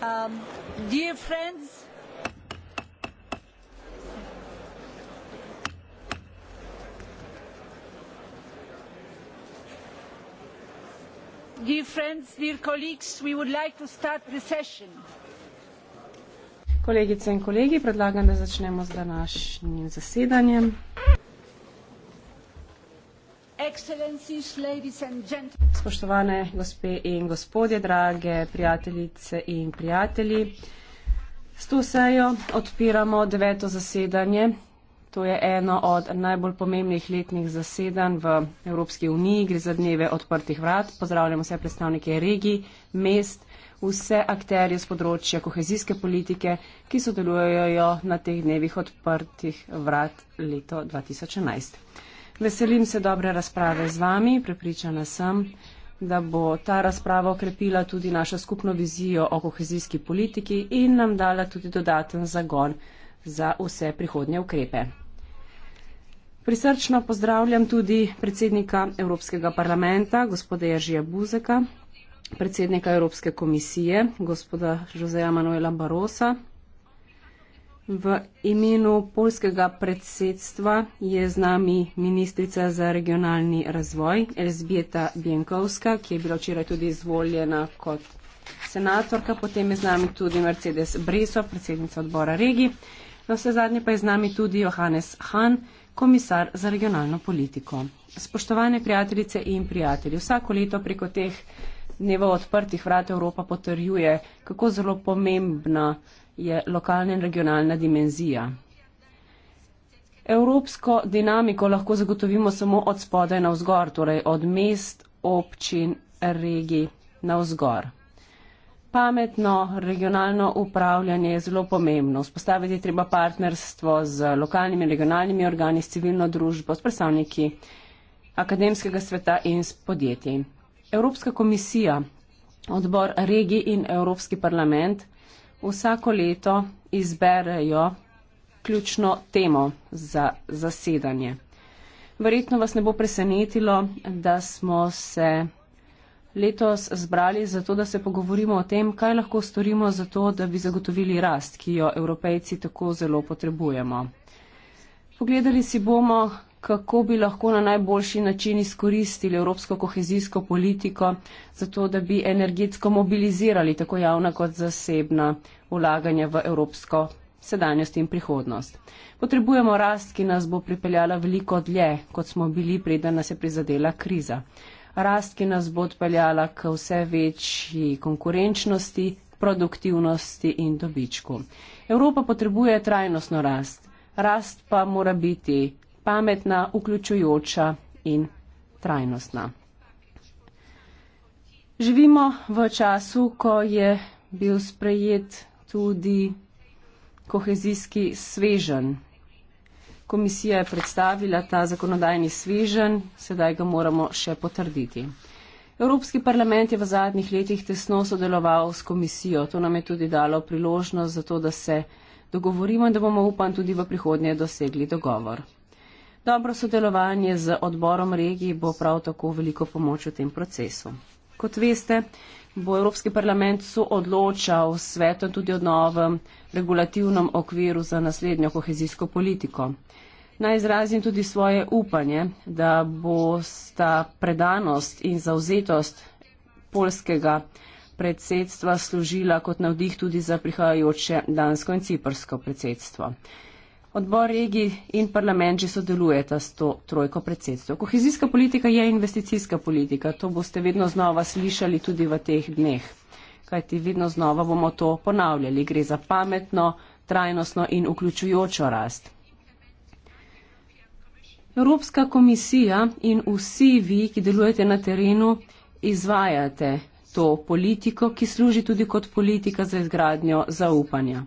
Um, dear friends, dear friends, dear colleagues, we would like to start the session. Kolegice in kolegi, predlagam, da začnemo z današnjim zasedanjem. Spoštovane gospe in gospodje, drage prijateljice in prijatelji, s to sejo odpiramo deveto zasedanje. To je eno od najbolj pomembnih letnih zasedanj v Evropski uniji. Gre za dneve odprtih vrat. Pozdravljamo vse predstavnike regij, mest, vse akterje z področja kohezijske politike, ki sodelujejo na teh dnevih odprtih vrat leto 2011. Veselim se dobre razprave z vami, prepričana sem, da bo ta razprava okrepila tudi našo skupno vizijo o kohezijski politiki in nam dala tudi dodaten zagon za vse prihodnje ukrepe. Prisrčno pozdravljam tudi predsednika Evropskega parlamenta, gospoda Jeržija Buzeka, predsednika Evropske komisije, gospoda Joseja Manuela Barosa, V imenu polskega predsedstva je z nami ministrica za regionalni razvoj Elzbieta Bienkovska, ki je bila včeraj tudi izvoljena kot senatorka. Potem je z nami tudi Mercedes Breso, predsednica odbora regi. Na vse zadnje pa je z nami tudi Johannes Han, komisar za regionalno politiko. Spoštovane prijateljice in prijatelji, vsako leto preko teh dnev odprtih vrat Evropa potrjuje, kako zelo pomembna je lokalna in regionalna dimenzija. Evropsko dinamiko lahko zagotovimo samo od spodaj na vzgor, torej od mest, občin, regij na vzgor. Pametno regionalno upravljanje je zelo pomembno. Vzpostaviti je treba partnerstvo z lokalnimi in regionalnimi organi, s civilno družbo, s predstavniki akademskega sveta in s podjetji. Evropska komisija, odbor regij in Evropski parlament vsako leto izberejo ključno temo za zasedanje. Verjetno vas ne bo presenetilo, da smo se letos zbrali za to, da se pogovorimo o tem, kaj lahko storimo za to, da bi zagotovili rast, ki jo evropejci tako zelo potrebujemo. Pogledali si bomo, kako bi lahko na najboljši način izkoristili evropsko kohezijsko politiko, zato da bi energetsko mobilizirali tako javna kot zasebna ulaganja v evropsko sedanjost in prihodnost. Potrebujemo rast, ki nas bo pripeljala veliko dlje, kot smo bili, preden nas je prizadela kriza. Rast, ki nas bo odpeljala k vse večji konkurenčnosti, produktivnosti in dobičku. Evropa potrebuje trajnostno rast. Rast pa mora biti pametna, vključujoča in trajnostna. Živimo v času, ko je bil sprejet tudi kohezijski svežen. Komisija je predstavila ta zakonodajni svežen, sedaj ga moramo še potrditi. Evropski parlament je v zadnjih letih tesno sodeloval s komisijo. To nam je tudi dalo priložnost za to, da se dogovorimo in da bomo upam tudi v prihodnje dosegli dogovor. Dobro sodelovanje z odborom regij bo prav tako veliko pomoč v tem procesu. Kot veste, bo Evropski parlament soodločal s svetom tudi o novem regulativnem okviru za naslednjo kohezijsko politiko. Naj izrazim tudi svoje upanje, da bo sta predanost in zauzetost polskega predsedstva služila kot navdih tudi za prihajajoče dansko in ciprsko predsedstvo. Odbor regij in parlament že sodelujeta s to trojko predsedstvo. Kohezijska politika je investicijska politika, to boste vedno znova slišali tudi v teh dneh, kajti vedno znova bomo to ponavljali. Gre za pametno, trajnostno in vključujočo rast. Evropska komisija in vsi vi, ki delujete na terenu, izvajate to politiko, ki služi tudi kot politika za izgradnjo zaupanja.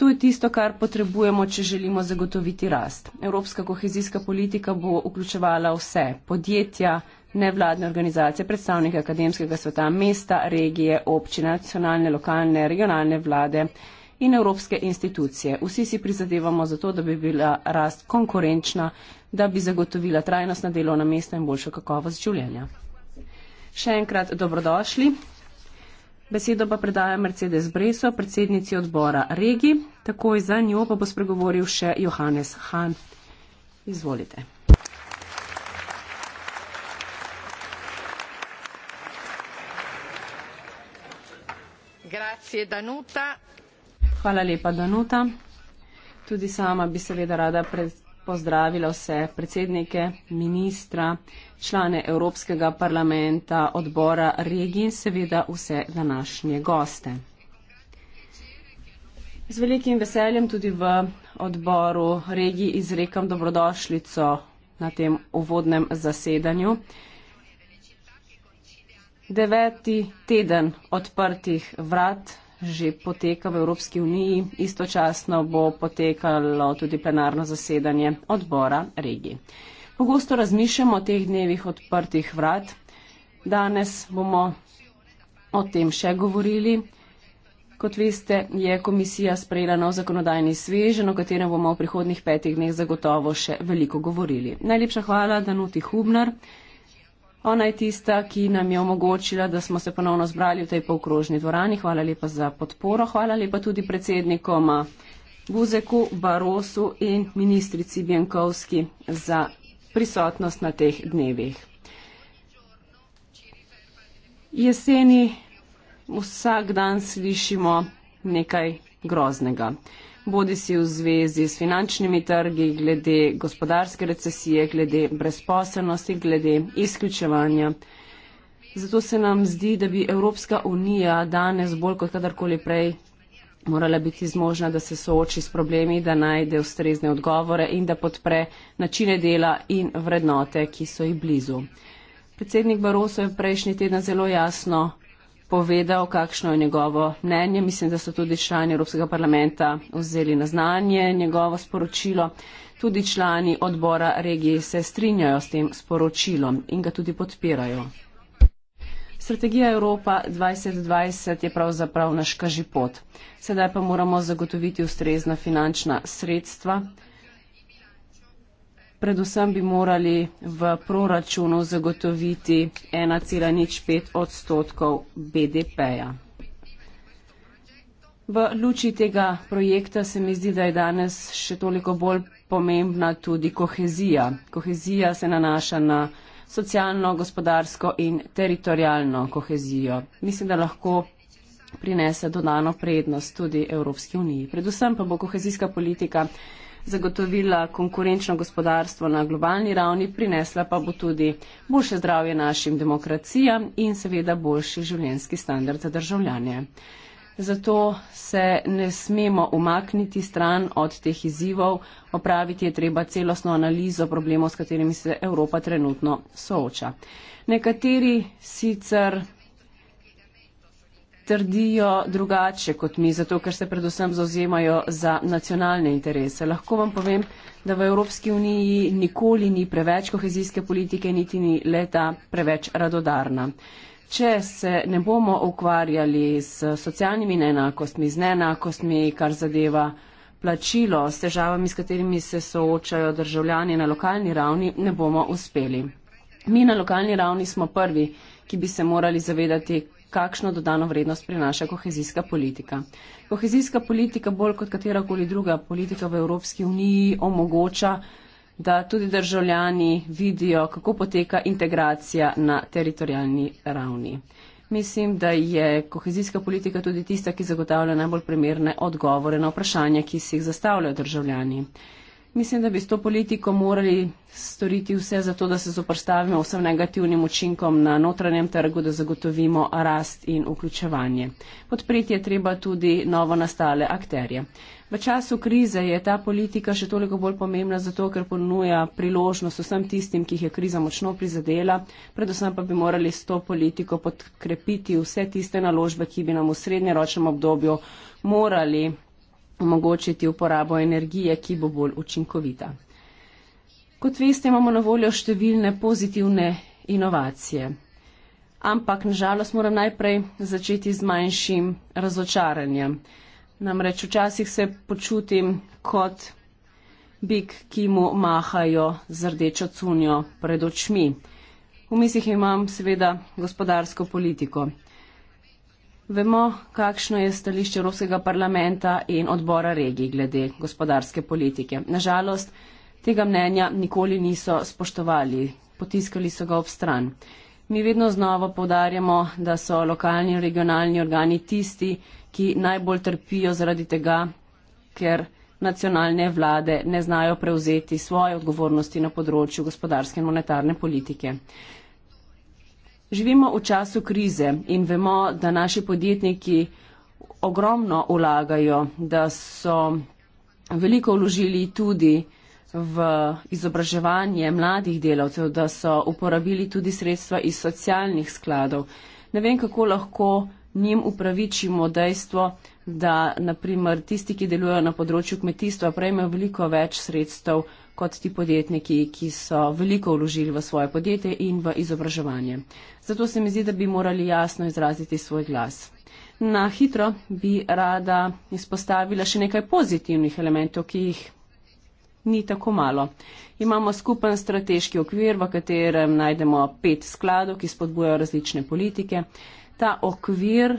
To je tisto, kar potrebujemo, če želimo zagotoviti rast. Evropska kohezijska politika bo vključevala vse podjetja, nevladne organizacije, predstavnike akademskega sveta, mesta, regije, občine, nacionalne, lokalne, regionalne vlade in evropske institucije. Vsi si prizadevamo za to, da bi bila rast konkurenčna, da bi zagotovila trajnostna delovna mesta in boljšo kakovost življenja. Še enkrat dobrodošli. Besedo pa predaja Mercedes Breso, predsednici odbora Regi. Takoj za njo pa bo spregovoril še Johannes Han. Izvolite. Grazie, Hvala lepa, Danuta. Tudi sama bi seveda rada predstavila pozdravila vse predsednike, ministra, člane Evropskega parlamenta, odbora regij in seveda vse današnje goste. Z velikim veseljem tudi v odboru regij izrekam dobrodošlico na tem uvodnem zasedanju. Deveti teden odprtih vrat že poteka v Evropski uniji, istočasno bo potekalo tudi plenarno zasedanje odbora regij. Pogosto razmišljamo o teh dnevih odprtih vrat. Danes bomo o tem še govorili. Kot veste, je komisija sprejela nov zakonodajni sveže, o katerem bomo v prihodnih petih dneh zagotovo še veliko govorili. Najlepša hvala, Danuti Hubner. Ona je tista, ki nam je omogočila, da smo se ponovno zbrali v tej polkrožni dvorani. Hvala lepa za podporo. Hvala lepa tudi predsednikoma Buzeku, Barosu in ministrici Bjankovski za prisotnost na teh dnevih. Jeseni vsak dan slišimo nekaj groznega bodi si v zvezi s finančnimi trgi, glede gospodarske recesije, glede brezposelnosti, glede izključevanja. Zato se nam zdi, da bi Evropska unija danes bolj kot kadarkoli prej morala biti zmožna, da se sooči s problemi, da najde ustrezne odgovore in da podpre načine dela in vrednote, ki so ji blizu. Predsednik Baroso je prejšnji teden zelo jasno povedal, kakšno je njegovo mnenje. Mislim, da so tudi člani Evropskega parlamenta vzeli na znanje njegovo sporočilo. Tudi člani odbora regije se strinjajo s tem sporočilom in ga tudi podpirajo. Strategija Evropa 2020 je pravzaprav naš kažipot. Sedaj pa moramo zagotoviti ustrezna finančna sredstva Predvsem bi morali v proračunu zagotoviti 1,05 odstotkov BDP-ja. V luči tega projekta se mi zdi, da je danes še toliko bolj pomembna tudi kohezija. Kohezija se nanaša na socialno, gospodarsko in teritorijalno kohezijo. Mislim, da lahko prinese dodano prednost tudi Evropski uniji. Predvsem pa bo kohezijska politika zagotovila konkurenčno gospodarstvo na globalni ravni, prinesla pa bo tudi boljše zdravje našim demokracijam in seveda boljši življenski standard za državljanje. Zato se ne smemo umakniti stran od teh izzivov, opraviti je treba celostno analizo problemov, s katerimi se Evropa trenutno sooča. Nekateri sicer trdijo drugače kot mi, zato ker se predvsem zauzemajo za nacionalne interese. Lahko vam povem, da v Evropski uniji nikoli ni preveč kohezijske politike, niti ni leta preveč radodarna. Če se ne bomo ukvarjali s socialnimi neenakostmi, z neenakostmi, kar zadeva plačilo, s težavami, s katerimi se soočajo državljani na lokalni ravni, ne bomo uspeli. Mi na lokalni ravni smo prvi, ki bi se morali zavedati, kakšno dodano vrednost prinaša kohezijska politika. Kohezijska politika bolj kot katerakoli druga politika v Evropski uniji omogoča, da tudi državljani vidijo, kako poteka integracija na teritorijalni ravni. Mislim, da je kohezijska politika tudi tista, ki zagotavlja najbolj primerne odgovore na vprašanja, ki si jih zastavljajo državljani. Mislim, da bi s to politiko morali storiti vse za to, da se zoprstavimo vsem negativnim učinkom na notranjem trgu, da zagotovimo rast in vključevanje. Podpreti je treba tudi novo nastale akterje. V času krize je ta politika še toliko bolj pomembna zato, ker ponuja priložnost vsem tistim, ki jih je kriza močno prizadela, predvsem pa bi morali s to politiko podkrepiti vse tiste naložbe, ki bi nam v srednjeročnem obdobju morali omogočiti uporabo energije, ki bo bolj učinkovita. Kot veste, imamo na voljo številne pozitivne inovacije. Ampak, nažalost, moram najprej začeti z manjšim razočaranjem. Namreč včasih se počutim kot bik, ki mu mahajo z rdečo cunjo pred očmi. V mislih imam seveda gospodarsko politiko. Vemo, kakšno je stališče Evropskega parlamenta in odbora regij glede gospodarske politike. Nažalost, tega mnenja nikoli niso spoštovali, potiskali so ga ob stran. Mi vedno znova povdarjamo, da so lokalni in regionalni organi tisti, ki najbolj trpijo zaradi tega, ker nacionalne vlade ne znajo prevzeti svoje odgovornosti na področju gospodarske in monetarne politike. Živimo v času krize in vemo, da naši podjetniki ogromno ulagajo, da so veliko vložili tudi v izobraževanje mladih delavcev, da so uporabili tudi sredstva iz socialnih skladov. Ne vem, kako lahko njim upravičimo dejstvo, da naprimer tisti, ki delujejo na področju kmetijstva, prejmejo veliko več sredstev kot ti podjetniki, ki so veliko vložili v svoje podjetje in v izobraževanje. Zato se mi zdi, da bi morali jasno izraziti svoj glas. Na hitro bi rada izpostavila še nekaj pozitivnih elementov, ki jih ni tako malo. Imamo skupen strateški okvir, v katerem najdemo pet skladov, ki spodbujajo različne politike. Ta okvir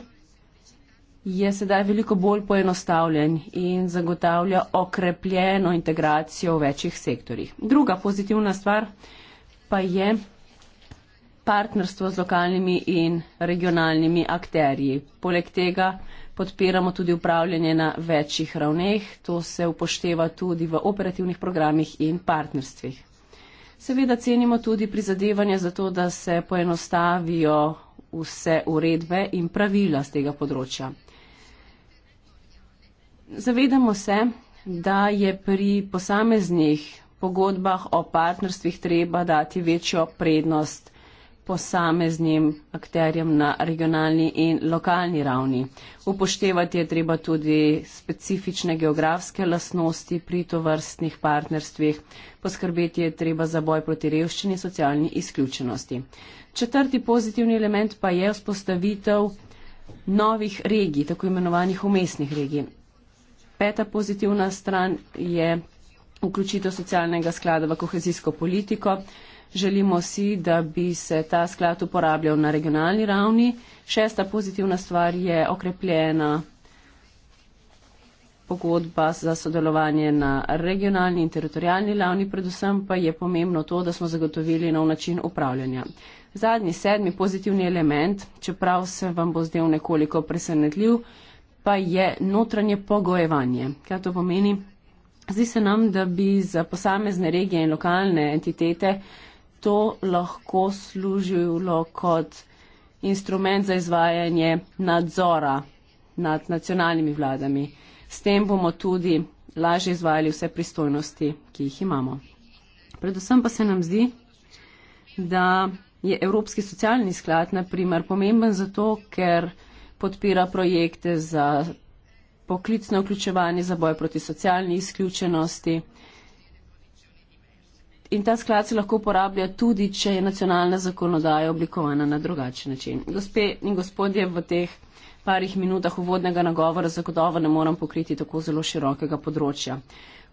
je sedaj veliko bolj poenostavljen in zagotavlja okrepljeno integracijo v večjih sektorjih. Druga pozitivna stvar pa je partnerstvo z lokalnimi in regionalnimi akterji. Poleg tega podpiramo tudi upravljanje na večjih ravneh, to se upošteva tudi v operativnih programih in partnerstvih. Seveda cenimo tudi prizadevanje za to, da se poenostavijo vse uredbe in pravila z tega področja. Zavedamo se, da je pri posameznih pogodbah o partnerstvih treba dati večjo prednost posameznim akterjem na regionalni in lokalni ravni. Upoštevati je treba tudi specifične geografske lastnosti pri tovrstnih partnerstvih, poskrbeti je treba za boj proti revščini in socialni izključenosti. Četrti pozitivni element pa je vzpostavitev novih regij, tako imenovanih umestnih regij. Peta pozitivna stran je vključitev socialnega sklada v kohezijsko politiko. Želimo si, da bi se ta sklad uporabljal na regionalni ravni. Šesta pozitivna stvar je okrepljena pogodba za sodelovanje na regionalni in teritorijalni ravni, predvsem pa je pomembno to, da smo zagotovili nov način upravljanja. Zadnji, sedmi pozitivni element, čeprav se vam bo zdel nekoliko presenetljiv, pa je notranje pogojevanje. Kaj to pomeni? Zdi se nam, da bi za posamezne regije in lokalne entitete to lahko služilo kot instrument za izvajanje nadzora nad nacionalnimi vladami. S tem bomo tudi lažje izvajali vse pristojnosti, ki jih imamo. Predvsem pa se nam zdi, da je Evropski socialni sklad, na primer, pomemben zato, ker podpira projekte za poklicno vključevanje, za boj proti socialni izključenosti. In ta sklad se lahko uporablja tudi, če je nacionalna zakonodaja oblikovana na drugačen način. Gospe in gospodje, v teh parih minutah uvodnega nagovora zagotovo ne moram pokriti tako zelo širokega področja.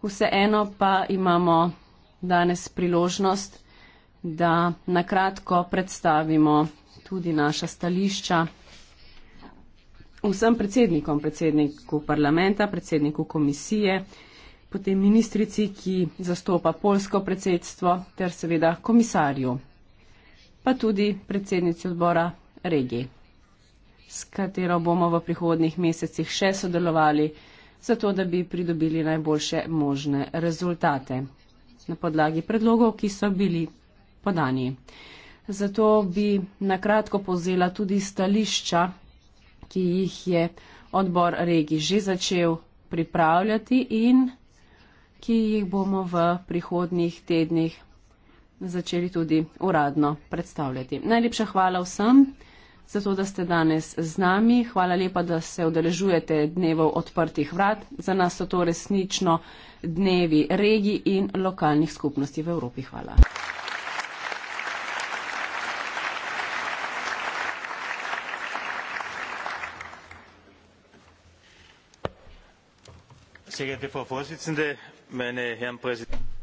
Vseeno pa imamo danes priložnost, da nakratko predstavimo tudi naša stališča vsem predsednikom, predsedniku parlamenta, predsedniku komisije, potem ministrici, ki zastopa polsko predsedstvo, ter seveda komisarju, pa tudi predsednici odbora regije, s katero bomo v prihodnih mesecih še sodelovali, zato da bi pridobili najboljše možne rezultate na podlagi predlogov, ki so bili podani. Zato bi nakratko povzela tudi stališča ki jih je odbor regi že začel pripravljati in ki jih bomo v prihodnjih tednih začeli tudi uradno predstavljati. Najlepša hvala vsem za to, da ste danes z nami. Hvala lepa, da se odeležujete dnevov odprtih vrat. Za nas so to resnično dnevi regij in lokalnih skupnosti v Evropi. Hvala. frau präsidentin meine herren präsidenten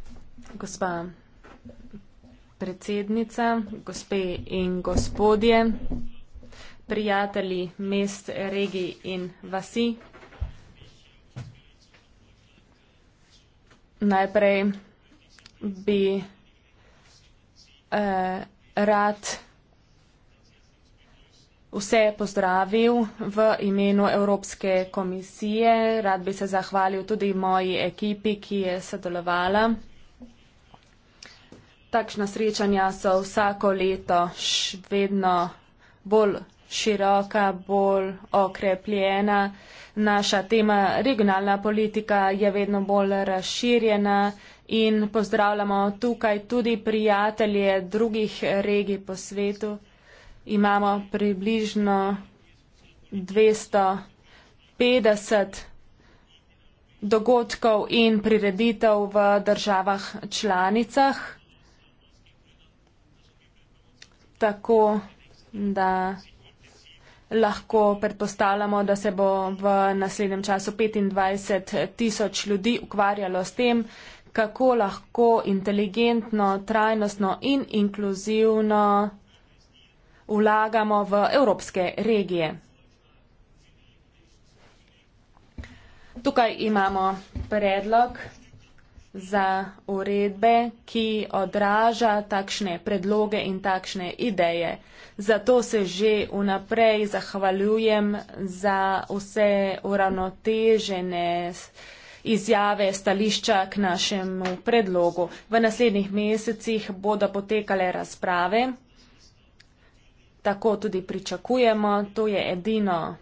prijatelji mest, regij in vasi. Najprej bi eh, rad vse pozdravil v imenu Evropske komisije. Rad bi se zahvalil tudi moji ekipi, ki je sodelovala. Takšna srečanja so vsako leto vedno bolj široka, bolj okrepljena. Naša tema regionalna politika je vedno bolj razširjena in pozdravljamo tukaj tudi prijatelje drugih regij po svetu imamo približno 250 dogodkov in prireditev v državah članicah. Tako da lahko predpostavljamo, da se bo v naslednjem času 25 tisoč ljudi ukvarjalo s tem, kako lahko inteligentno, trajnostno in inkluzivno vlagamo v evropske regije. Tukaj imamo predlog za uredbe, ki odraža takšne predloge in takšne ideje. Zato se že vnaprej zahvaljujem za vse uravnotežene izjave stališča k našemu predlogu. V naslednjih mesecih bodo potekale razprave tako tudi pričakujemo, to je edino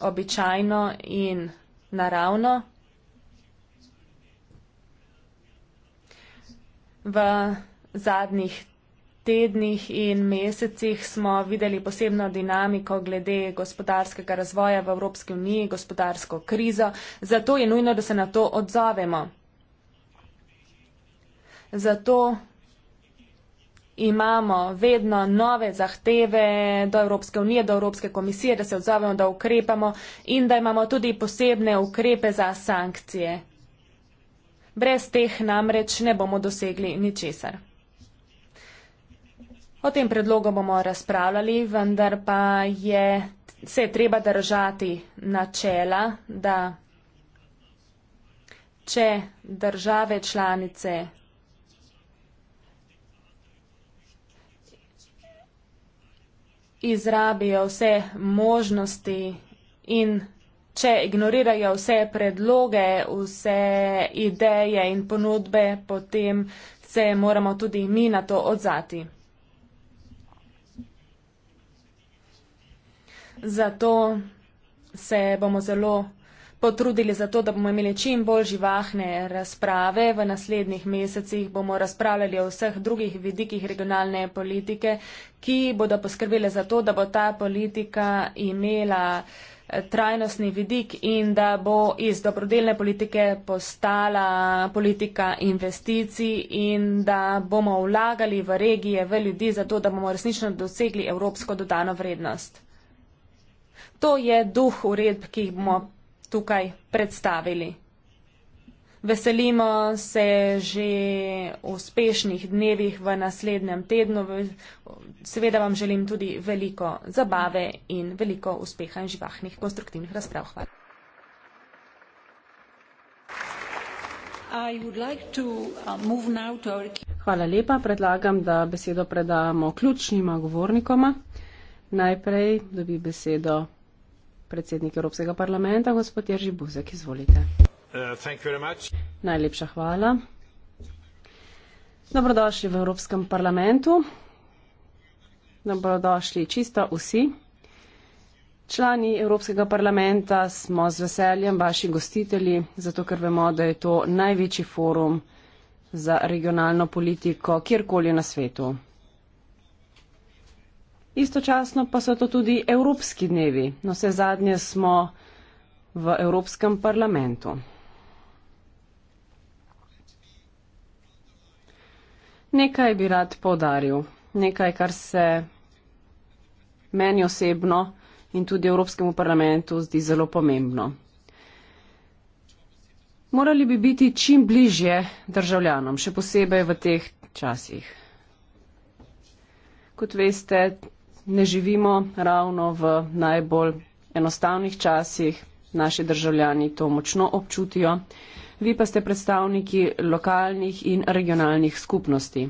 običajno in naravno. V zadnjih tednih in mesecih smo videli posebno dinamiko glede gospodarskega razvoja v Evropski uniji, gospodarsko krizo, zato je nujno, da se na to odzovemo. Zato imamo vedno nove zahteve do Evropske unije, do Evropske komisije, da se odzovemo, da ukrepamo in da imamo tudi posebne ukrepe za sankcije. Brez teh namreč ne bomo dosegli ničesar. O tem predlogu bomo razpravljali, vendar pa je, se je treba držati načela, da če države članice izrabijo vse možnosti in če ignorirajo vse predloge, vse ideje in ponudbe, potem se moramo tudi mi na to odzati. Zato se bomo zelo potrudili za to, da bomo imeli čim bolj živahne razprave. V naslednjih mesecih bomo razpravljali o vseh drugih vidikih regionalne politike, ki bodo poskrbele za to, da bo ta politika imela eh, trajnostni vidik in da bo iz dobrodelne politike postala politika investicij in da bomo vlagali v regije, v ljudi, zato da bomo resnično dosegli evropsko dodano vrednost. To je duh uredb, ki jih bomo tukaj predstavili. Veselimo se že uspešnih dnevih v naslednjem tednu. Seveda vam želim tudi veliko zabave in veliko uspeha in živahnih konstruktivnih razprav. Hvala. Uh, Hvala lepa. Predlagam, da besedo predamo ključnima govornikoma. Najprej dobi besedo Predsednik Evropskega parlamenta, gospod Jerži Buzek, izvolite. Uh, Najlepša hvala. Dobrodošli v Evropskem parlamentu. Dobrodošli čisto vsi. Člani Evropskega parlamenta smo z veseljem vaši gostitelji, zato ker vemo, da je to največji forum za regionalno politiko kjerkoli na svetu istočasno pa so to tudi evropski dnevi. No, vse zadnje smo v Evropskem parlamentu. Nekaj bi rad podaril, nekaj, kar se meni osebno in tudi Evropskemu parlamentu zdi zelo pomembno. Morali bi biti čim bližje državljanom, še posebej v teh časih. Kot veste, ne živimo ravno v najbolj enostavnih časih, naši državljani to močno občutijo, vi pa ste predstavniki lokalnih in regionalnih skupnosti.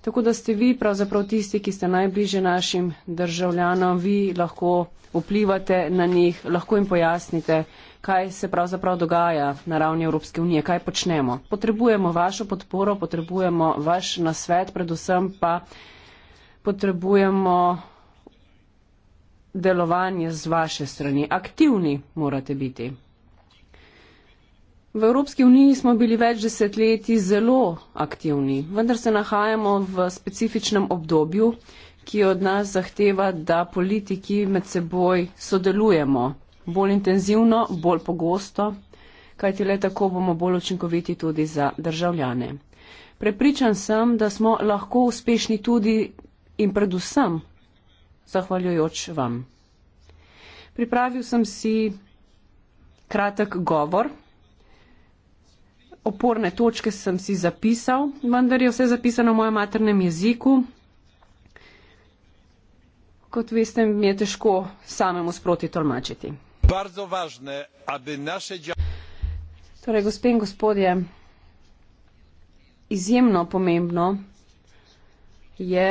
Tako da ste vi pravzaprav tisti, ki ste najbliže našim državljanom, vi lahko vplivate na njih, lahko jim pojasnite, kaj se pravzaprav dogaja na ravni Evropske unije, kaj počnemo. Potrebujemo vašo podporo, potrebujemo vaš nasvet, predvsem pa potrebujemo delovanje z vaše strani. Aktivni morate biti. V Evropski uniji smo bili več desetletij zelo aktivni, vendar se nahajamo v specifičnem obdobju, ki od nas zahteva, da politiki med seboj sodelujemo bolj intenzivno, bolj pogosto, kajti le tako bomo bolj učinkoviti tudi za državljane. Prepričan sem, da smo lahko uspešni tudi in predvsem zahvaljujoč vam. Pripravil sem si kratek govor, oporne točke sem si zapisal, vendar je vse zapisano v mojem maternem jeziku. Kot veste, mi je težko samemu sproti tolmačiti. Važne, dja... Torej, gospe in gospodje, izjemno pomembno je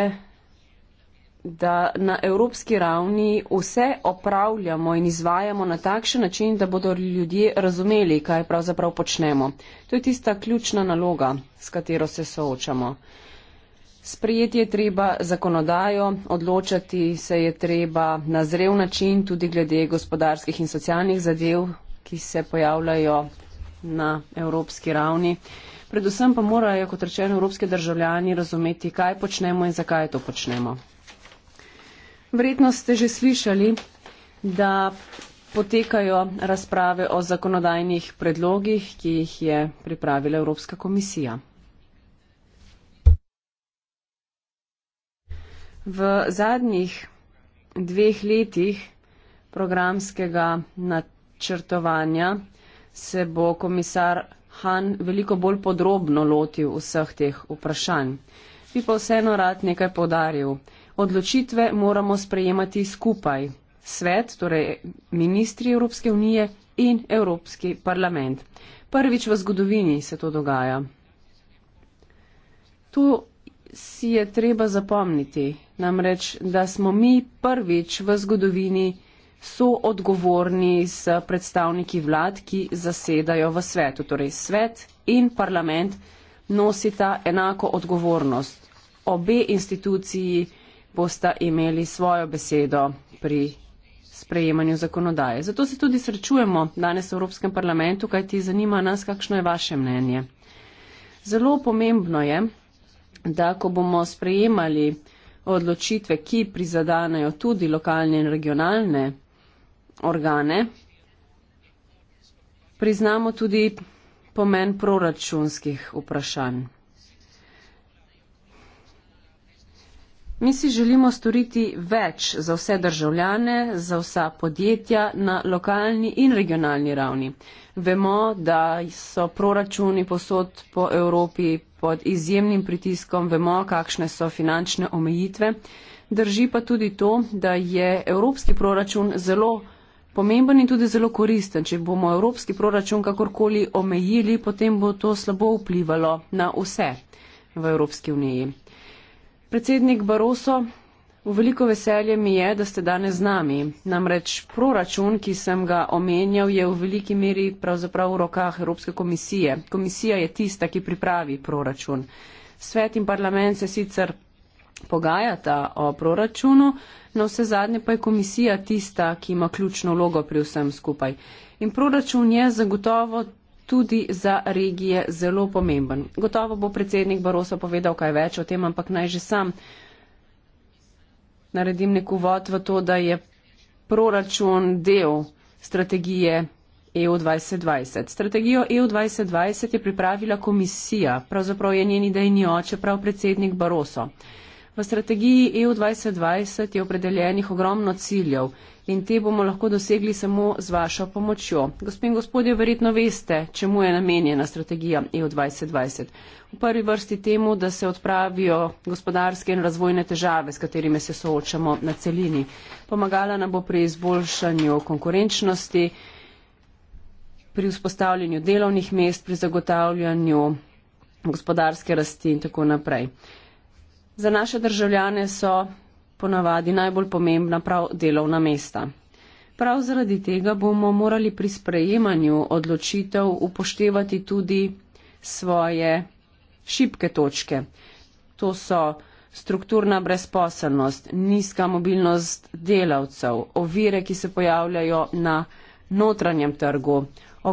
da na evropski ravni vse opravljamo in izvajamo na takšen način, da bodo ljudje razumeli, kaj pravzaprav počnemo. To je tista ključna naloga, s katero se soočamo. Sprijeti je treba zakonodajo, odločati se je treba na zrev način tudi glede gospodarskih in socialnih zadev, ki se pojavljajo na evropski ravni. Predvsem pa morajo, kot rečeno, evropske državljani razumeti, kaj počnemo in zakaj to počnemo. Verjetno ste že slišali, da potekajo razprave o zakonodajnih predlogih, ki jih je pripravila Evropska komisija. V zadnjih dveh letih programskega načrtovanja se bo komisar Han veliko bolj podrobno lotil vseh teh vprašanj. Bi pa vseeno rad nekaj podaril odločitve moramo sprejemati skupaj. Svet, torej ministri Evropske unije in Evropski parlament. Prvič v zgodovini se to dogaja. To si je treba zapomniti, namreč, da smo mi prvič v zgodovini so odgovorni s predstavniki vlad, ki zasedajo v svetu. Torej svet in parlament nosita enako odgovornost. Obe instituciji bosta imeli svojo besedo pri sprejemanju zakonodaje. Zato se tudi srečujemo danes v Evropskem parlamentu, kaj ti zanima nas, kakšno je vaše mnenje. Zelo pomembno je, da ko bomo sprejemali odločitve, ki prizadanejo tudi lokalne in regionalne organe, priznamo tudi pomen proračunskih vprašanj. Mi si želimo storiti več za vse državljane, za vsa podjetja na lokalni in regionalni ravni. Vemo, da so proračuni posod po Evropi pod izjemnim pritiskom, vemo, kakšne so finančne omejitve. Drži pa tudi to, da je evropski proračun zelo pomemben in tudi zelo koristen. Če bomo evropski proračun kakorkoli omejili, potem bo to slabo vplivalo na vse v Evropski uniji. Predsednik Baroso, v veliko veselje mi je, da ste danes z nami. Namreč proračun, ki sem ga omenjal, je v veliki meri pravzaprav v rokah Evropske komisije. Komisija je tista, ki pripravi proračun. Svet in parlament se sicer pogajata o proračunu, na no vse zadnje pa je komisija tista, ki ima ključno logo pri vsem skupaj. In proračun je zagotovo tudi za regije zelo pomemben. Gotovo bo predsednik Barosa povedal kaj več o tem, ampak naj že sam naredim nek uvod v to, da je proračun del strategije EU 2020. Strategijo EU 2020 je pripravila komisija, pravzaprav je njen idejni oče, prav predsednik Baroso. V strategiji EU 2020 je opredeljenih ogromno ciljev in te bomo lahko dosegli samo z vašo pomočjo. Gospod in gospodje, verjetno veste, čemu je namenjena strategija EU 2020. V prvi vrsti temu, da se odpravijo gospodarske in razvojne težave, s katerimi se soočamo na celini. Pomagala nam bo pri izboljšanju konkurenčnosti, pri vzpostavljanju delovnih mest, pri zagotavljanju gospodarske rasti in tako naprej. Za naše državljane so ponavadi najbolj pomembna prav delovna mesta. Prav zaradi tega bomo morali pri sprejemanju odločitev upoštevati tudi svoje šibke točke. To so strukturna brezposelnost, nizka mobilnost delavcev, ovire, ki se pojavljajo na notranjem trgu,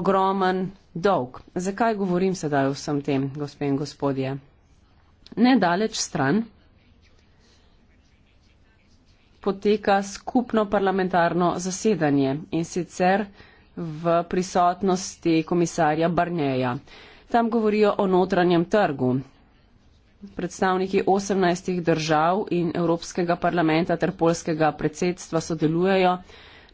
ogromen dolg. Zakaj govorim sedaj o vsem tem, gospe in gospodje? Nedaleč stran poteka skupno parlamentarno zasedanje in sicer v prisotnosti komisarja Barneja. Tam govorijo o notranjem trgu. Predstavniki 18 držav in Evropskega parlamenta ter polskega predsedstva sodelujejo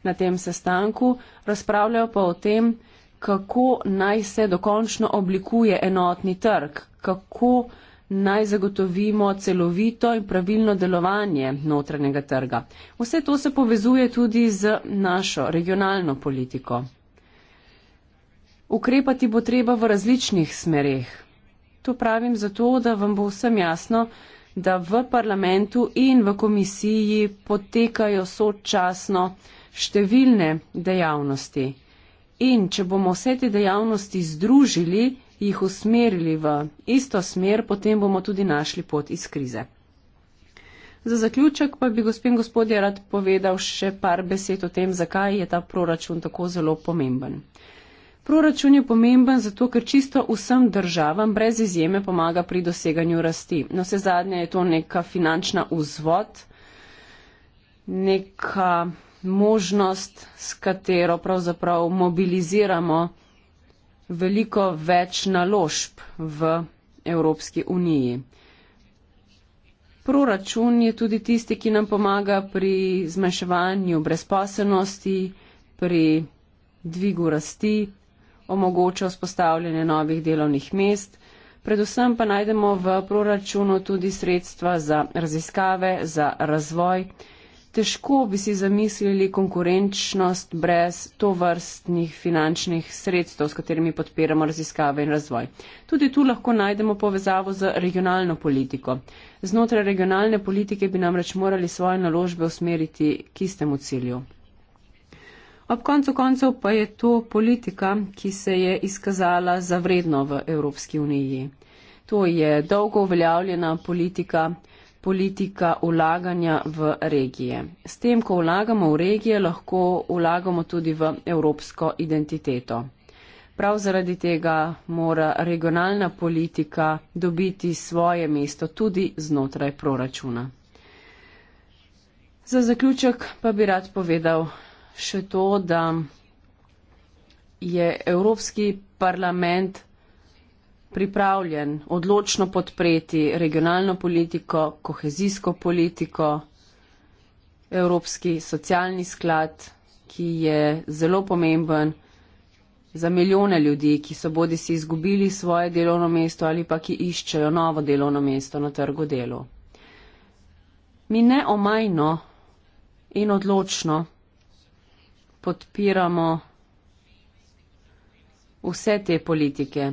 na tem sestanku, razpravljajo pa o tem, kako naj se dokončno oblikuje enotni trg, kako naj zagotovimo celovito in pravilno delovanje notranjega trga. Vse to se povezuje tudi z našo regionalno politiko. Ukrepati bo treba v različnih smereh. To pravim zato, da vam bo vsem jasno, da v parlamentu in v komisiji potekajo sočasno številne dejavnosti. In če bomo vse te dejavnosti združili, jih usmerili v isto smer, potem bomo tudi našli pot iz krize. Za zaključek pa bi gospod in gospodje rad povedal še par besed o tem, zakaj je ta proračun tako zelo pomemben. Proračun je pomemben zato, ker čisto vsem državam brez izjeme pomaga pri doseganju rasti. No, vse zadnje je to neka finančna vzvod, neka možnost, s katero pravzaprav mobiliziramo veliko več naložb v Evropski uniji. Proračun je tudi tisti, ki nam pomaga pri zmanjševanju brezposobnosti, pri dvigu rasti, omogoča vzpostavljanje novih delovnih mest. Predvsem pa najdemo v proračunu tudi sredstva za raziskave, za razvoj težko bi si zamislili konkurenčnost brez tovrstnih finančnih sredstev, s katerimi podpiramo raziskave in razvoj. Tudi tu lahko najdemo povezavo z regionalno politiko. Znotraj regionalne politike bi namreč morali svoje naložbe usmeriti k istemu cilju. Ob koncu koncev pa je to politika, ki se je izkazala za vredno v Evropski uniji. To je dolgo uveljavljena politika politika vlaganja v regije. S tem, ko vlagamo v regije, lahko vlagamo tudi v evropsko identiteto. Prav zaradi tega mora regionalna politika dobiti svoje mesto tudi znotraj proračuna. Za zaključek pa bi rad povedal še to, da je Evropski parlament pripravljen odločno podpreti regionalno politiko, kohezijsko politiko, Evropski socialni sklad, ki je zelo pomemben za milijone ljudi, ki so bodi si izgubili svoje delovno mesto ali pa ki iščejo novo delovno mesto na trgu delu. Mi neomajno in odločno podpiramo vse te politike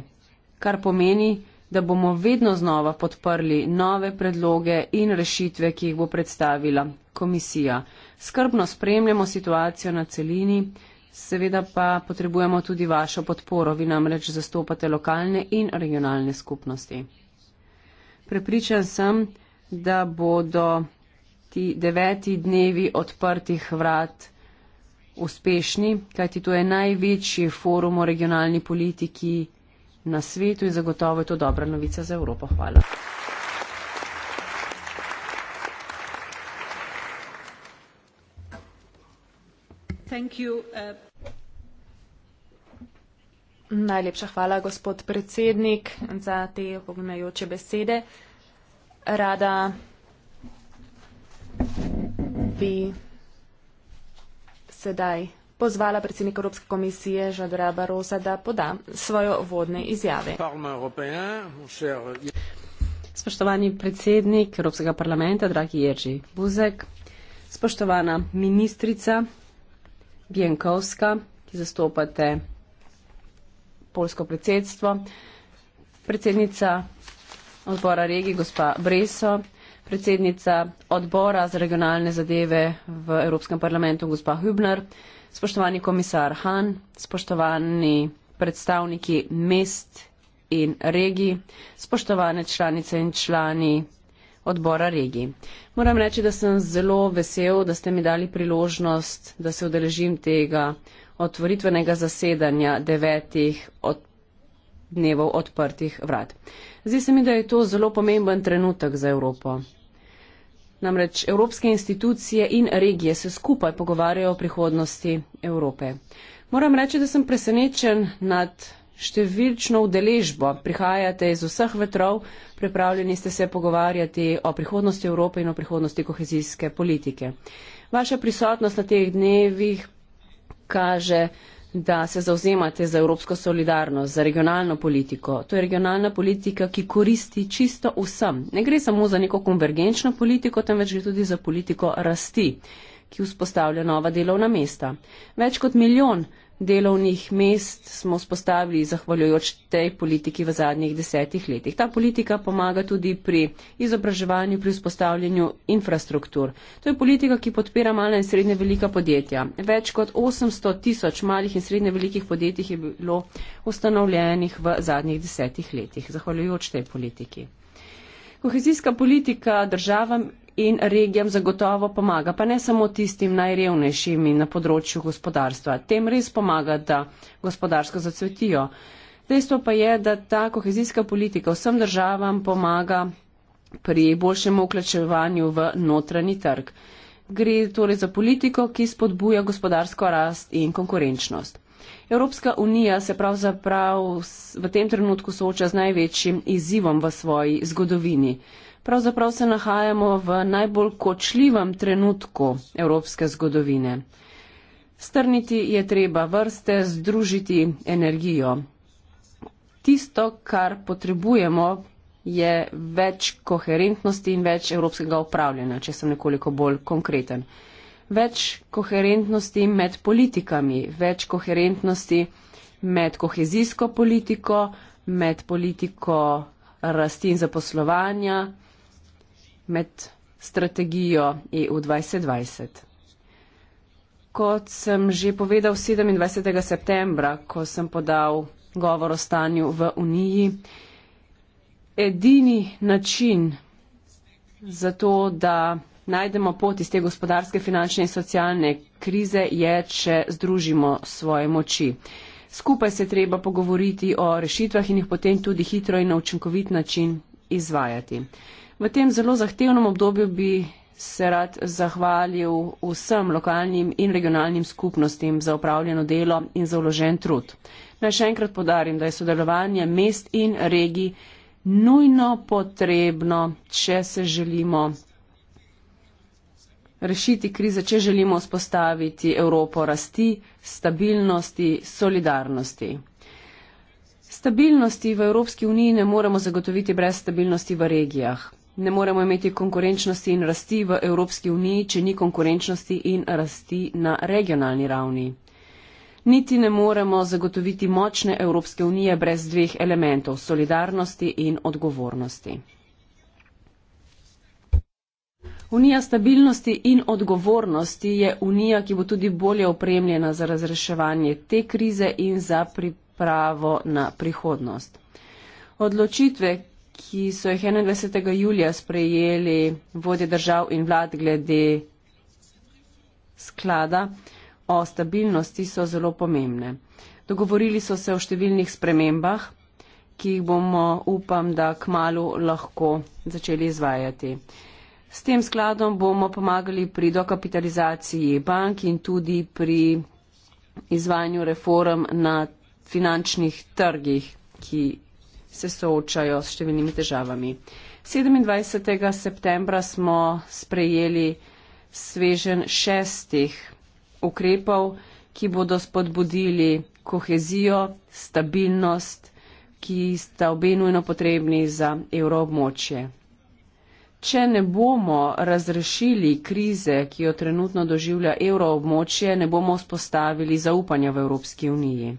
kar pomeni, da bomo vedno znova podprli nove predloge in rešitve, ki jih bo predstavila komisija. Skrbno spremljamo situacijo na celini, seveda pa potrebujemo tudi vašo podporo, vi namreč zastopate lokalne in regionalne skupnosti. Prepričan sem, da bodo ti deveti dnevi odprtih vrat uspešni, kajti to je največji forum o regionalni politiki na svetu in zagotovo je to dobra novica za Evropo. Hvala. Uh, Najlepša hvala, gospod predsednik, za te opognajoče besede. Rada bi sedaj pozvala predsednik Evropske komisije Žadora Barosa, da poda svojo vodne izjave. Spoštovani predsednik Evropskega parlamenta, dragi Jerži Buzek, spoštovana ministrica Bienkovska, ki zastopate polsko predsedstvo, predsednica odbora regi, gospa Breso, predsednica odbora za regionalne zadeve v Evropskem parlamentu, gospa Hübner, spoštovani komisar Han, spoštovani predstavniki mest in regij, spoštovane članice in člani odbora regij. Moram reči, da sem zelo vesel, da ste mi dali priložnost, da se udeležim tega otvoritvenega zasedanja devetih od dnevov odprtih vrat. Zdi se mi, da je to zelo pomemben trenutek za Evropo. Namreč evropske institucije in regije se skupaj pogovarjajo o prihodnosti Evrope. Moram reči, da sem presenečen nad številčno udeležbo. Prihajate iz vseh vetrov, pripravljeni ste se pogovarjati o prihodnosti Evrope in o prihodnosti kohezijske politike. Vaša prisotnost na teh dnevih kaže, da se zauzemate za evropsko solidarnost, za regionalno politiko. To je regionalna politika, ki koristi čisto vsem. Ne gre samo za neko konvergenčno politiko, temveč gre tudi za politiko rasti, ki vzpostavlja nova delovna mesta. Več kot milijon delovnih mest smo spostavili zahvaljujoč tej politiki v zadnjih desetih letih. Ta politika pomaga tudi pri izobraževanju, pri vzpostavljanju infrastruktur. To je politika, ki podpira mala in srednje velika podjetja. Več kot 800 tisoč malih in srednje velikih podjetij je bilo ustanovljenih v zadnjih desetih letih, zahvaljujoč tej politiki. Kohezijska politika državam in regijam zagotovo pomaga, pa ne samo tistim najrevnejšim na področju gospodarstva. Tem res pomaga, da gospodarsko zacvetijo. Dejstvo pa je, da ta kohezijska politika vsem državam pomaga pri boljšem vključevanju v notranji trg. Gre torej za politiko, ki spodbuja gospodarsko rast in konkurenčnost. Evropska unija se pravzaprav v tem trenutku sooča z največjim izzivom v svoji zgodovini pravzaprav se nahajamo v najbolj kočljivem trenutku evropske zgodovine. Strniti je treba vrste, združiti energijo. Tisto, kar potrebujemo, je več koherentnosti in več evropskega upravljanja, če sem nekoliko bolj konkreten. Več koherentnosti med politikami, več koherentnosti med kohezijsko politiko, med politiko rasti in zaposlovanja, med strategijo EU 2020. Kot sem že povedal 27. septembra, ko sem podal govor o stanju v Uniji, edini način za to, da najdemo pot iz te gospodarske, finančne in socialne krize je, če združimo svoje moči. Skupaj se treba pogovoriti o rešitvah in jih potem tudi hitro in na učinkovit način izvajati. V tem zelo zahtevnem obdobju bi se rad zahvalil vsem lokalnim in regionalnim skupnostim za upravljeno delo in za vložen trud. Naj še enkrat podarim, da je sodelovanje mest in regij nujno potrebno, če se želimo rešiti krize, če želimo vzpostaviti Evropo rasti, stabilnosti, solidarnosti. Stabilnosti v Evropski uniji ne moremo zagotoviti brez stabilnosti v regijah ne moremo imeti konkurenčnosti in rasti v Evropski uniji, če ni konkurenčnosti in rasti na regionalni ravni. Niti ne moremo zagotoviti močne Evropske unije brez dveh elementov - solidarnosti in odgovornosti. Unija stabilnosti in odgovornosti je unija, ki bo tudi bolje opremljena za razreševanje te krize in za pripravo na prihodnost. Odločitve, ki so jih 21. julija sprejeli vodje držav in vlad glede sklada o stabilnosti, so zelo pomembne. Dogovorili so se o številnih spremembah, ki jih bomo, upam, da k malu lahko začeli izvajati. S tem skladom bomo pomagali pri dokapitalizaciji bank in tudi pri izvajanju reform na finančnih trgih, ki se soočajo s številnimi težavami. 27. septembra smo sprejeli svežen šestih ukrepov, ki bodo spodbudili kohezijo, stabilnost, ki sta obe nujno potrebni za evroobmočje. Če ne bomo razrešili krize, ki jo trenutno doživlja evroobmočje, ne bomo vzpostavili zaupanja v Evropski uniji.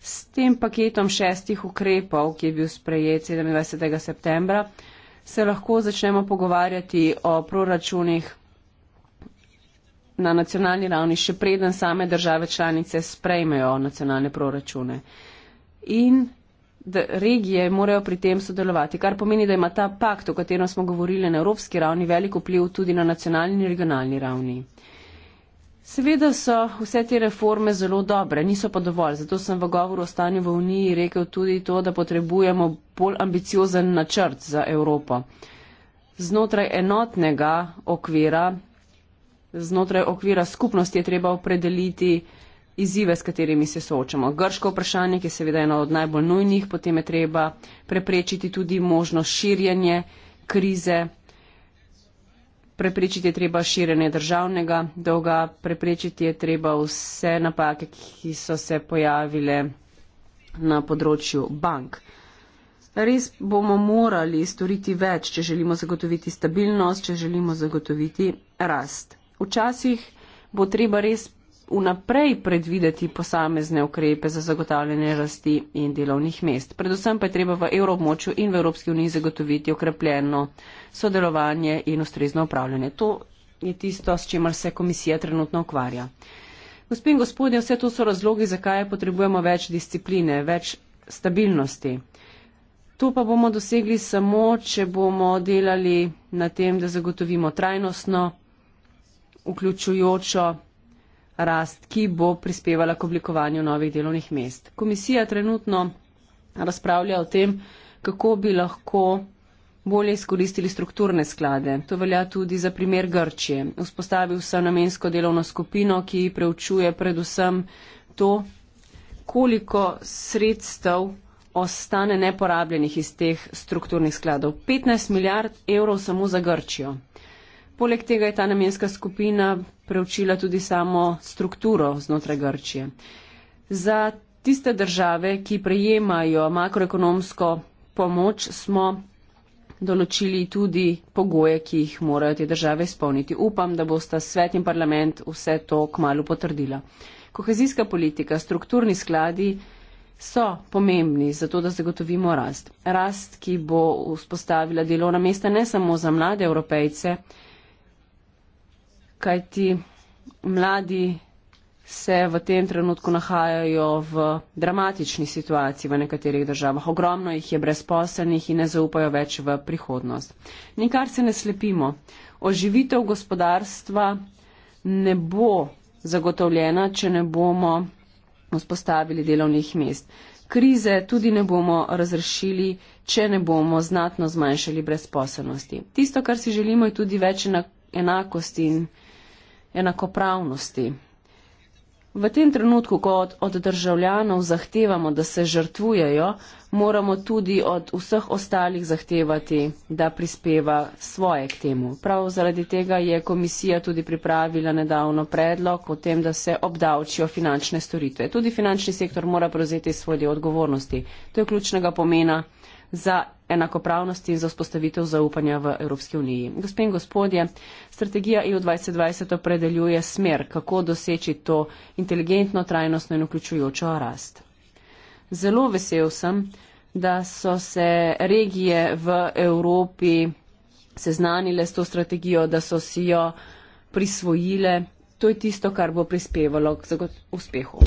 S tem paketom šestih ukrepov, ki je bil sprejet 27. septembra, se lahko začnemo pogovarjati o proračunih na nacionalni ravni, še preden same države članice sprejmejo nacionalne proračune. In da regije morajo pri tem sodelovati, kar pomeni, da ima ta pakt, o katerem smo govorili na evropski ravni, veliko vpliv tudi na nacionalni in regionalni ravni. Seveda so vse te reforme zelo dobre, niso pa dovolj. Zato sem v govoru o stanju v Uniji rekel tudi to, da potrebujemo bolj ambiciozen načrt za Evropo. Znotraj enotnega okvira, znotraj okvira skupnosti je treba opredeliti izzive, s katerimi se soočamo. Grško vprašanje, ki je seveda eno od najbolj nujnih, potem je treba preprečiti tudi možno širjenje krize preprečiti je treba širjenje državnega dolga, preprečiti je treba vse napake, ki so se pojavile na področju bank. Res bomo morali storiti več, če želimo zagotoviti stabilnost, če želimo zagotoviti rast. Včasih bo treba res vnaprej predvideti posamezne ukrepe za zagotavljanje rasti in delovnih mest. Predvsem pa je treba v evroobmočju in v Evropski uniji zagotoviti okrepljeno sodelovanje in ustrezno upravljanje. To je tisto, s čimer se komisija trenutno ukvarja. Gospod in gospodje, vse to so razlogi, zakaj potrebujemo več discipline, več stabilnosti. To pa bomo dosegli samo, če bomo delali na tem, da zagotovimo trajnostno, vključujočo rast, ki bo prispevala k oblikovanju novih delovnih mest. Komisija trenutno razpravlja o tem, kako bi lahko bolje izkoristili strukturne sklade. To velja tudi za primer Grčije. Vzpostavil sem namensko delovno skupino, ki preučuje predvsem to, koliko sredstev ostane neporabljenih iz teh strukturnih skladov. 15 milijard evrov samo za Grčijo. Poleg tega je ta namenska skupina preučila tudi samo strukturo znotraj Grčije. Za tiste države, ki prejemajo makroekonomsko pomoč, smo določili tudi pogoje, ki jih morajo te države izpolniti. Upam, da bosta svet in parlament vse to kmalo potrdila. Kohezijska politika, strukturni skladi so pomembni za to, da zagotovimo rast. Rast, ki bo vzpostavila delovna mesta ne samo za mlade evropejce, kajti mladi se v tem trenutku nahajajo v dramatični situaciji v nekaterih državah. Ogromno jih je brezposelnih in ne zaupajo več v prihodnost. Nikar se ne slepimo. Oživitev gospodarstva ne bo zagotovljena, če ne bomo vzpostavili delovnih mest. Krize tudi ne bomo razrešili, če ne bomo znatno zmanjšali brezposelnosti. Tisto, kar si želimo, je tudi več enakosti in enakopravnosti. V tem trenutku, ko od, od državljanov zahtevamo, da se žrtvujejo, moramo tudi od vseh ostalih zahtevati, da prispeva svoje k temu. Prav zaradi tega je komisija tudi pripravila nedavno predlog o tem, da se obdavčijo finančne storitve. Tudi finančni sektor mora prevzeti svoje odgovornosti. To je ključnega pomena za enakopravnosti za vzpostavitev zaupanja v Evropski uniji. Gospe in gospodje, strategija EU 2020 opredeljuje smer, kako doseči to inteligentno, trajnostno in vključujočo rast. Zelo vesel sem, da so se regije v Evropi seznanile s to strategijo, da so si jo prisvojile. To je tisto, kar bo prispevalo k uspehu.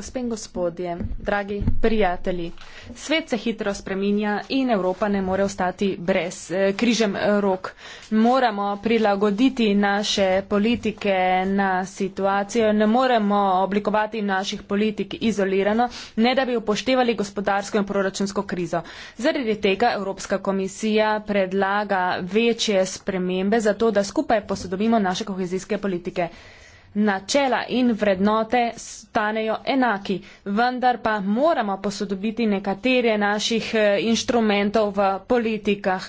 Gospe in gospodje, dragi prijatelji, svet se hitro spreminja in Evropa ne more ostati brez eh, križem rok. Moramo prilagoditi naše politike na situacijo, ne moremo oblikovati naših politik izolirano, ne da bi upoštevali gospodarsko in proračunsko krizo. Zaradi tega Evropska komisija predlaga večje spremembe, zato da skupaj posodobimo naše kohezijske politike načela in vrednote stanejo enaki, vendar pa moramo posodobiti nekatere naših eh, inštrumentov v politikah.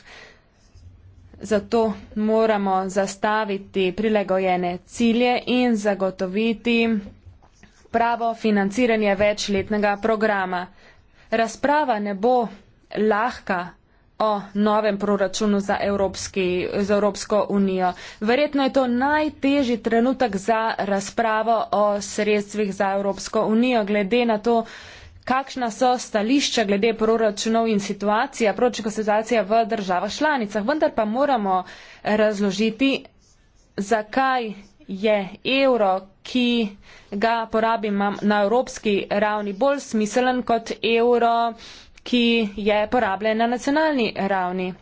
Zato moramo zastaviti prilagojene cilje in zagotoviti pravo financiranje večletnega programa. Razprava ne bo lahka, o novem proračunu za, Evropski, za Evropsko unijo. Verjetno je to najtežji trenutek za razpravo o sredstvih za Evropsko unijo, glede na to, kakšna so stališča glede proračunov in situacija, proračunska situacija v državah članicah. Vendar pa moramo razložiti, zakaj je evro, ki ga porabim na evropski ravni, bolj smiselen kot evro, ki je porabljen na nacionalni ravni.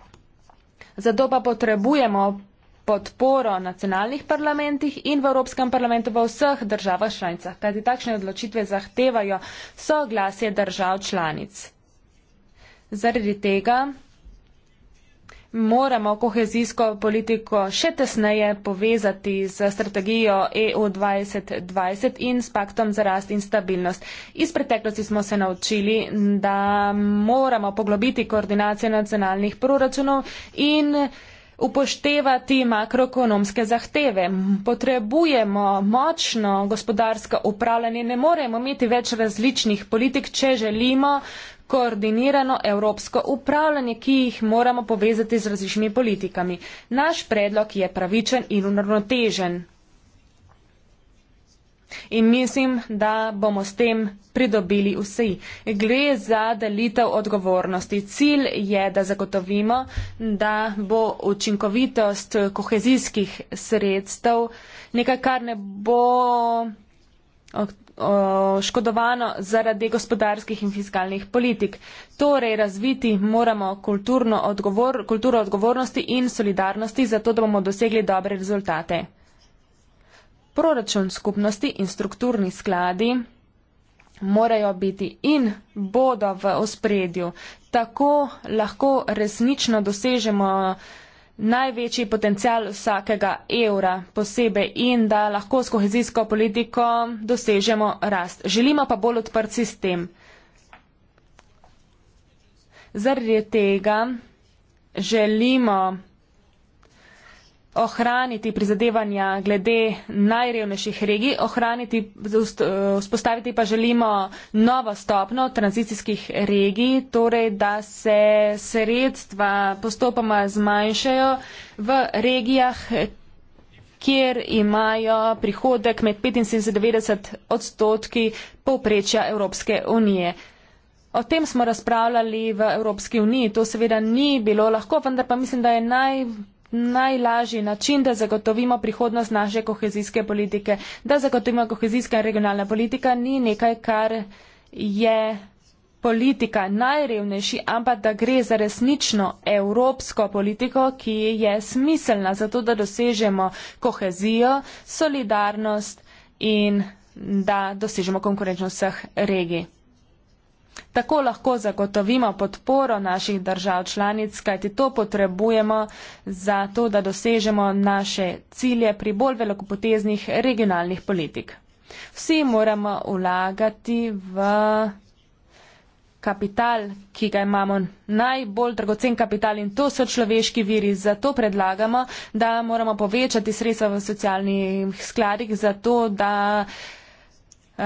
Zato pa potrebujemo podporo nacionalnih parlamentih in v Evropskem parlamentu v vseh državah članicah, kajti takšne odločitve zahtevajo soglasje držav članic. Zaradi tega moramo kohezijsko politiko še tesneje povezati z strategijo EU 2020 in s paktom za rast in stabilnost. Iz preteklosti smo se naučili, da moramo poglobiti koordinacijo nacionalnih proračunov in upoštevati makroekonomske zahteve. Potrebujemo močno gospodarsko upravljanje, ne moremo imeti več različnih politik, če želimo koordinirano evropsko upravljanje, ki jih moramo povezati z različnimi politikami. Naš predlog je pravičen in unornotežen. In mislim, da bomo s tem pridobili vsi. Gre za delitev odgovornosti. Cilj je, da zagotovimo, da bo učinkovitost kohezijskih sredstev nekaj, kar ne bo oškodovano zaradi gospodarskih in fiskalnih politik. Torej, razviti moramo odgovor, kulturo odgovornosti in solidarnosti, zato da bomo dosegli dobre rezultate. Proračun skupnosti in strukturni skladi morajo biti in bodo v ospredju. Tako lahko resnično dosežemo uh, največji potencial vsakega evra posebej in da lahko s kohezijsko politiko dosežemo rast. Želimo pa bolj odprt sistem. Zaradi tega želimo ohraniti prizadevanja glede najrevnejših regij, ohraniti, vzpostaviti pa želimo novo stopno tranzicijskih regij, torej da se sredstva postopoma zmanjšajo v regijah, kjer imajo prihodek med 75 odstotki povprečja Evropske unije. O tem smo razpravljali v Evropski uniji, to seveda ni bilo lahko, vendar pa mislim, da je najbolj najlažji način, da zagotovimo prihodnost naše kohezijske politike. Da zagotovimo kohezijska in regionalna politika ni nekaj, kar je politika najrevnejši, ampak da gre za resnično evropsko politiko, ki je smiselna za to, da dosežemo kohezijo, solidarnost in da dosežemo konkurenčnost vseh regij. Tako lahko zagotovimo podporo naših držav članic, kajti to potrebujemo za to, da dosežemo naše cilje pri bolj velikopoteznih regionalnih politik. Vsi moramo vlagati v kapital, ki ga imamo najbolj dragocen kapital in to so človeški viri. Zato predlagamo, da moramo povečati sredstva v socialnih skladih, zato da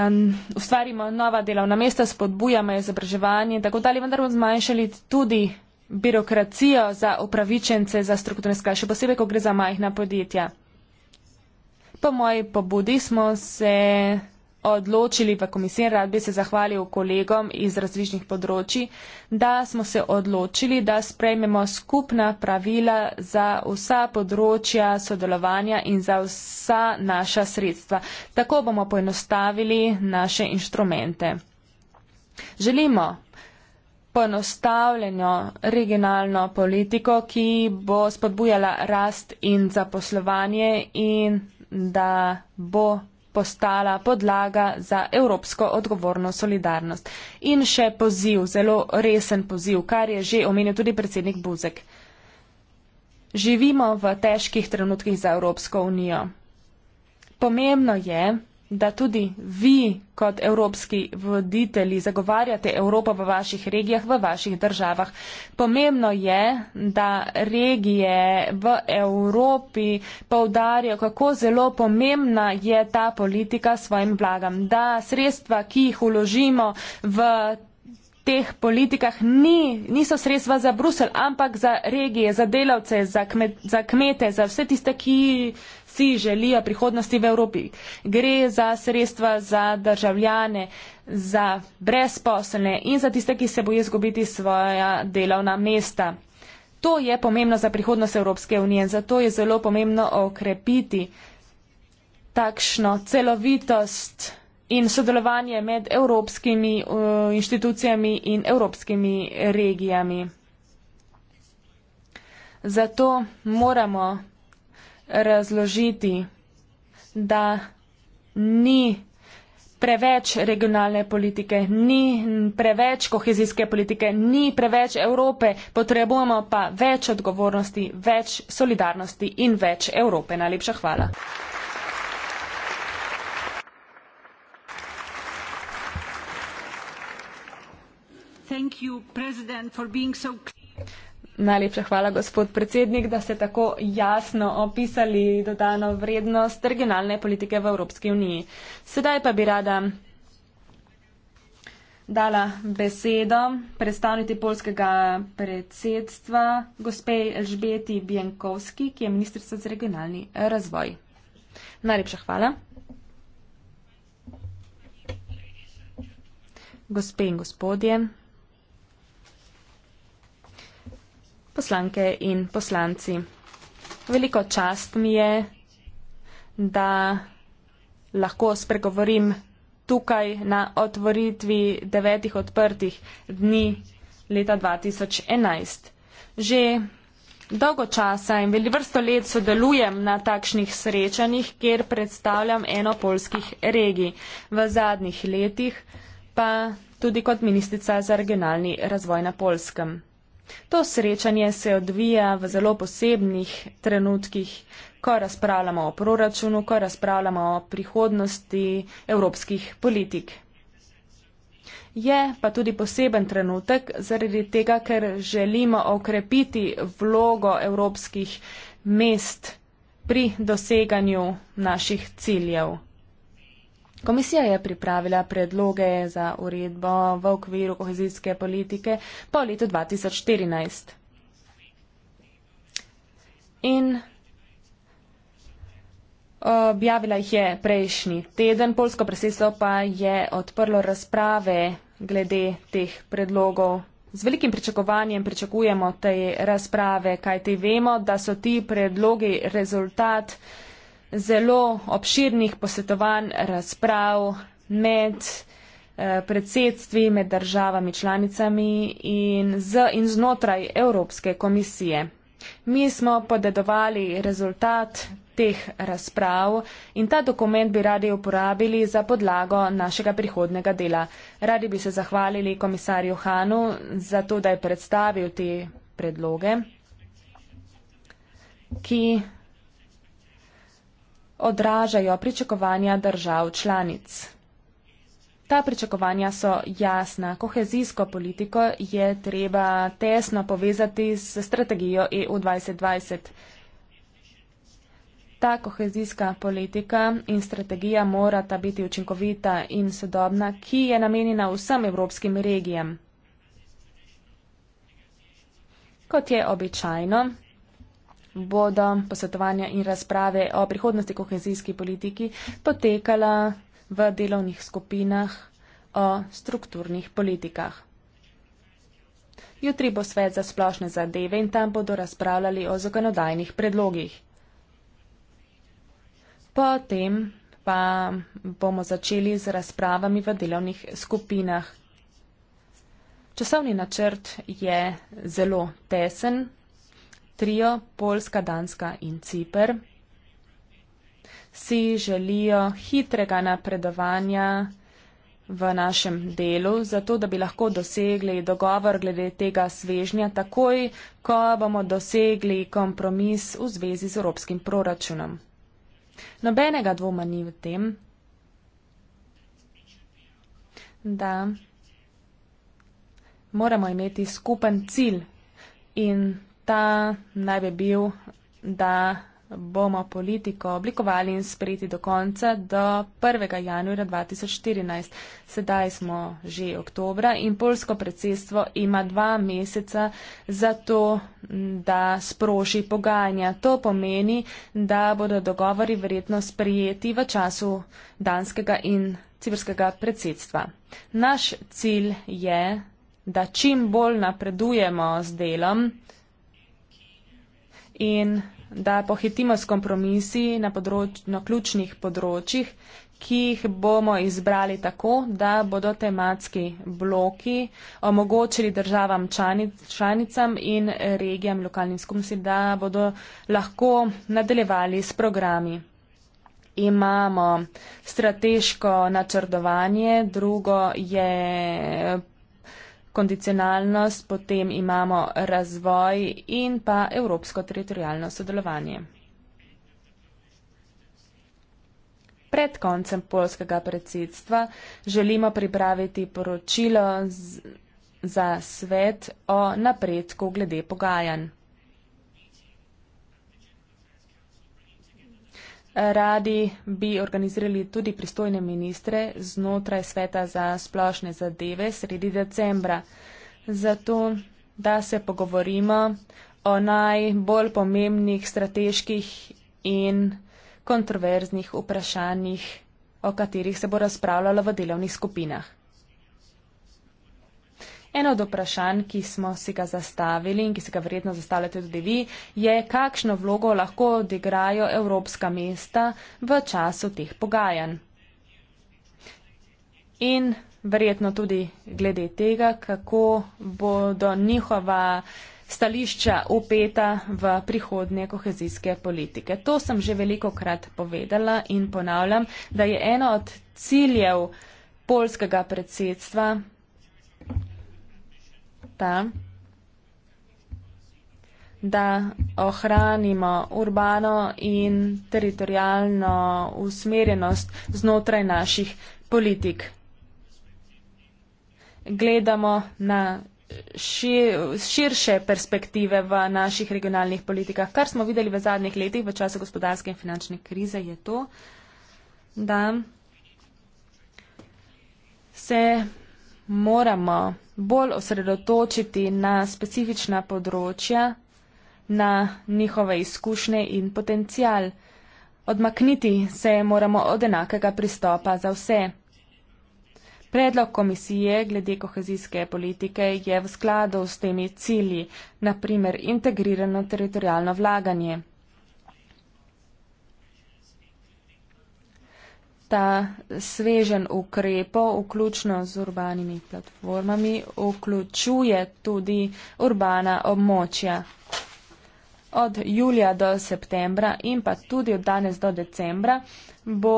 um, ustvarimo nova delovna mesta, spodbujamo izobraževanje in tako dalje, vendar bomo zmanjšali tudi birokracijo za upravičence za strukturne skrajše, še posebej, ko gre za majhna podjetja. Po moji pobudi smo se odločili v komisiji, rad bi se zahvalil kolegom iz različnih področji, da smo se odločili, da sprejmemo skupna pravila za vsa področja sodelovanja in za vsa naša sredstva. Tako bomo poenostavili naše inštrumente. Želimo ponostavljeno regionalno politiko, ki bo spodbujala rast in zaposlovanje in da bo postala podlaga za evropsko odgovorno solidarnost. In še poziv, zelo resen poziv, kar je že omenil tudi predsednik Buzek. Živimo v težkih trenutkih za Evropsko unijo. Pomembno je, da tudi vi kot evropski voditelji zagovarjate Evropo v vaših regijah, v vaših državah. Pomembno je, da regije v Evropi povdarjajo, kako zelo pomembna je ta politika svojim blagam, da sredstva, ki jih uložimo v teh politikah ni, niso sredstva za Brusel, ampak za regije, za delavce, za, kmet, za kmete, za vse tiste, ki si želijo prihodnosti v Evropi. Gre za sredstva za državljane, za brezposelne in za tiste, ki se boje izgubiti svoja delovna mesta. To je pomembno za prihodnost Evropske unije in zato je zelo pomembno okrepiti takšno celovitost in sodelovanje med evropskimi uh, inštitucijami in evropskimi regijami. Zato moramo razložiti, da ni preveč regionalne politike, ni preveč kohezijske politike, ni preveč Evrope, potrebujemo pa več odgovornosti, več solidarnosti in več Evrope. Najlepša hvala. Thank you, President, for being so clear. Najlepša hvala, gospod predsednik, da ste tako jasno opisali dodano vrednost regionalne politike v Evropski uniji. Sedaj pa bi rada dala besedo predstavniti polskega predsedstva, gospe Elžbeti Bjenkovski, ki je ministrica za regionalni razvoj. Najlepša hvala. Gospe in gospodje. poslanke in poslanci. Veliko čast mi je, da lahko spregovorim tukaj na otvoritvi devetih odprtih dni leta 2011. Že dolgo časa in veliko vrsto let sodelujem na takšnih srečanjih, kjer predstavljam eno polskih regij. V zadnjih letih pa tudi kot ministrica za regionalni razvoj na Polskem. To srečanje se odvija v zelo posebnih trenutkih, ko razpravljamo o proračunu, ko razpravljamo o prihodnosti evropskih politik. Je pa tudi poseben trenutek zaradi tega, ker želimo okrepiti vlogo evropskih mest pri doseganju naših ciljev. Komisija je pripravila predloge za uredbo v okviru kohezijske politike po letu 2014. In objavila jih je prejšnji teden, polsko predsedstvo pa je odprlo razprave glede teh predlogov. Z velikim pričakovanjem pričakujemo te razprave, kaj ti vemo, da so ti predlogi rezultat uh, zelo obširnih posvetovanj, razprav med eh, predsedstvi, med državami članicami in, z, in znotraj Evropske komisije. Mi smo podedovali rezultat teh razprav in ta dokument bi radi uporabili za podlago našega prihodnega dela. Radi bi se zahvalili komisarju Hanu za to, da je predstavil te predloge, ki odražajo pričakovanja držav članic. Ta pričakovanja so jasna. Kohezijsko politiko je treba tesno povezati s strategijo EU 2020. Ta kohezijska politika in strategija morata biti učinkovita in sodobna, ki je namenjena vsem evropskim regijam. Kot je običajno, bodo posvetovanja in razprave o prihodnosti kohezijski politiki potekala v delovnih skupinah o strukturnih politikah. Jutri bo svet za splošne zadeve in tam bodo razpravljali o zakonodajnih predlogih. Potem pa bomo začeli z razpravami v delovnih skupinah. Časovni načrt je zelo tesen trio Poljska, Danska in Ciper si želijo hitrega napredovanja v našem delu, zato da bi lahko dosegli dogovor glede tega svežnja takoj, ko bomo dosegli kompromis v zvezi z evropskim proračunom. Nobenega dvoma ni v tem, da moramo imeti skupen cilj in Ta naj bi bil, da bomo politiko oblikovali in sprejeti do konca, do 1. januarja 2014. Sedaj smo že oktobra in polsko predsedstvo ima dva meseca za to, da sproži pogajanja. To pomeni, da bodo dogovori verjetno sprejeti v času danskega in ciberskega predsedstva. Naš cilj je, da čim bolj napredujemo z delom, in da pohitimo s kompromisi na, področ, na ključnih področjih, ki jih bomo izbrali tako, da bodo tematski bloki omogočili državam članicam in regijam lokalnim skupnostim, da bodo lahko nadaljevali s programi. Imamo strateško načrdovanje, drugo je kondicionalnost, potem imamo razvoj in pa evropsko teritorijalno sodelovanje. Pred koncem polskega predsedstva želimo pripraviti poročilo z, za svet o napredku glede pogajanj. Radi bi organizirali tudi pristojne ministre znotraj sveta za splošne zadeve sredi decembra. Zato, da se pogovorimo o najbolj pomembnih strateških in kontroverznih vprašanjih, o katerih se bo razpravljalo v delovnih skupinah. Eno od vprašanj, ki smo si ga zastavili in ki se ga verjetno zastavljate tudi vi, je, kakšno vlogo lahko odigrajo evropska mesta v času teh pogajanj. In verjetno tudi glede tega, kako bodo njihova stališča upeta v prihodnje kohezijske politike. To sem že veliko krat povedala in ponavljam, da je eno od ciljev polskega predsedstva ta, da ohranimo urbano in teritorijalno usmerjenost znotraj naših politik. Gledamo na širše perspektive v naših regionalnih politikah. Kar smo videli v zadnjih letih v času gospodarske in finančne krize je to, da se moramo bolj osredotočiti na specifična področja, na njihove izkušnje in potencial. Odmakniti se moramo od enakega pristopa za vse. Predlog komisije glede kohezijske politike je v skladu s temi cilji, naprimer integrirano teritorijalno vlaganje. ta svežen ukrepov, vključno z urbanimi platformami, vključuje tudi urbana območja. Od julija do septembra in pa tudi od danes do decembra bo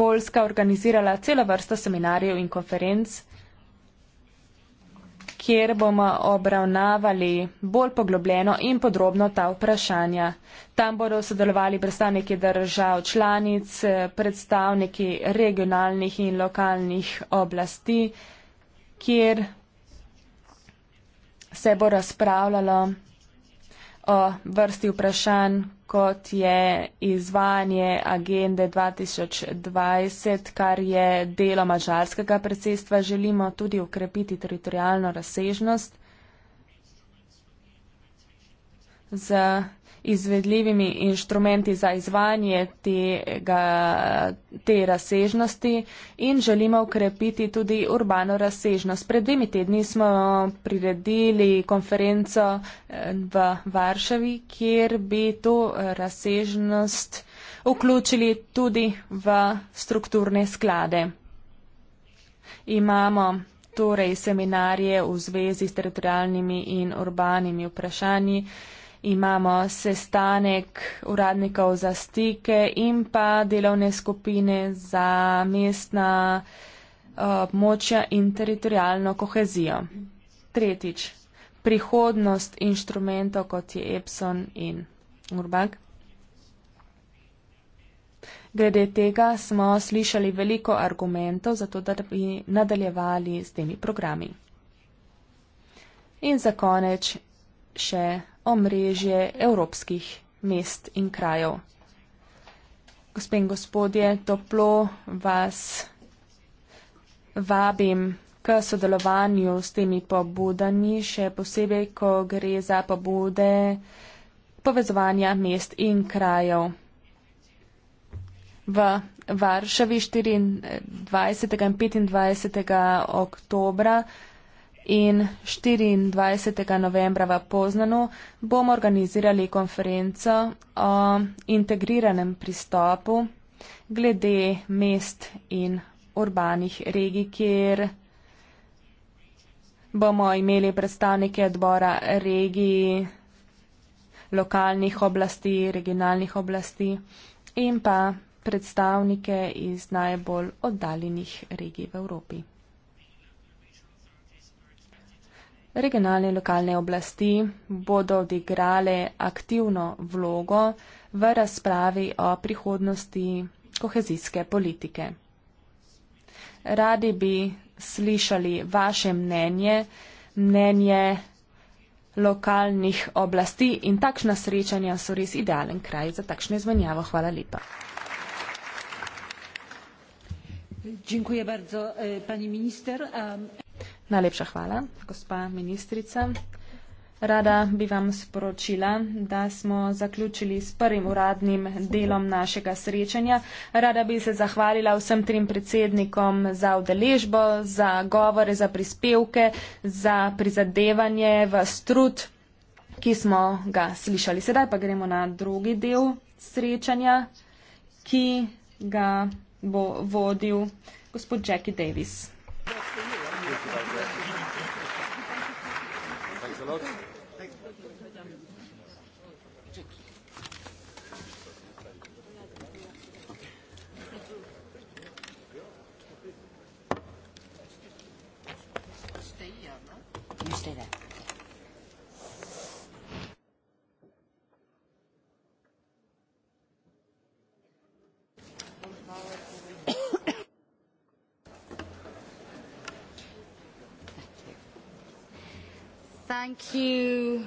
Poljska organizirala celo vrsto seminarjev in konferenc kjer bomo obravnavali bolj poglobljeno in podrobno ta vprašanja. Tam bodo sodelovali predstavniki držav članic, predstavniki regionalnih in lokalnih oblasti, kjer se bo razpravljalo o vrsti vprašanj, kot je izvajanje agende 2020, kar je delo mačarskega predsedstva, želimo tudi ukrepiti teritorijalno razsežnost z izvedljivimi inštrumenti za izvajanje tega, te razsežnosti in želimo ukrepiti tudi urbano razsežnost. Pred dvimi tedni smo priredili konferenco eh, v Varšavi, kjer bi to razsežnost vključili tudi v strukturne sklade. Imamo torej seminarje v zvezi s teritorijalnimi in urbanimi vprašanji imamo sestanek uradnikov za stike in pa delovne skupine za mestna eh, območja in teritorijalno kohezijo. Tretjič, prihodnost inštrumentov, kot je Epson in Urbag. Glede tega smo slišali veliko argumentov, zato da bi nadaljevali s temi programi. In za konec še omrežje evropskih mest in krajev. Gospe in gospodje, toplo vas vabim k sodelovanju s temi pobudami, še posebej, ko gre za pobude povezovanja mest in krajev. V Varšavi 24. in 25. oktobra in 24. novembra v Poznanu bomo organizirali konferenco o integriranem pristopu glede mest in urbanih regij, kjer bomo imeli predstavnike odbora regij, lokalnih oblasti, regionalnih oblasti in pa predstavnike iz najbolj oddaljenih regij v Evropi. regionalne in lokalne oblasti bodo odigrale aktivno vlogo v razpravi o prihodnosti kohezijske politike. Radi bi slišali vaše mnenje, mnenje lokalnih oblasti in takšna srečanja so res idealen kraj za takšno izmenjavo. Hvala lepa. Dziękuję bardzo, e, pani minister. Najlepša hvala, gospa ministrica. Rada bi vam sporočila, da smo zaključili s prvim uradnim delom našega srečanja. Rada bi se zahvalila vsem trim predsednikom za udeležbo, za govore, za prispevke, za prizadevanje v strud, ki smo ga slišali. Sedaj pa gremo na drugi del srečanja, ki ga bo vodil gospod Jackie Davis. Gospod. Thanks a lot. Thank you.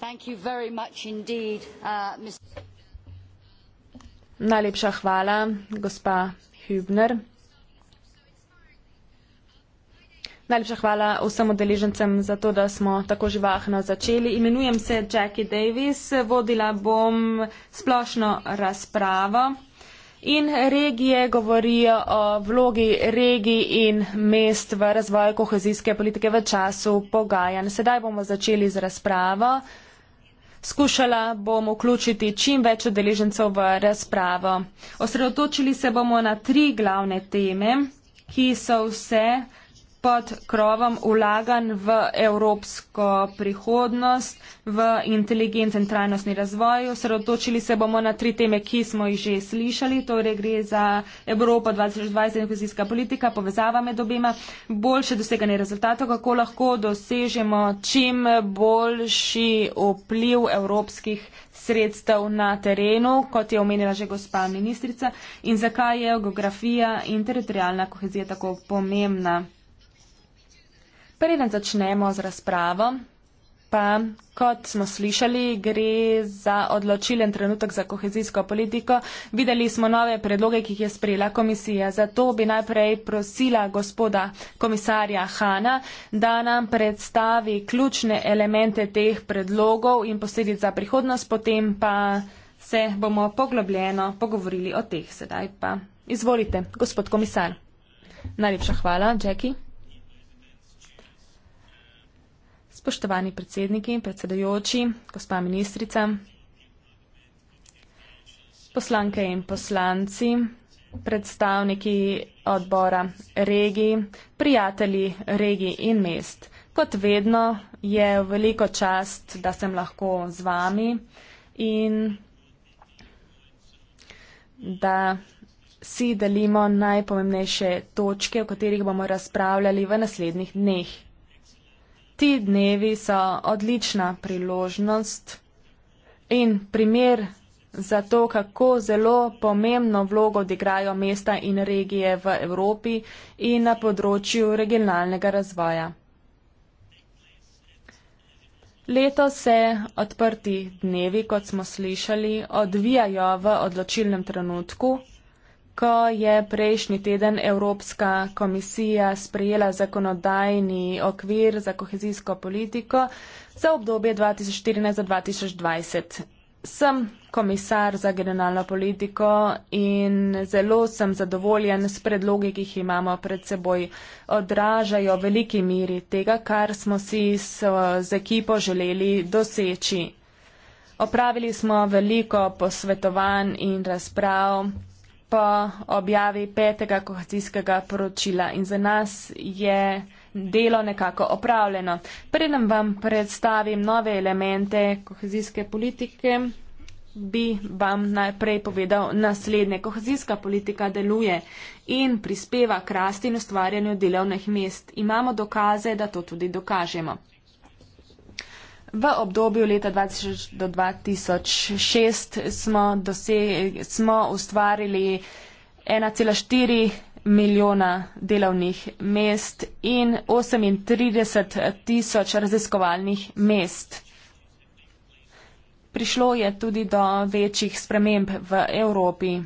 Thank you very much indeed, uh, Najlepša hvala, gospa Hübner. Najlepša hvala vsem odeležencem za to, da smo tako živahno začeli. Imenujem se Jackie Davis, vodila bom splošno razpravo in regije, govori o vlogi regij in mest v razvoju kohezijske politike v času pogajanj. Sedaj bomo začeli z razpravo. Skušala bom vključiti čim več deležencev v razpravo. Osredotočili se bomo na tri glavne teme, ki so vse pod krovom vlaganj v evropsko prihodnost, v inteligenten trajnostni razvoj. Osredotočili se bomo na tri teme, ki smo jih že slišali, torej gre za Evropo 2020 in kozijska politika, povezava med obema, boljše doseganje rezultatov, kako lahko dosežemo čim boljši vpliv evropskih sredstev na terenu, kot je omenila že gospa ministrica, in zakaj je geografija in teritorijalna kohezija tako pomembna. Preden začnemo z razpravo, pa kot smo slišali, gre za odločilen trenutek za kohezijsko politiko. Videli smo nove predloge, ki jih je sprejela komisija. Zato bi najprej prosila gospoda komisarja Hana, da nam predstavi ključne elemente teh predlogov in posledic za prihodnost, potem pa se bomo poglobljeno pogovorili o teh. Sedaj pa izvolite, gospod komisar. Najlepša hvala, Jackie. spoštovani predsedniki in predsedajoči, gospa ministrica, poslanke in poslanci, predstavniki odbora regij, prijatelji regij in mest. Kot vedno je veliko čast, da sem lahko z vami in da si delimo najpomembnejše točke, o katerih bomo razpravljali v naslednjih dneh. Ti dnevi so odlična priložnost in primer za to, kako zelo pomembno vlogo odigrajo mesta in regije v Evropi in na področju regionalnega razvoja. Leto se odprti dnevi, kot smo slišali, odvijajo v odločilnem trenutku, ko je prejšnji teden Evropska komisija sprejela zakonodajni okvir za kohezijsko politiko za obdobje 2014-2020. Sem komisar za generalno politiko in zelo sem zadovoljen s predlogi, ki jih imamo pred seboj. Odražajo veliki miri tega, kar smo si s, z ekipo želeli doseči. Opravili smo veliko posvetovanj in razprav po objavi petega kohacijskega poročila in za nas je delo nekako opravljeno. Preden vam predstavim nove elemente kohezijske politike, bi vam najprej povedal naslednje. Kohezijska politika deluje in prispeva k rasti in ustvarjanju delovnih mest. Imamo dokaze, da to tudi dokažemo. V obdobju leta 2000 do 2006 smo, doseg, smo ustvarili 1,4 milijona delovnih mest in 38 tisoč raziskovalnih mest. Prišlo je tudi do večjih sprememb v Evropi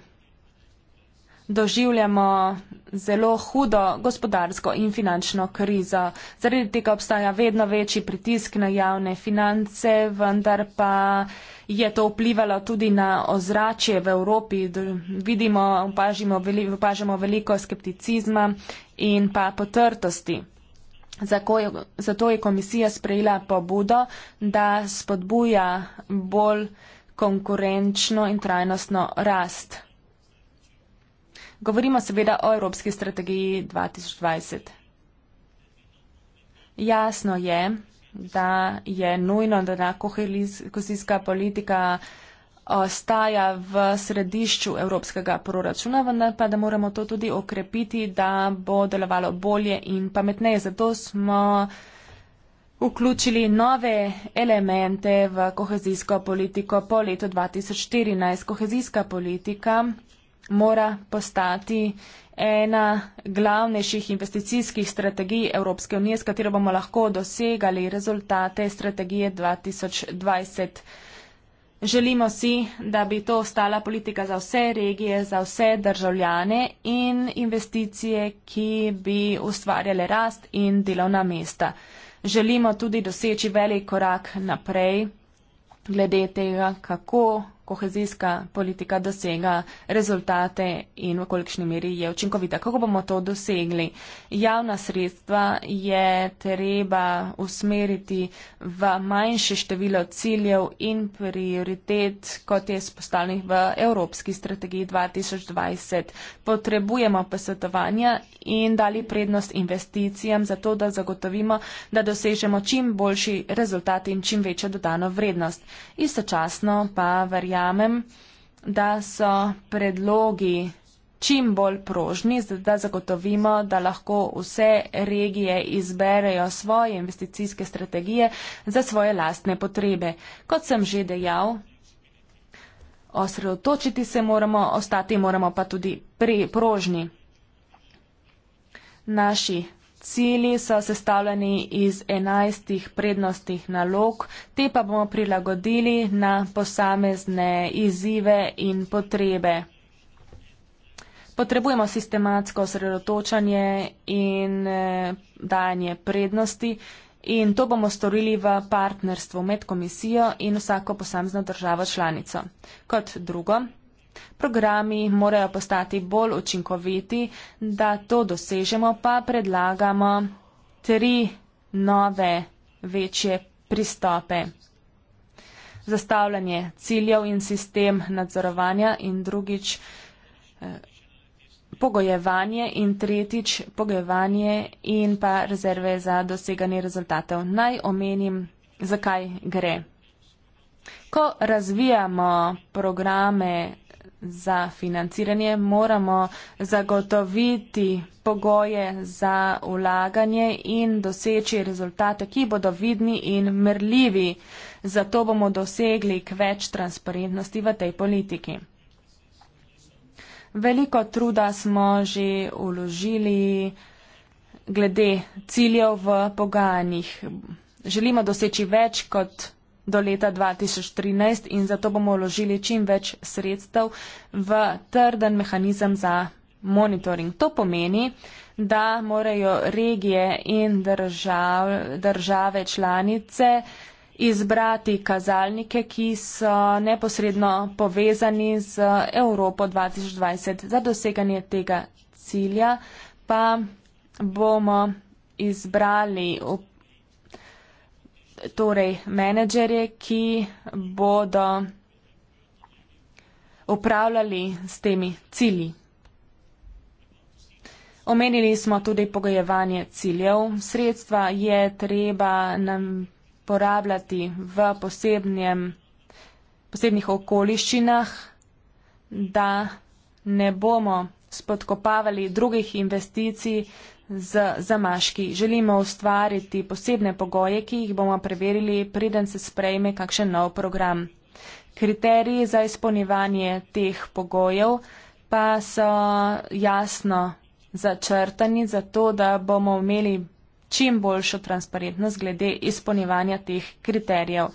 doživljamo zelo hudo gospodarsko in finančno krizo. Zaradi tega obstaja vedno večji pritisk na javne finance, vendar pa je to vplivalo tudi na ozračje v Evropi. Vidimo, opažimo, veli, opažimo veliko skepticizma in pa potrtosti. Zato je komisija sprejela pobudo, da spodbuja bolj konkurenčno in trajnostno rast. Govorimo seveda o Evropski strategiji 2020. Jasno je, da je nujno, da na kohezijska politika ostaja v središču evropskega proračuna, vendar pa, da moramo to tudi okrepiti, da bo delovalo bolje in pametneje. Zato smo vključili nove elemente v kohezijsko politiko po letu 2014. Kohezijska politika mora postati ena glavnejših investicijskih strategij Evropske unije, s katero bomo lahko dosegali rezultate strategije 2020. Želimo si, da bi to ostala politika za vse regije, za vse državljane in investicije, ki bi ustvarjale rast in delovna mesta. Želimo tudi doseči velik korak naprej glede tega, kako kohezijska politika dosega rezultate in v kolikšni meri je učinkovita. Kako bomo to dosegli? Javna sredstva je treba usmeriti v manjše število ciljev in prioritet, kot je spostavljenih v Evropski strategiji 2020. Potrebujemo posvetovanja in dali prednost investicijam za to, da zagotovimo, da dosežemo čim boljši rezultat in čim večjo dodano vrednost. Istočasno pa verjamem, verjamem, da so predlogi čim bolj prožni, da zagotovimo, da lahko vse regije izberejo svoje investicijske strategije za svoje lastne potrebe. Kot sem že dejal, osredotočiti se moramo, ostati moramo pa tudi pri prožni. Naši Cilji so sestavljeni iz enajstih prednostih nalog, te pa bomo prilagodili na posamezne izzive in potrebe. Potrebujemo sistematsko osredotočanje in eh, dajanje prednosti in to bomo storili v partnerstvu med komisijo in vsako posamezno državo članico. Kot drugo, Programi morajo postati bolj učinkoviti, da to dosežemo, pa predlagamo tri nove večje pristope. Zastavljanje ciljev in sistem nadzorovanja in drugič eh, pogojevanje in tretjič pogojevanje in pa rezerve za doseganje rezultatov. Naj omenim, zakaj gre. Ko razvijamo programe za financiranje, moramo zagotoviti pogoje za ulaganje in doseči rezultate, ki bodo vidni in merljivi. Zato bomo dosegli k več transparentnosti v tej politiki. Veliko truda smo že uložili glede ciljev v pogajanjih. Želimo doseči več kot do leta 2013 in zato bomo vložili čim več sredstev v trden mehanizem za monitoring. To pomeni, da morajo regije in držav, države članice izbrati kazalnike, ki so neposredno povezani z Evropo 2020. Za doseganje tega cilja pa bomo izbrali. Op- torej menedžerje, ki bodo upravljali s temi cilji. Omenili smo tudi pogojevanje ciljev. Sredstva je treba nam porabljati v posebnem, posebnih okoliščinah, da ne bomo spodkopavali drugih investicij, z zamaški. Želimo ustvariti posebne pogoje, ki jih bomo preverili, preden se sprejme kakšen nov program. Kriteriji za izpolnjevanje teh pogojev pa so jasno začrtani za to, da bomo imeli čim boljšo transparentnost glede izpolnjevanja teh kriterijev.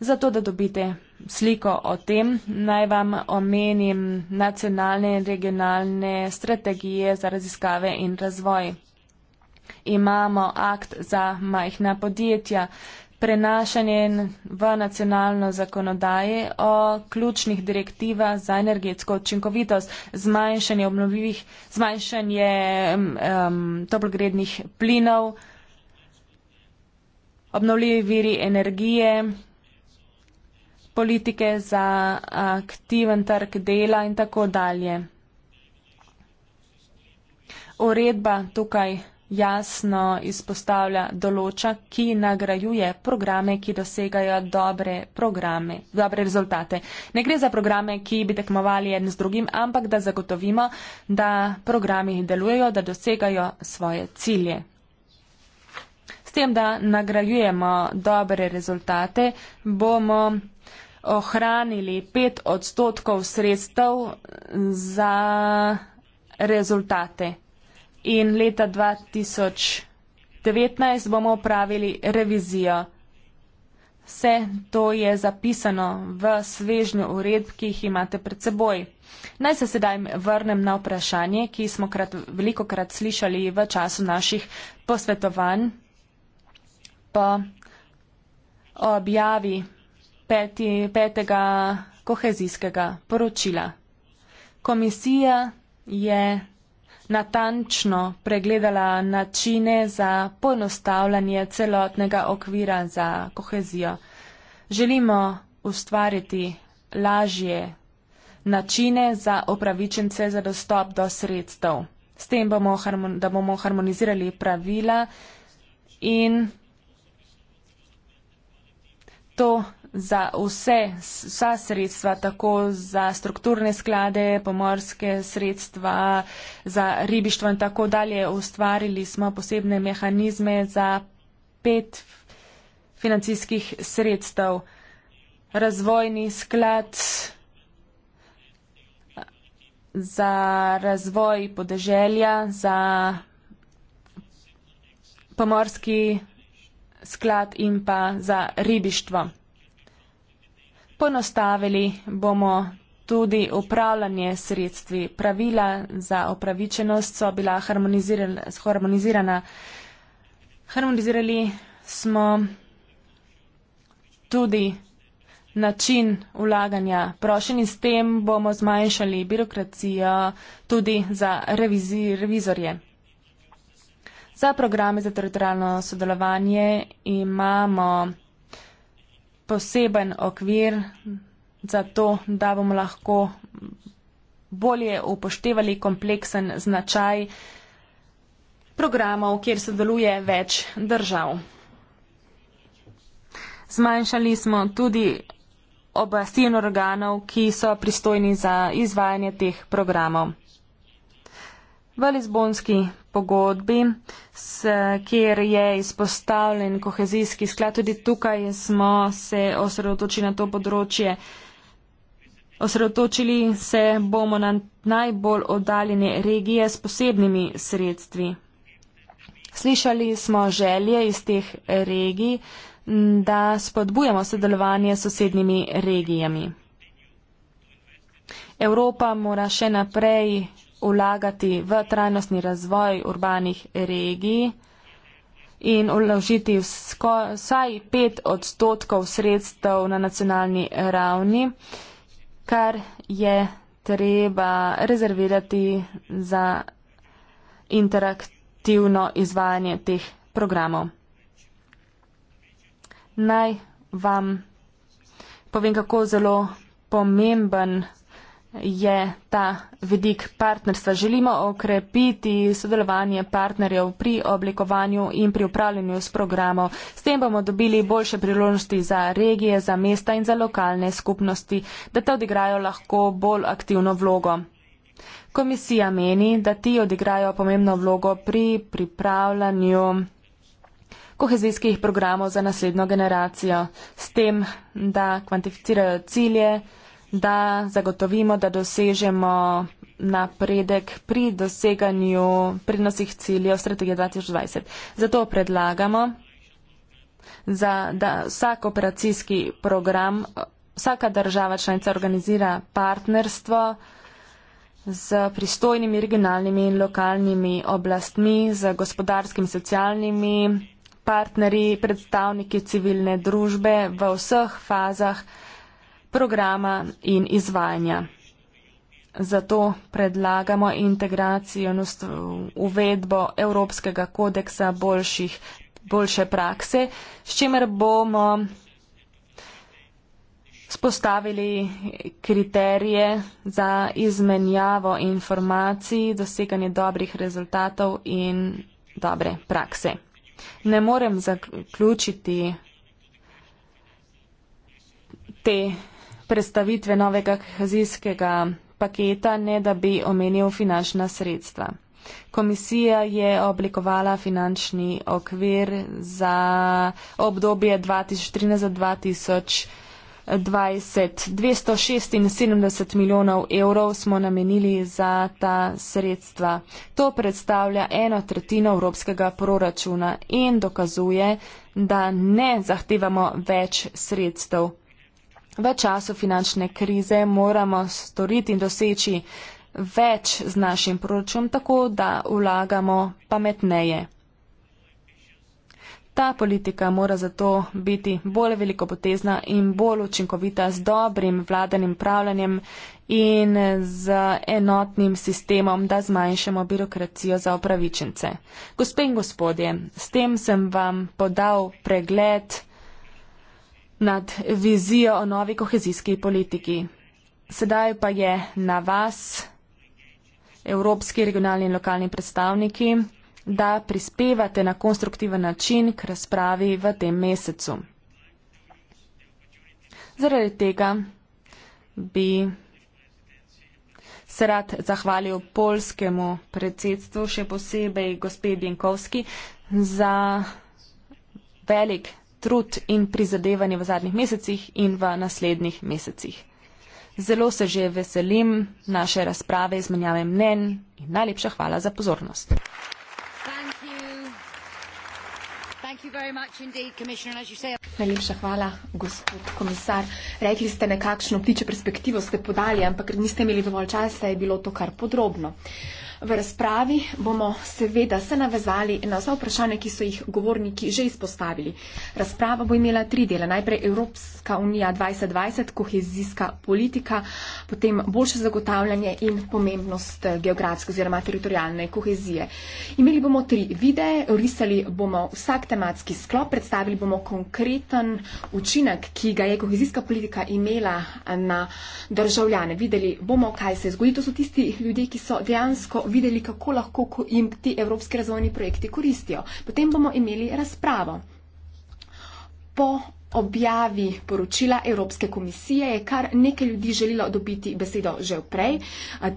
Zato, da dobite sliko o tem, naj vam omenim nacionalne in regionalne strategije za raziskave in razvoj. Imamo akt za majhna podjetja, prenašanje v nacionalno zakonodaje o ključnih direktivah za energetsko učinkovitost, zmanjšanje obnovljivih, zmanjšanje um, toplogrednih plinov, obnovljivi viri energije, politike za aktiven trg dela in tako dalje. Uredba tukaj jasno izpostavlja določa, ki nagrajuje programe, ki dosegajo dobre, programe, dobre rezultate. Ne gre za programe, ki bi tekmovali en z drugim, ampak da zagotovimo, da programi delujejo, da dosegajo svoje cilje. S tem, da nagrajujemo dobre rezultate, bomo ohranili 5 odstotkov sredstev za rezultate. In leta 2019 bomo upravili revizijo. Vse to je zapisano v svežnju uredb, ki jih imate pred seboj. Naj se sedaj vrnem na vprašanje, ki smo krat, veliko krat slišali v času naših posvetovanj po objavi peti, petega kohezijskega poročila. Komisija je natančno pregledala načine za ponostavljanje celotnega okvira za kohezijo. Želimo ustvariti lažje načine za upravičence za dostop do sredstev. S tem bomo, harmon, da bomo harmonizirali pravila in to za vse, vsa sredstva, tako za strukturne sklade, pomorske sredstva, za ribištvo in tako dalje. Ustvarili smo posebne mehanizme za pet financijskih sredstev. Razvojni sklad za razvoj podeželja, za pomorski sklad in pa za ribištvo. Ponostavili bomo tudi upravljanje sredstvi. Pravila za opravičenost so bila harmonizirana. Harmonizirali smo tudi način ulaganja prošen in s tem bomo zmanjšali birokracijo tudi za revizi, revizorje. Za programe za teritorijalno sodelovanje imamo poseben okvir za to, da bomo lahko bolje upoštevali kompleksen značaj programov, kjer sodeluje več držav. Zmanjšali smo tudi obastin organov, ki so pristojni za izvajanje teh programov. V Lizbonski pogodbi, s, kjer je izpostavljen kohezijski sklad. Tudi tukaj smo se osredotočili na to področje. Osredotočili se bomo na najbolj oddaljene regije s posebnimi sredstvi. Slišali smo želje iz teh regij, da spodbujamo sodelovanje s sosednjimi regijami. Evropa mora še naprej vlagati v trajnostni razvoj urbanih regij in vložiti vsaj 5 odstotkov sredstev na nacionalni ravni, kar je treba rezervirati za interaktivno izvajanje teh programov. Naj vam povem, kako zelo pomemben je ta vidik partnerstva. Želimo okrepiti sodelovanje partnerjev pri oblikovanju in pri upravljanju s programom. S tem bomo dobili boljše priložnosti za regije, za mesta in za lokalne skupnosti, da te odigrajo lahko bolj aktivno vlogo. Komisija meni, da ti odigrajo pomembno vlogo pri pripravljanju kohezijskih programov za naslednjo generacijo, s tem, da kvantificirajo cilje, da zagotovimo, da dosežemo napredek pri doseganju prednostih ciljev strategije 2020. Zato predlagamo, za, da vsak operacijski program, vsaka država članica organizira partnerstvo z pristojnimi regionalnimi in lokalnimi oblastmi, z gospodarskimi, socialnimi partnerji, predstavniki civilne družbe v vseh fazah programa in izvajanja. Zato predlagamo integracijo in uvedbo Evropskega kodeksa boljših, boljše prakse, s čimer bomo spostavili kriterije za izmenjavo informacij, doseganje dobrih rezultatov in dobre prakse. Ne morem zaključiti te predstavitve novega kohezijskega paketa, ne da bi omenil finančna sredstva. Komisija je oblikovala finančni okvir za obdobje 2013-2020. 20, 276 milijonov evrov smo namenili za ta sredstva. To predstavlja eno tretjino evropskega proračuna in dokazuje, da ne zahtevamo več sredstev. V času finančne krize moramo storiti in doseči več z našim proračunom, tako da vlagamo pametneje. Ta politika mora zato biti bolj velikopotezna in bolj učinkovita z dobrim vladanjem pravljanjem in z enotnim sistemom, da zmanjšamo birokracijo za opravičence. Gospe in gospodje, s tem sem vam podal pregled nad vizijo o novi kohezijski politiki. Sedaj pa je na vas, evropski regionalni in lokalni predstavniki, da prispevate na konstruktiven način k razpravi v tem mesecu. Zaradi tega bi se rad zahvalil polskemu predsedstvu, še posebej gospe Bienkovski, za velik trud in prizadevanje v zadnjih mesecih in v naslednjih mesecih. Zelo se že veselim naše razprave, izmenjave mnen in najlepša hvala za pozornost. Najlepša hvala, gospod komisar. Rekli ste nekakšno ptiče perspektivo ste podali, ampak ker niste imeli dovolj časa, je bilo to kar podrobno. V razpravi bomo seveda se navezali na vsa vprašanja, ki so jih govorniki že izpostavili. Razprava bo imela tri dele. Najprej Evropska unija 2020, kohezijska politika, potem boljše zagotavljanje in pomembnost geografske oziroma teritorijalne kohezije. Imeli bomo tri videe, risali bomo vsak tematski sklop, predstavili bomo konkreten učinek, ki ga je kohezijska politika imela na državljane. Videli bomo, kaj se zgodi. To so tisti ljudje, ki so dejansko videli, kako lahko jim ti evropski razvojni projekti koristijo. Potem bomo imeli razpravo. Po objavi poročila Evropske komisije je kar nekaj ljudi želilo dobiti besedo že vprej.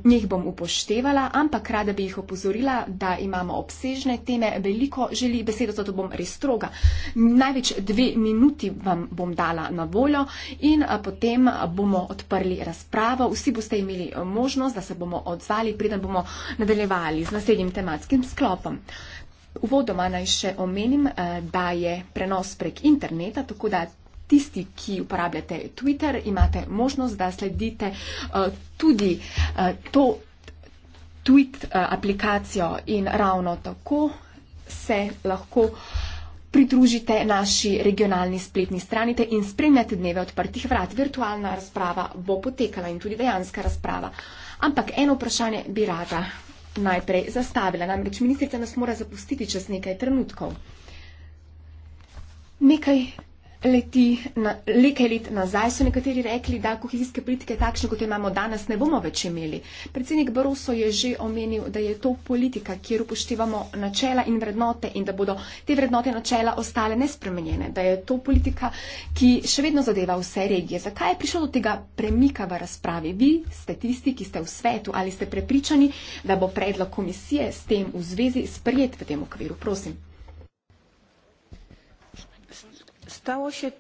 Njih bom upoštevala, ampak rada bi jih opozorila, da imamo obsežne teme. Veliko želi besedo, zato bom res stroga. Največ dve minuti vam bom dala na voljo in potem bomo odprli razpravo. Vsi boste imeli možnost, da se bomo odzvali, preden bomo nadaljevali z naslednjim tematskim sklopom. Uvodoma naj še omenim, eh, da je prenos prek interneta, tako da tisti, ki uporabljate Twitter, imate možnost, da sledite eh, tudi eh, to tweet aplikacijo in ravno tako se lahko pridružite naši regionalni spletni strani in spremljate dneve odprtih vrat. Virtualna razprava bo potekala in tudi dejanska razprava. Ampak eno vprašanje bi rada najprej zastavila. Namreč ministrica nas mora zapustiti čez nekaj trenutkov. Nekaj leti nekaj let nazaj, so nekateri rekli, da kohezijske politike takšne, kot jo imamo danes, ne bomo več imeli. Predsednik Baroso je že omenil, da je to politika, kjer upoštevamo načela in vrednote in da bodo te vrednote in načela ostale nespremenjene, da je to politika, ki še vedno zadeva vse regije. Zakaj je prišlo do tega premika v razpravi? Vi ste tisti, ki ste v svetu ali ste prepričani, da bo predlog komisije s tem v zvezi sprijet v tem okviru? Prosim. stało się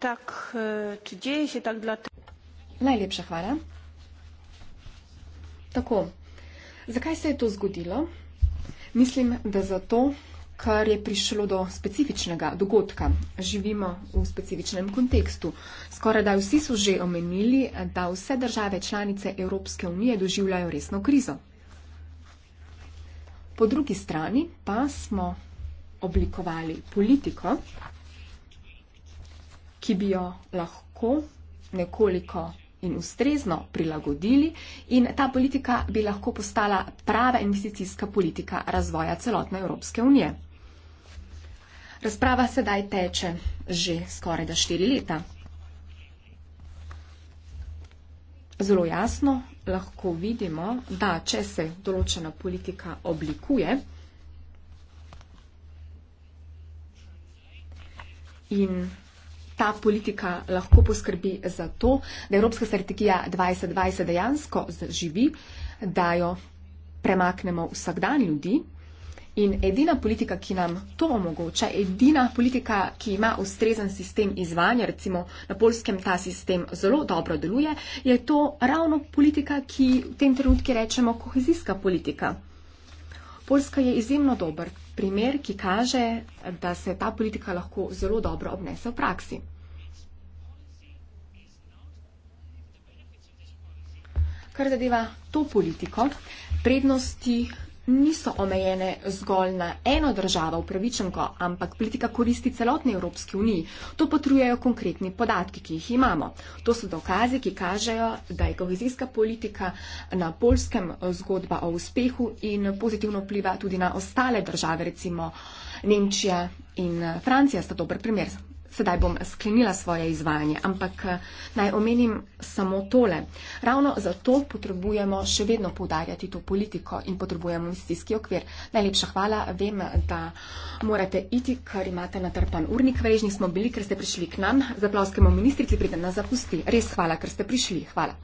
tak, e, czy dzieje się tak dlatego... Najlepsza chwala. Tako, zakaj se je to zgodilo? Mislim, da zato, ker je prišlo do specifičnega dogodka. Živimo v specifičnem kontekstu. Skoraj da vsi so že omenili, da vse države članice Evropske unije doživljajo resno krizo. Po drugi strani pa smo oblikovali politiko, ki bi jo lahko nekoliko in ustrezno prilagodili in ta politika bi lahko postala prava investicijska politika razvoja celotne Evropske unije. Razprava sedaj teče že skoraj da štiri leta. Zelo jasno lahko vidimo, da če se določena politika oblikuje in ta politika lahko poskrbi za to, da Evropska strategija 2020 dejansko zaživi, da jo premaknemo vsak dan ljudi. In edina politika, ki nam to omogoča, edina politika, ki ima ustrezen sistem izvanja, recimo na polskem ta sistem zelo dobro deluje, je to ravno politika, ki v tem trenutku rečemo kohezijska politika. Polska je izjemno dobra primer, ki kaže, da se ta politika lahko zelo dobro obnese v praksi. Kar zadeva to politiko, prednosti niso omejene zgolj na eno državo upravičenko, ampak politika koristi celotni Evropski uniji. To potrujejo konkretni podatki, ki jih imamo. To so dokazi, ki kažejo, da je kohezijska politika na polskem zgodba o uspehu in pozitivno vpliva tudi na ostale države, recimo Nemčija in Francija sta dober primer sedaj bom sklenila svoje izvajanje, ampak eh, naj omenim samo tole. Ravno zato potrebujemo še vedno podarjati to politiko in potrebujemo investicijski okvir. Najlepša hvala, vem, da morate iti, ker imate natrpan urnik, vežni smo bili, ker ste prišli k nam, zaplavskemu ministrici pridem na zapusti. Res hvala, ker ste prišli. Hvala.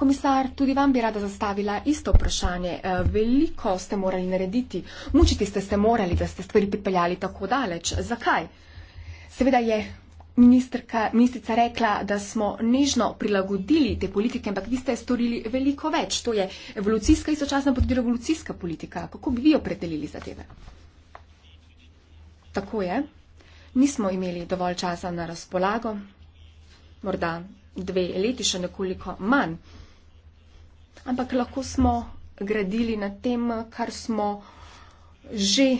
Komisar, tudi vam bi rada zastavila isto vprašanje. Eh, veliko ste morali narediti, mučiti ste se morali, da ste stvari pripeljali tako daleč. Zakaj? Seveda je ministrica rekla, da smo nežno prilagodili te politike, ampak vi ste storili veliko več. To je evolucijska in sočasno tudi revolucijska politika. Kako bi vi opredelili zadeve? Tako je. Nismo imeli dovolj časa na razpolago. Morda dve leti še nekoliko manj ampak lahko smo gradili na tem, kar smo že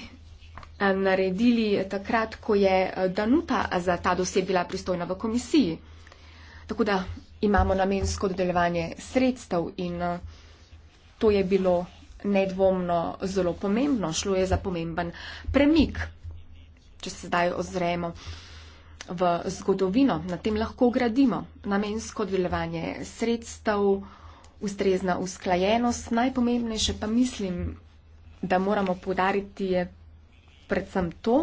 eh, naredili takrat, ko je eh, Danuta za ta doseg bila pristojna v komisiji. Tako da imamo namensko dodeljevanje sredstev in eh, to je bilo nedvomno zelo pomembno. Šlo je za pomemben premik, če se zdaj ozremo v zgodovino. Na tem lahko gradimo namensko dodeljevanje sredstev ustrezna usklajenost. Najpomembnejše pa mislim, da moramo podariti je predvsem to,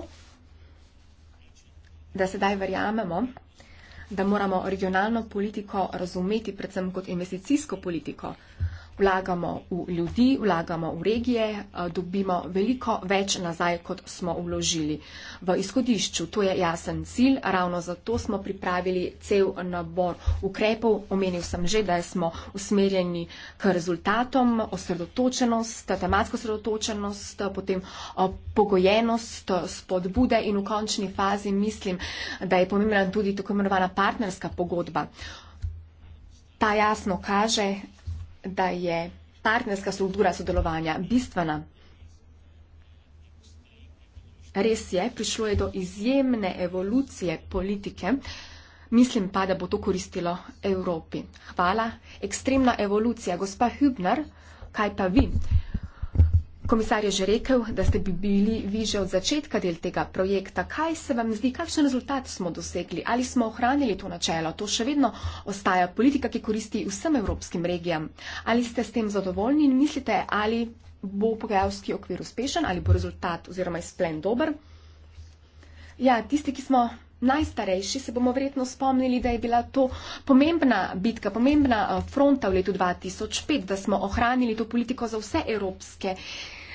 da sedaj verjamemo, da moramo regionalno politiko razumeti predvsem kot investicijsko politiko. Uh, vlagamo v ljudi, vlagamo v regije, eh, dobimo veliko več nazaj, kot smo vložili. V izhodišču to je jasen cilj, ravno zato smo pripravili cel nabor ukrepov. Omenil sem že, da smo usmerjeni k rezultatom, osredotočenost, tematsko osredotočenost, potem eh, pogojenost, eh, spodbude in v končni fazi mislim, da je pomembna tudi tako imenovana partnerska pogodba. Ta jasno kaže, da je partnerska struktura sodelovanja bistvena. Res je, prišlo je do izjemne evolucije politike, mislim pa, da bo to koristilo Evropi. Hvala. Ekstremna evolucija, gospa Hübner, kaj pa vi? Komisar je že rekel, da ste bi bili vi že od začetka del tega projekta. Kaj se vam zdi, kakšen rezultat smo dosegli? Ali smo ohranili to načelo? To še vedno ostaja politika, ki koristi vsem evropskim regijam. Ali ste s tem zadovoljni in mislite, ali bo pogajalski okvir uspešen, ali bo rezultat oziroma izplen dober? Ja, tisti, ki smo. Najstarejši se bomo verjetno spomnili, da je bila to pomembna bitka, pomembna eh, fronta v letu 2005, da smo ohranili to politiko za vse evropske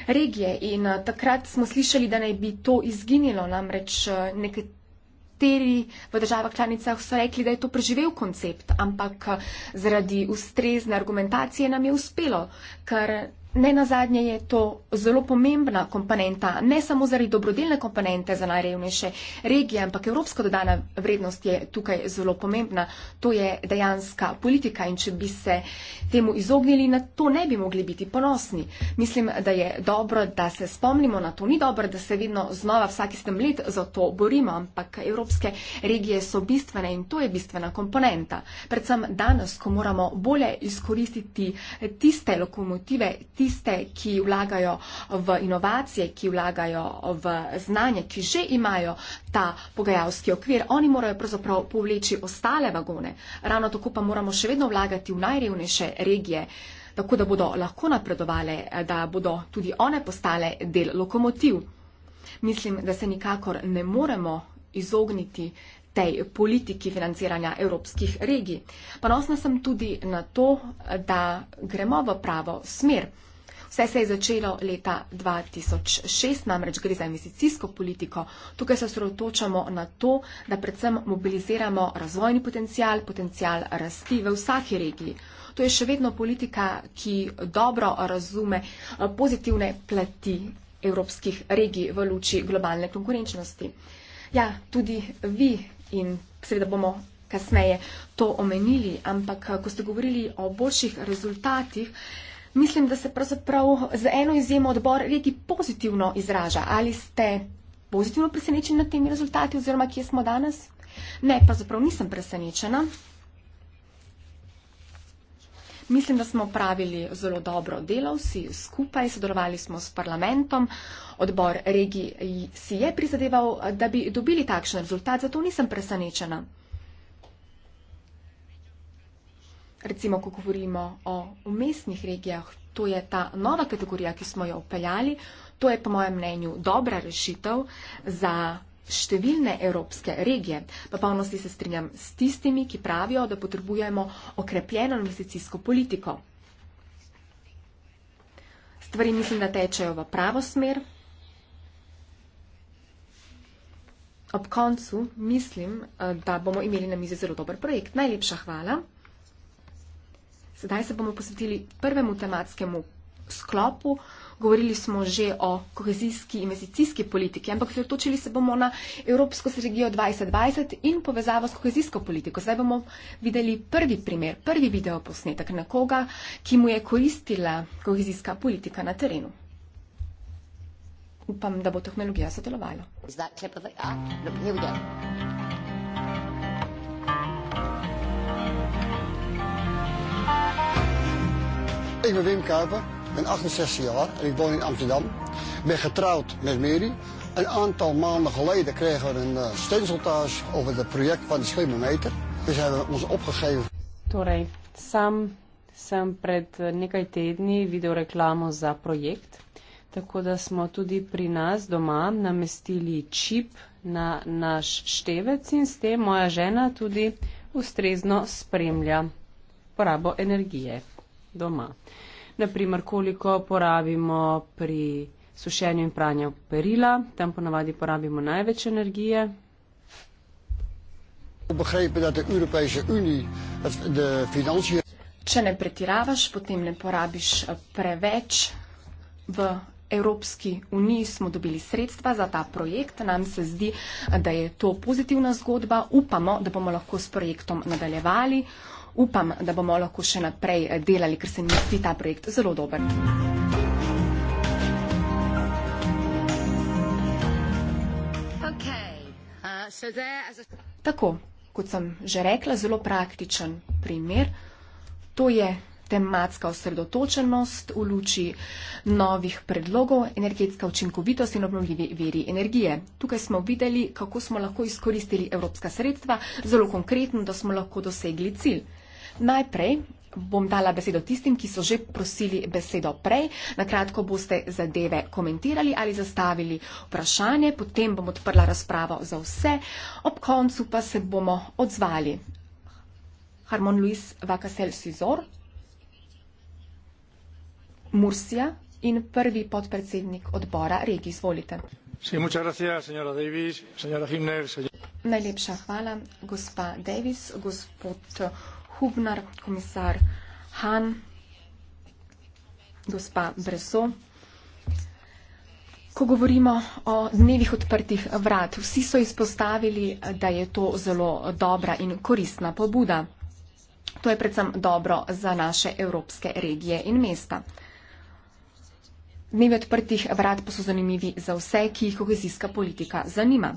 regije. In eh, takrat smo slišali, da naj bi to izginilo, namreč eh, nekateri v državah članicah so rekli, da je to preživel koncept, ampak eh, zaradi ustrezne argumentacije nam je uspelo, ker Ne nazadnje je to zelo pomembna komponenta, ne samo zaradi dobrodelne komponente za najrevnejše regije, ampak evropska dodana vrednost je tukaj zelo pomembna. To je dejanska politika in če bi se temu izognili, na to ne bi mogli biti ponosni. Mislim, da je dobro, da se spomnimo na to. Ni dobro, da se vedno znova vsaki sedem let za to borimo, ampak evropske regije so bistvene in to je bistvena komponenta. Predvsem danes, ko moramo bolje izkoristiti tiste lokomotive, tiste, ki vlagajo v inovacije, ki vlagajo v znanje, ki že imajo ta pogajalski okvir, oni morajo pravzaprav povleči ostale vagone. Ravno tako pa moramo še vedno vlagati v najrevnejše regije, tako da bodo lahko napredovali, da bodo tudi one postale del lokomotiv. Mislim, da se nikakor ne moremo izogniti tej politiki financiranja evropskih regij. Ponosna sem tudi na to, da gremo v pravo smer. Vse se je začelo leta 2006, namreč gre za investicijsko politiko. Tukaj se osredotočamo na to, da predvsem mobiliziramo razvojni potencial, potencial rasti v vsaki regiji. To je še vedno politika, ki dobro razume eh, pozitivne plati evropskih regij v luči globalne konkurenčnosti. Ja, tudi vi in seveda bomo kasneje to omenili, ampak eh, ko ste govorili o boljših rezultatih, mislim, da se pravzaprav z eno izjemo odbor regi pozitivno izraža. Ali ste pozitivno presenečeni nad temi rezultati oziroma kje smo danes? Ne, pravzaprav nisem presenečena. Mislim, da smo pravili zelo dobro delo, vsi skupaj, sodelovali smo s parlamentom, odbor regi si je prizadeval, da bi dobili takšen rezultat, zato nisem presenečena. recimo, ko govorimo o umestnih regijah, to je ta nova kategorija, ki smo jo upeljali, to je po mojem mnenju dobra rešitev za številne evropske regije. Pa polnosti se strinjam s tistimi, ki pravijo, da potrebujemo okrepljeno investicijsko politiko. Stvari mislim, da tečejo v pravo smer. Ob koncu mislim, eh, da bomo imeli na mizi zelo dober projekt. Najlepša hvala. Sedaj se bomo posvetili prvemu tematskemu sklopu. Govorili smo že o kohezijski investicijski politiki, ampak sredotočili se bomo na Evropsko strategijo 2020 in povezavo s kohezijsko politiko. Zdaj bomo videli prvi primer, prvi video posnetek nekoga, ki mu je koristila kohezijska politika na terenu. Upam, da bo tehnologija sodelovala. Ik ben Wim Kuiper, ben 68 jaar en ik woon in Amsterdam. Ik ben getrouwd met Mary. Een aantal maanden geleden kregen we een eh, stencil thuis over het project van de Schimmermeter. Dus hebben we ons opgegeven. Torej, sam sem pred eh, nekaj tedni videl reklamo za projekt, tako da smo tudi pri nas doma namestili čip na naš števec in s tem moja žena tudi ustrezno spremlja porabo energije doma. Naprimer, koliko porabimo pri sušenju in pranju perila, tam ponavadi porabimo največ energije. Če ne pretiravaš, potem ne porabiš eh, preveč. V Evropski uniji smo dobili sredstva za ta projekt. Nam se zdi, eh, da je to pozitivna zgodba. Upamo, da bomo lahko s projektom nadaljevali upam, da bomo lahko še naprej eh, delali, ker se mi zdi ta projekt zelo dober. Uh, Tako, kot sem že rekla, zelo praktičen primer. To je tematska osredotočenost v luči novih predlogov, energetska učinkovitost in obnovljivi veri energije. Tukaj smo videli, kako smo lahko izkoristili evropska sredstva, zelo konkretno, da smo lahko dosegli cilj. Najprej bom dala besedo tistim, ki so že prosili besedo prej. Nakratko boste zadeve komentirali ali zastavili vprašanje, potem bom odprla razpravo za vse, ob koncu pa se bomo odzvali. Harmon Luis Vakasel Sizor, Mursija in prvi podpredsednik odbora regij. Izvolite. Sí, muchas gracias, señora Davis, señora Himner, señor... Najlepša hvala, gospa Davis, gospod Hubnar, komisar Han, gospa Breso. Ko govorimo o dnevih odprtih vrat, vsi so izpostavili, da je to zelo dobra in koristna pobuda. To je predvsem dobro za naše evropske regije in mesta. Dnevi odprtih vrat pa so zanimivi za vse, ki jih kohezijska politika zanima.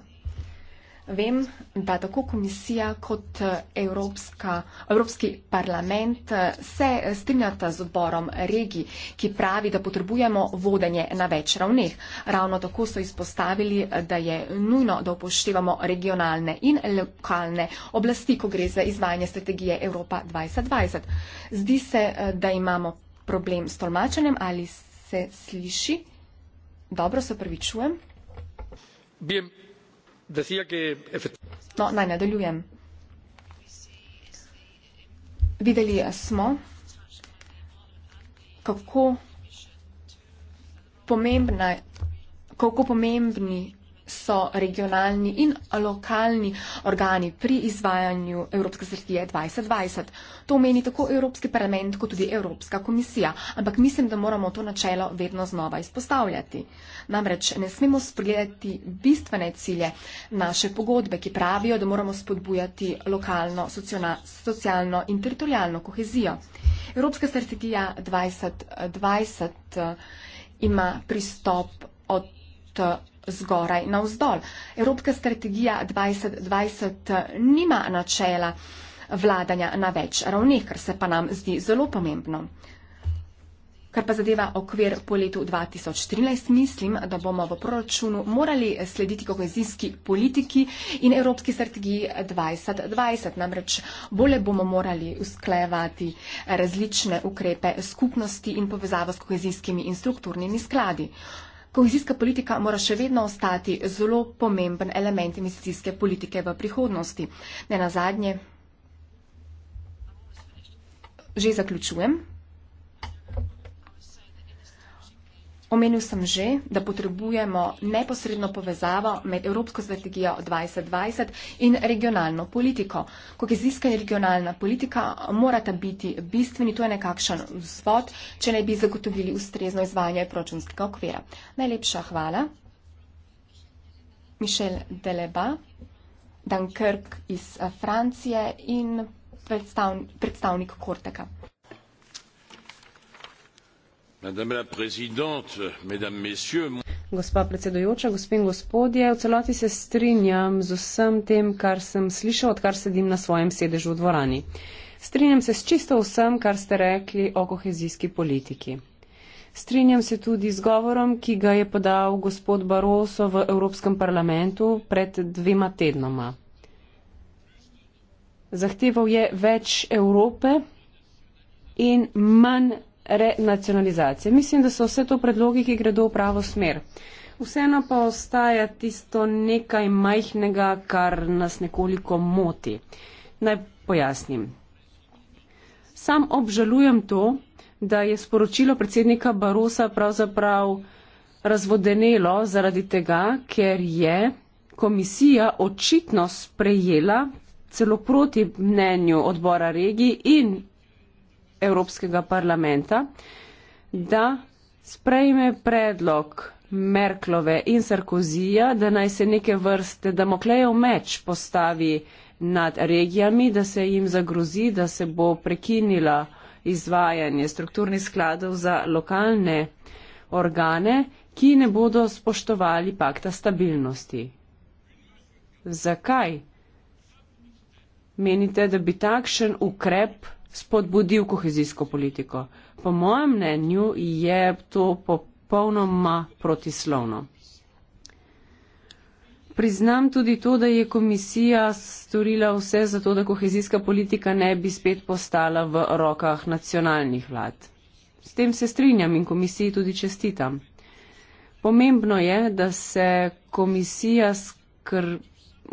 Vem, da tako komisija kot eh, Evropska, Evropski parlament eh, se eh, strinjata z odborom regij, ki pravi, da potrebujemo vodenje na več ravneh. Ravno tako so izpostavili, da je nujno, da upoštevamo regionalne in lokalne oblasti, ko gre za izvajanje strategije Evropa 2020. Zdi se, da imamo problem s tolmačenjem ali se sliši. Dobro se pravičujem. Decía que... No, naj nadaljujem. Videli smo, kako, pomembna, kako pomembni so regionalni in lokalni organi pri izvajanju Evropske strategije 2020. To meni tako Evropski parlament kot tudi Evropska komisija, ampak mislim, da moramo to načelo vedno znova izpostavljati. Namreč ne smemo spregledati bistvene cilje naše pogodbe, ki pravijo, da moramo spodbujati lokalno, socialno in teritorijalno kohezijo. Evropska strategija 2020 eh, ima pristop od zgoraj na vzdolj. Evropska strategija 2020 nima načela vladanja na več ravneh, kar se pa nam zdi zelo pomembno. Kar pa zadeva okvir po letu 2013, mislim, da bomo v proračunu morali slediti kohezijski politiki in Evropski strategiji 2020. Namreč bolje bomo morali usklejevati različne ukrepe skupnosti in povezavo s kohezijskimi in strukturnimi skladi. Kohezijska politika mora še vedno ostati zelo pomemben element investicijske politike v prihodnosti. Ne na zadnje, že zaključujem. Omenil sem že, da potrebujemo neposredno povezavo med Evropsko strategijo 2020 in regionalno politiko. Kohezijska in regionalna politika morata biti bistveni, to je nekakšen vzvod, če ne bi zagotovili ustrezno izvajanje proračunskega okvira. Najlepša hvala. Mišel Deleba, Dankrk iz eh, Francije in predstavnik Korteka gospa predsedujoča gospe in gospodje v celoti se strinjam z vsem tem kar sem slišal odkar sedim na svojem sedežu v dvorani strinjam se s čisto vsem kar ste rekli o kohezijski politiki strinjam se tudi z govorom ki ga je podal gospod baroso v evropskem parlamentu pred dvema tednoma zahteval je več evrope in manj renacionalizacije. Mislim, da so vse to predlogi, ki gredo v pravo smer. Vseeno pa ostaja tisto nekaj majhnega, kar nas nekoliko moti. Naj pojasnim. Sam obžalujem to, da je sporočilo predsednika Barosa pravzaprav razvodenelo zaradi tega, ker je komisija očitno sprejela celo proti mnenju odbora regij in Evropskega parlamenta, da sprejme predlog Merklove in Sarkozija, da naj se neke vrste Damoklejev meč postavi nad regijami, da se jim zagrozi, da se bo prekinila izvajanje strukturnih skladov za lokalne organe, ki ne bodo spoštovali pakta stabilnosti. Zakaj menite, da bi takšen ukrep spodbudil kohezijsko politiko. Po mojem mnenju je to popolnoma protislovno. Priznam tudi to, da je komisija storila vse za to, da kohezijska politika ne bi spet postala v rokah nacionalnih vlad. S tem se strinjam in komisiji tudi čestitam. Pomembno je, da se komisija skr...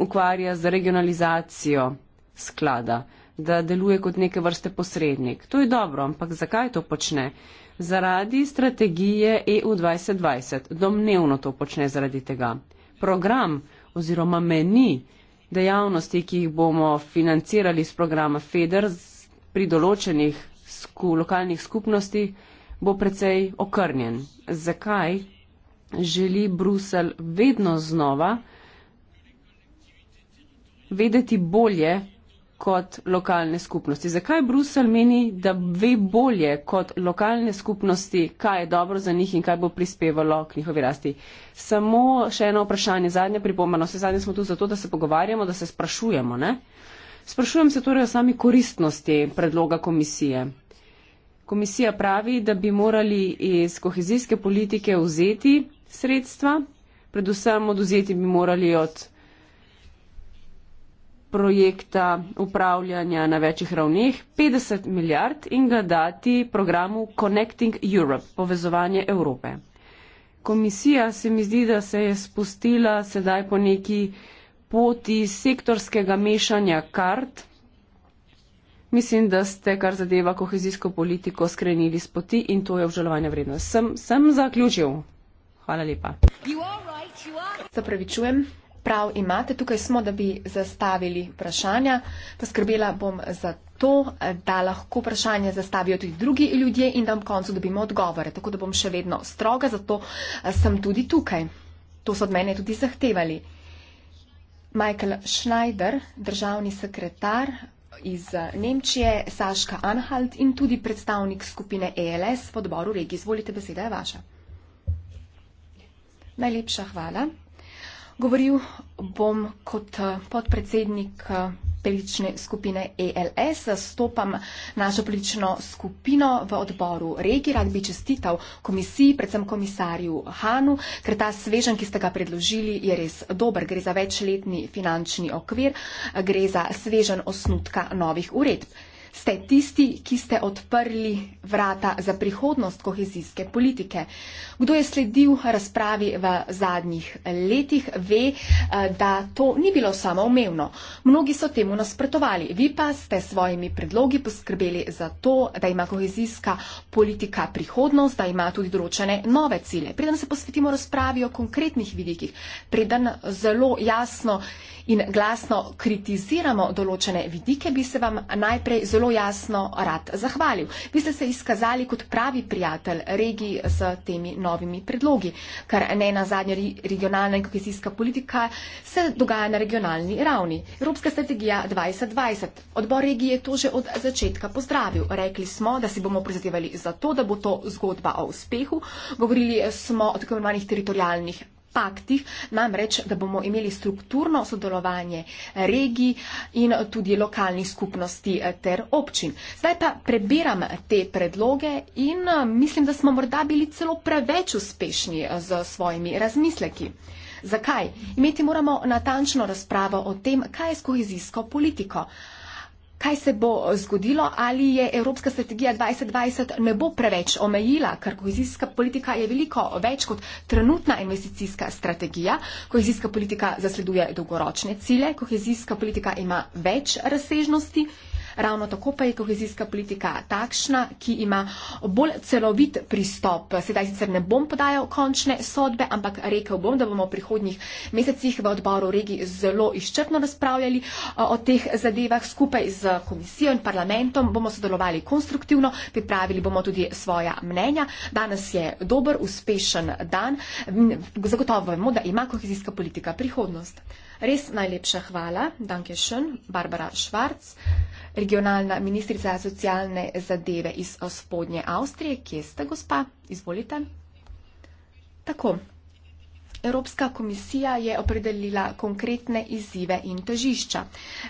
ukvarja z regionalizacijo sklada da deluje kot neke vrste posrednik. To je dobro, ampak zakaj to počne? Zaradi strategije EU 2020. Domnevno to počne zaradi tega. Program oziroma meni dejavnosti, ki jih bomo financirali iz programa FEDER pri določenih sku, lokalnih skupnostih, bo precej okrnjen. Zakaj želi Bruselj vedno znova vedeti bolje, kot lokalne skupnosti. Zakaj Brusel meni, da ve bolje kot lokalne skupnosti, kaj je dobro za njih in kaj bo prispevalo k njihovi rasti? Samo še eno vprašanje, zadnje pripomeno. Vse zadnje smo tu zato, da se pogovarjamo, da se sprašujemo. Ne? Sprašujem se torej o sami koristnosti predloga komisije. Komisija pravi, da bi morali iz kohezijske politike vzeti sredstva, predvsem oduzeti bi morali od projekta upravljanja na večjih ravneh 50 milijard in ga dati programu Connecting Europe, povezovanje Evrope. Komisija se mi zdi, da se je spustila sedaj po neki poti sektorskega mešanja kart. Mislim, da ste, kar zadeva kohezijsko politiko, skrenili z poti in to je obžalovanje vredno. Sem, sem zaključil. Hvala lepa. Right, are... Zapravičujem prav imate, tukaj smo, da bi zastavili vprašanja. Poskrbela bom za to, da lahko vprašanje zastavijo tudi drugi ljudje in da v koncu dobimo odgovore. Tako da bom še vedno stroga, zato eh, sem tudi tukaj. To so od mene tudi zahtevali. Michael Schneider, državni sekretar iz eh, Nemčije, Saška Anhalt in tudi predstavnik skupine ELS v odboru regij. Izvolite, beseda je vaša. Najlepša hvala. Govoril bom kot eh, podpredsednik eh, politične skupine ELS, zastopam našo politično skupino v odboru regi. Rad bi čestital komisiji, predvsem komisarju Hanu, ker ta svežen, ki ste ga predložili, je res dober. Gre za večletni finančni okvir, gre za svežen osnutka novih uredb ste tisti, ki ste odprli vrata za prihodnost kohezijske politike. Kdo je sledil razpravi v zadnjih letih, ve, eh, da to ni bilo samo umevno. Mnogi so temu nasprotovali. Vi pa ste svojimi predlogi poskrbeli za to, da ima kohezijska politika prihodnost, da ima tudi določene nove cilje. Preden se posvetimo razpravi o konkretnih vidikih, preden zelo jasno in glasno kritiziramo določene vidike, bi se vam najprej zelo zelo jasno rad zahvalil. Vi ste se izkazali kot pravi prijatelj regiji s temi novimi predlogi, kar ne na zadnje regionalna in kohezijska politika se dogaja na regionalni ravni. Evropska strategija 2020. Odbor regije je to že od začetka pozdravil. Rekli smo, da si bomo prizadevali za to, da bo to zgodba o uspehu. Govorili smo o tako imenovanih teritorijalnih paktih, namreč, da bomo imeli strukturno sodelovanje regij in tudi lokalnih skupnosti eh, ter občin. Zdaj pa prebiram te predloge in eh, mislim, da smo morda bili celo preveč uspešni z eh, svojimi razmisleki. Zakaj? Imeti moramo natančno razpravo o tem, kaj je s kohezijsko politiko kaj se bo zgodilo, ali je Evropska strategija 2020 ne bo preveč omejila, ker kohezijska politika je veliko več kot trenutna investicijska strategija. Kohezijska politika zasleduje dolgoročne cilje, kohezijska politika ima več razsežnosti ravno tako pa je kohezijska politika takšna, ki ima bolj celovit pristop. Sedaj sicer ne bom podajal končne sodbe, ampak rekel bom, da bomo v prihodnjih mesecih v odboru regij zelo izčrpno razpravljali eh, o teh zadevah. Skupaj z komisijo in parlamentom bomo sodelovali konstruktivno, pripravili bomo tudi svoja mnenja. Danes je dober, uspešen dan. Zagotovo vemo, da ima kohezijska politika prihodnost. Res najlepša hvala. Danke schön, Barbara Schwarz regionalna ministrica za socialne zadeve iz spodnje Avstrije. Kje ste, gospa? Izvolite. Tako, Evropska komisija je opredelila konkretne izzive in težišča.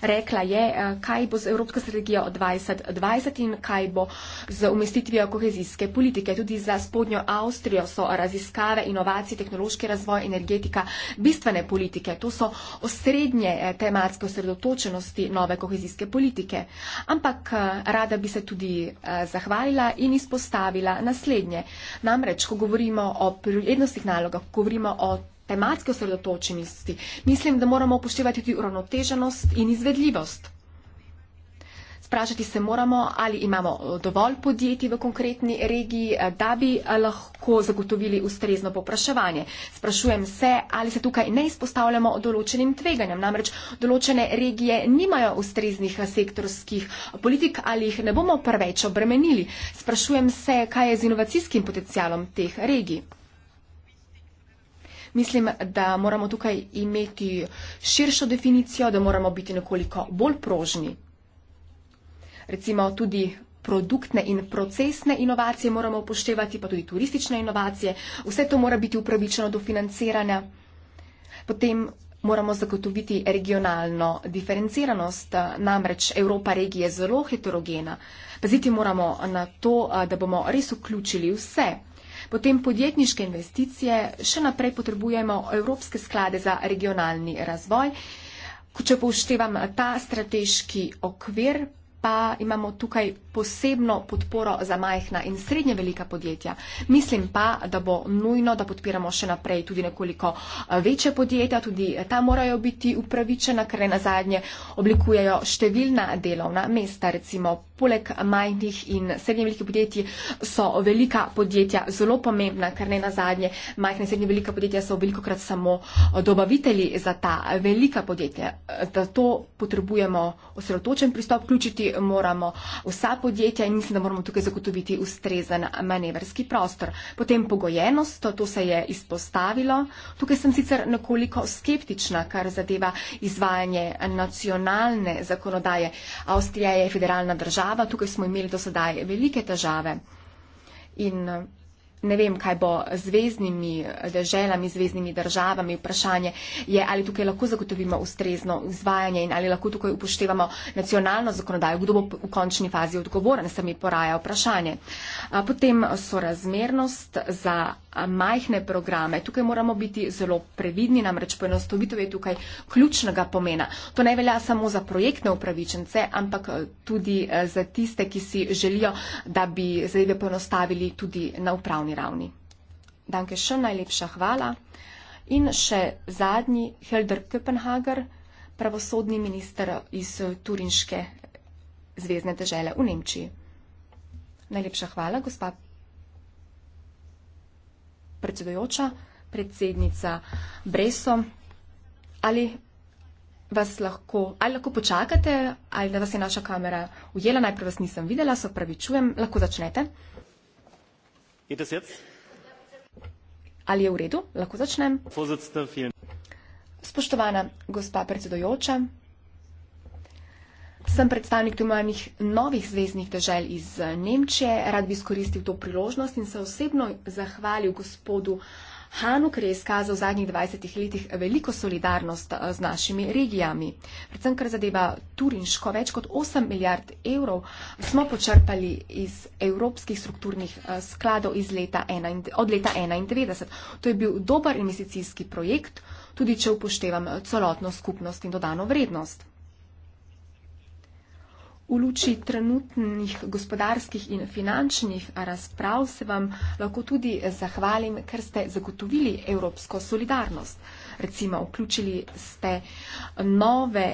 Rekla je, eh, kaj bo z Evropsko strategijo 2020 in kaj bo z umestitvijo kohezijske politike. Tudi za spodnjo Avstrijo so raziskave, inovacije, tehnološki razvoj, energetika bistvene politike. To so osrednje eh, tematske osredotočenosti nove kohezijske politike. Ampak eh, rada bi se tudi zahvalila in izpostavila naslednje. Namreč, ko govorimo o prirodnostih nalogah, govorimo o tematske osredotočenosti, mislim, da moramo upoštevati tudi uravnoteženost in izvedljivost. Sprašati se moramo, ali imamo eh, dovolj podjetij v konkretni regiji, eh, da bi eh, lahko zagotovili ustrezno popraševanje. Sprašujem se, ali se tukaj ne izpostavljamo določenim tveganjem. Namreč določene regije nimajo ustreznih sektorskih politik ali jih ne bomo preveč obremenili. Sprašujem se, kaj je z inovacijskim potencialom teh regij. Mislim, da moramo tukaj imeti širšo definicijo, da moramo biti nekoliko bolj prožni. Recimo tudi produktne in procesne inovacije moramo upoštevati, pa tudi turistične inovacije. Vse to mora biti upravičeno do financiranja. Potem moramo zagotoviti regionalno diferenciranost, namreč Evropa regije je zelo heterogena. Paziti moramo na to, da bomo res vključili vse. Potem podjetniške investicije, še naprej potrebujemo evropske sklade za regionalni razvoj. Ko če poštevam ta strateški okvir, pa imamo tukaj posebno podporo za majhna in srednje velika podjetja. Mislim pa, da bo nujno, da podpiramo še naprej tudi nekoliko eh, večje podjetja, tudi eh, ta morajo biti upravičena, ker na zadnje oblikujejo številna delovna mesta. Recimo, poleg majhnih in srednje velikih podjetij so velika podjetja zelo pomembna, ker na zadnje majhne in srednje velika podjetja so veliko krat samo eh, dobavitelji za ta velika podjetja. Zato potrebujemo osredotočen pristop, vključiti moramo vsa podjetja in mislim, da moramo tukaj zagotoviti ustrezen manevrski prostor. Potem pogojenost, to, to se je izpostavilo. Tukaj sem sicer nekoliko skeptična, kar zadeva izvajanje nacionalne zakonodaje. Avstrija je federalna država, tukaj smo imeli do sedaj velike težave. In ne vem, kaj bo z zvezdnimi deželami, zvezdnimi državami. Vprašanje je, ali tukaj lahko zagotovimo ustrezno izvajanje in ali lahko tukaj upoštevamo nacionalno zakonodajo, kdo bo v končni fazi odgovoren, se mi poraja vprašanje. Potem so razmernost za majhne programe. Tukaj moramo biti zelo previdni, namreč poenostavitev je tukaj ključnega pomena. To ne velja samo za projektne upravičence, ampak e, tudi e, za tiste, ki si želijo, da bi zadeve poenostavili tudi na upravni osnovni ravni. Danke še najlepša hvala. In še zadnji, Helder Köpenhager, pravosodni minister iz eh, Turinške zvezdne države v Nemčiji. Najlepša hvala, gospa predsedujoča, predsednica Breso. Ali vas lahko, ali lahko počakate, ali da vas je naša kamera ujela, najprej vas nisem videla, se opravičujem, lahko začnete. Geht es jetzt? Ali je v redu? Lahko začnem? Spoštovana gospa predsedojoča, sem predstavnik domovnih novih zvezdnih dežel iz eh, Nemčije. Rad bi izkoristil to priložnost in se osebno zahvalil gospodu Hanukkah je izkazal v zadnjih 20 letih veliko solidarnost eh, z našimi regijami. Predvsem, kar zadeva Turinško, več kot 8 milijard evrov smo počrpali iz evropskih strukturnih eh, skladov iz leta ena, od leta 1991. To je bil dober investicijski projekt, tudi če upoštevam eh, celotno skupnost in dodano vrednost. V luči trenutnih gospodarskih in finančnih razprav se vam lahko tudi zahvalim, ker ste zagotovili evropsko solidarnost. Recimo, vključili ste nove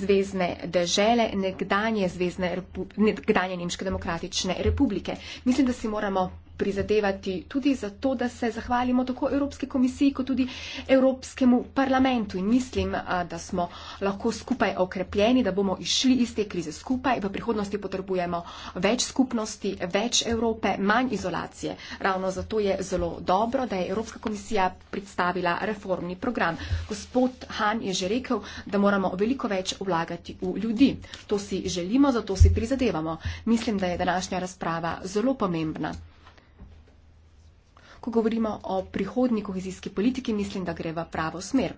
zvezne dežele nekdanje, zvezne, nekdanje Nemške demokratične republike. Mislim, da si moramo prizadevati tudi za to, da se zahvalimo tako Evropski komisiji, kot tudi Evropskemu parlamentu. In mislim, da smo lahko skupaj okrepljeni, da bomo išli iz te krize skupaj. V prihodnosti potrebujemo več skupnosti, več Evrope, manj izolacije. Ravno zato je zelo dobro, da je Evropska komisija predstavila reformni program. Gospod Han je že rekel, da moramo veliko več vlagati v ljudi. To si želimo, zato si prizadevamo. Mislim, da je današnja razprava zelo pomembna. Ko govorimo o prihodni kohezijski politiki, mislim, da gre v pravo smer.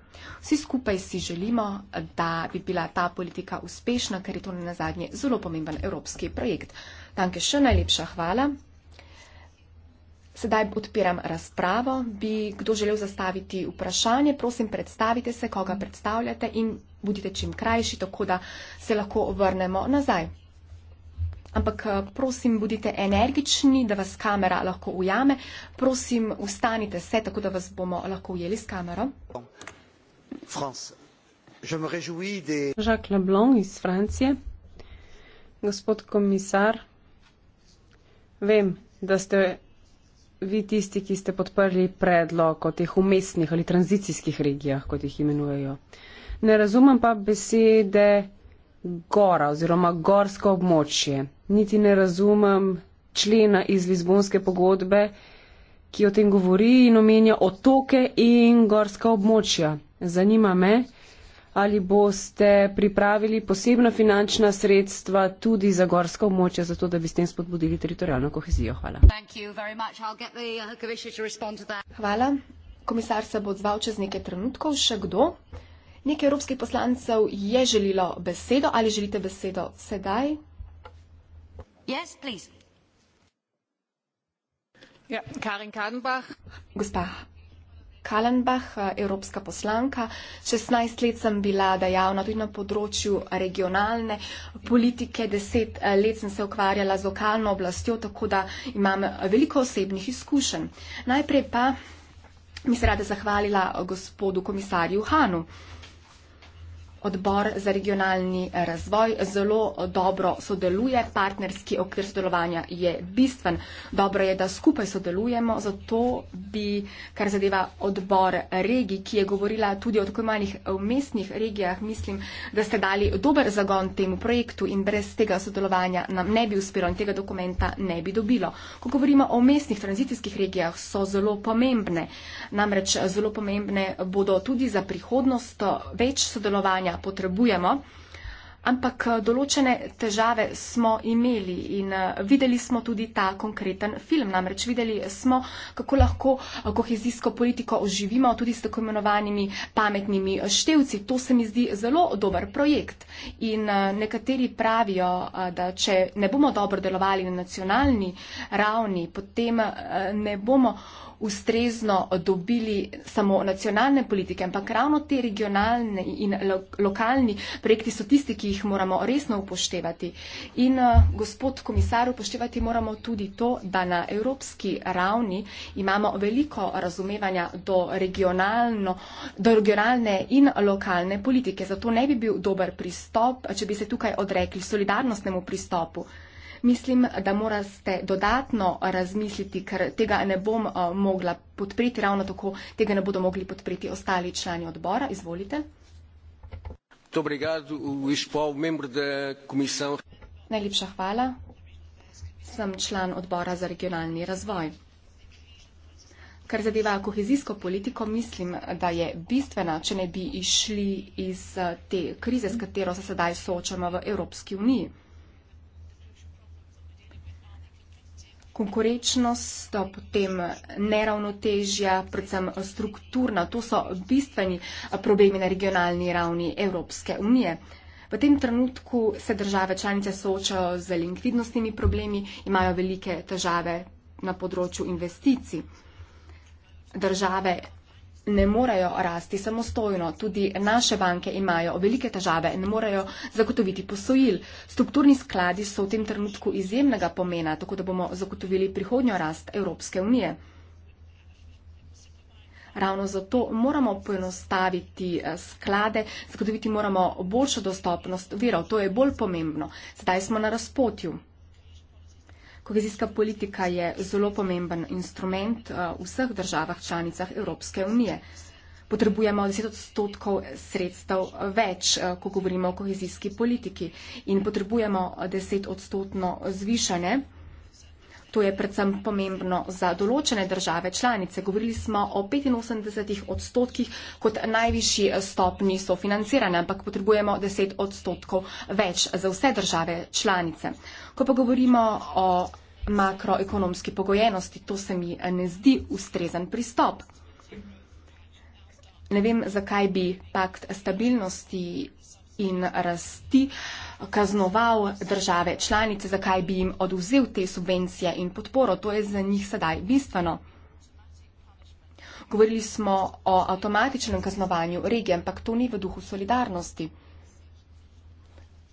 Vsi skupaj si želimo, da bi bila ta politika uspešna, ker je to na zadnje zelo pomemben evropski projekt. Danke še najlepša hvala. Sedaj odpiram razpravo. Bi kdo želel zastaviti vprašanje, prosim, predstavite se, koga predstavljate in budite čim krajši, tako da se lahko vrnemo nazaj. Ampak eh, prosim, bodite energični, da vas kamera lahko ujame. Prosim, ustanite se, tako da vas bomo lahko ujeli s kamero. Jacques Leblanc iz Francije. Gospod komisar, vem, da ste vi tisti, ki ste podprli predlog o teh umestnih ali tranzicijskih regijah, kot jih imenujejo. Ne razumem pa besede gora oziroma gorsko območje. Niti ne razumem člena iz Lizbonske pogodbe, ki o tem govori in omenja otoke in gorska območja. Zanima me, ali boste pripravili posebna finančna sredstva tudi za gorska območja, zato da bi s tem spodbudili teritorijalno kohezijo. Hvala. Uh, Hvala. Komisar se bo odzval čez nekaj trenutkov. Še kdo? Nekaj evropskih poslancev je želilo besedo. Ali želite besedo sedaj? Yes, ja, Karin Kadenbach. Gospa. Kalenbach, evropska poslanka. 16 let sem bila dejavna tudi na področju regionalne politike, 10 eh, let sem se ukvarjala z lokalno oblastjo, tako da imam veliko osebnih izkušenj. Najprej pa bi se rada zahvalila gospodu komisarju Hanu. Odbor za regionalni razvoj zelo dobro sodeluje, partnerski okvir sodelovanja je bistven. Dobro je, da skupaj sodelujemo, zato bi, kar zadeva odbor regij, ki je govorila tudi o tako imenih eh, mestnih regijah, mislim, da ste dali dober zagon temu projektu in brez tega sodelovanja nam ne bi uspelo in tega dokumenta ne bi dobilo. Ko govorimo o mestnih tranzicijskih regijah, so zelo pomembne. Namreč zelo pomembne bodo tudi za prihodnost eh, več sodelovanja znanja potrebujemo. Ampak eh, določene težave smo imeli in eh, videli smo tudi ta konkreten film. Namreč videli smo, kako lahko eh, kohezijsko politiko oživimo tudi s tako imenovanimi pametnimi števci. To se mi zdi zelo dober projekt. In nekateri pravijo, da če ne bomo dobro delovali na nacionalni ravni, potem ne bomo ustrezno dobili samo nacionalne politike, ampak ravno te regionalne in lo lokalni projekti so tisti, ki jih moramo resno upoštevati. In eh, gospod komisar, upoštevati moramo tudi to, da na evropski ravni imamo veliko razumevanja do, do regionalne in lokalne politike. Zato ne bi bil dober pristop, če bi se tukaj odrekli solidarnostnemu pristopu mislim, da morate dodatno razmisliti, ker tega ne bom eh, mogla podpreti, ravno tako tega ne bodo mogli podpreti ostali člani odbora. Izvolite. Najlepša hvala. Sem član odbora za regionalni razvoj. Kar zadeva kohezijsko politiko, mislim, da je bistvena, če ne bi išli iz eh, te krize, s katero se sedaj soočamo v Evropski uniji. konkurenčnost, da potem neravnotežja, predvsem strukturna. To so bistveni problemi na regionalni ravni Evropske unije. V tem trenutku se države članice soočajo z likvidnostnimi problemi, imajo velike težave na področju investicij. Države ne morejo rasti samostojno. Tudi naše banke imajo velike težave, ne morejo zagotoviti posojil. Strukturni skladi so v tem trenutku izjemnega pomena, tako da bomo zagotovili prihodnjo rast Evropske unije. Ravno zato moramo poenostaviti eh, sklade, zagotoviti moramo boljšo dostopnost virov. To je bolj pomembno. Zdaj smo na razpotju. Kohezijska politika je zelo pomemben instrument eh, v vseh državah članicah Evropske unije. Potrebujemo 10 odstotkov sredstev več, eh, ko govorimo o kohezijski politiki in potrebujemo 10 odstotno zvišanje. To je predvsem pomembno za določene države članice. Govorili smo o 85 odstotkih kot najvišji stopni sofinanciranja, ampak potrebujemo 10 odstotkov več za vse države članice. Ko pa govorimo o makroekonomski pogojenosti, to se mi ne zdi ustrezen pristop. Ne vem, zakaj bi pakt stabilnosti in rasti kaznoval države članice, zakaj bi jim oduzel te subvencije in podporo. To je za njih sedaj bistveno. Govorili smo o avtomatičnem kaznovanju regije, ampak to ni v duhu solidarnosti.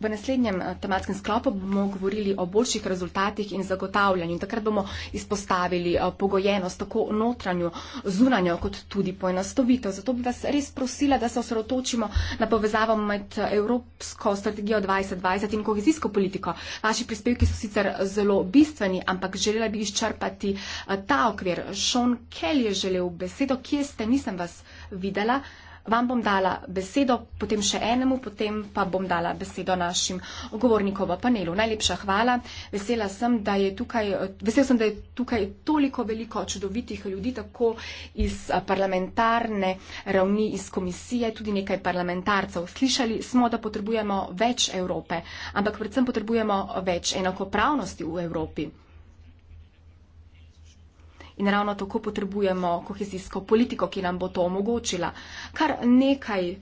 V naslednjem eh, tematskem sklopu bomo govorili o boljših rezultatih in zagotavljanju. Takrat bomo izpostavili eh, pogojenost tako notranjo, zunanjo, kot tudi poenostavitev. Zato bi vas res prosila, da se osredotočimo na povezavo med eh, Evropsko strategijo 2020 in kohezijsko politiko. Vaši prispevki so sicer zelo bistveni, ampak želela bi izčrpati ta okvir. Sean Kelly je želel besedo, kje ste, nisem vas videla vam bom dala besedo, potem še enemu, potem pa bom dala besedo našim govornikom v panelu. Najlepša hvala. Vesela sem, da je tukaj, vesel sem, da je tukaj toliko veliko čudovitih ljudi, tako iz parlamentarne ravni, iz komisije, tudi nekaj parlamentarcev. Slišali smo, da potrebujemo več Evrope, ampak predvsem potrebujemo več enakopravnosti v Evropi in ravno tako potrebujemo kohezijsko politiko, ki nam bo to omogočila. Kar nekaj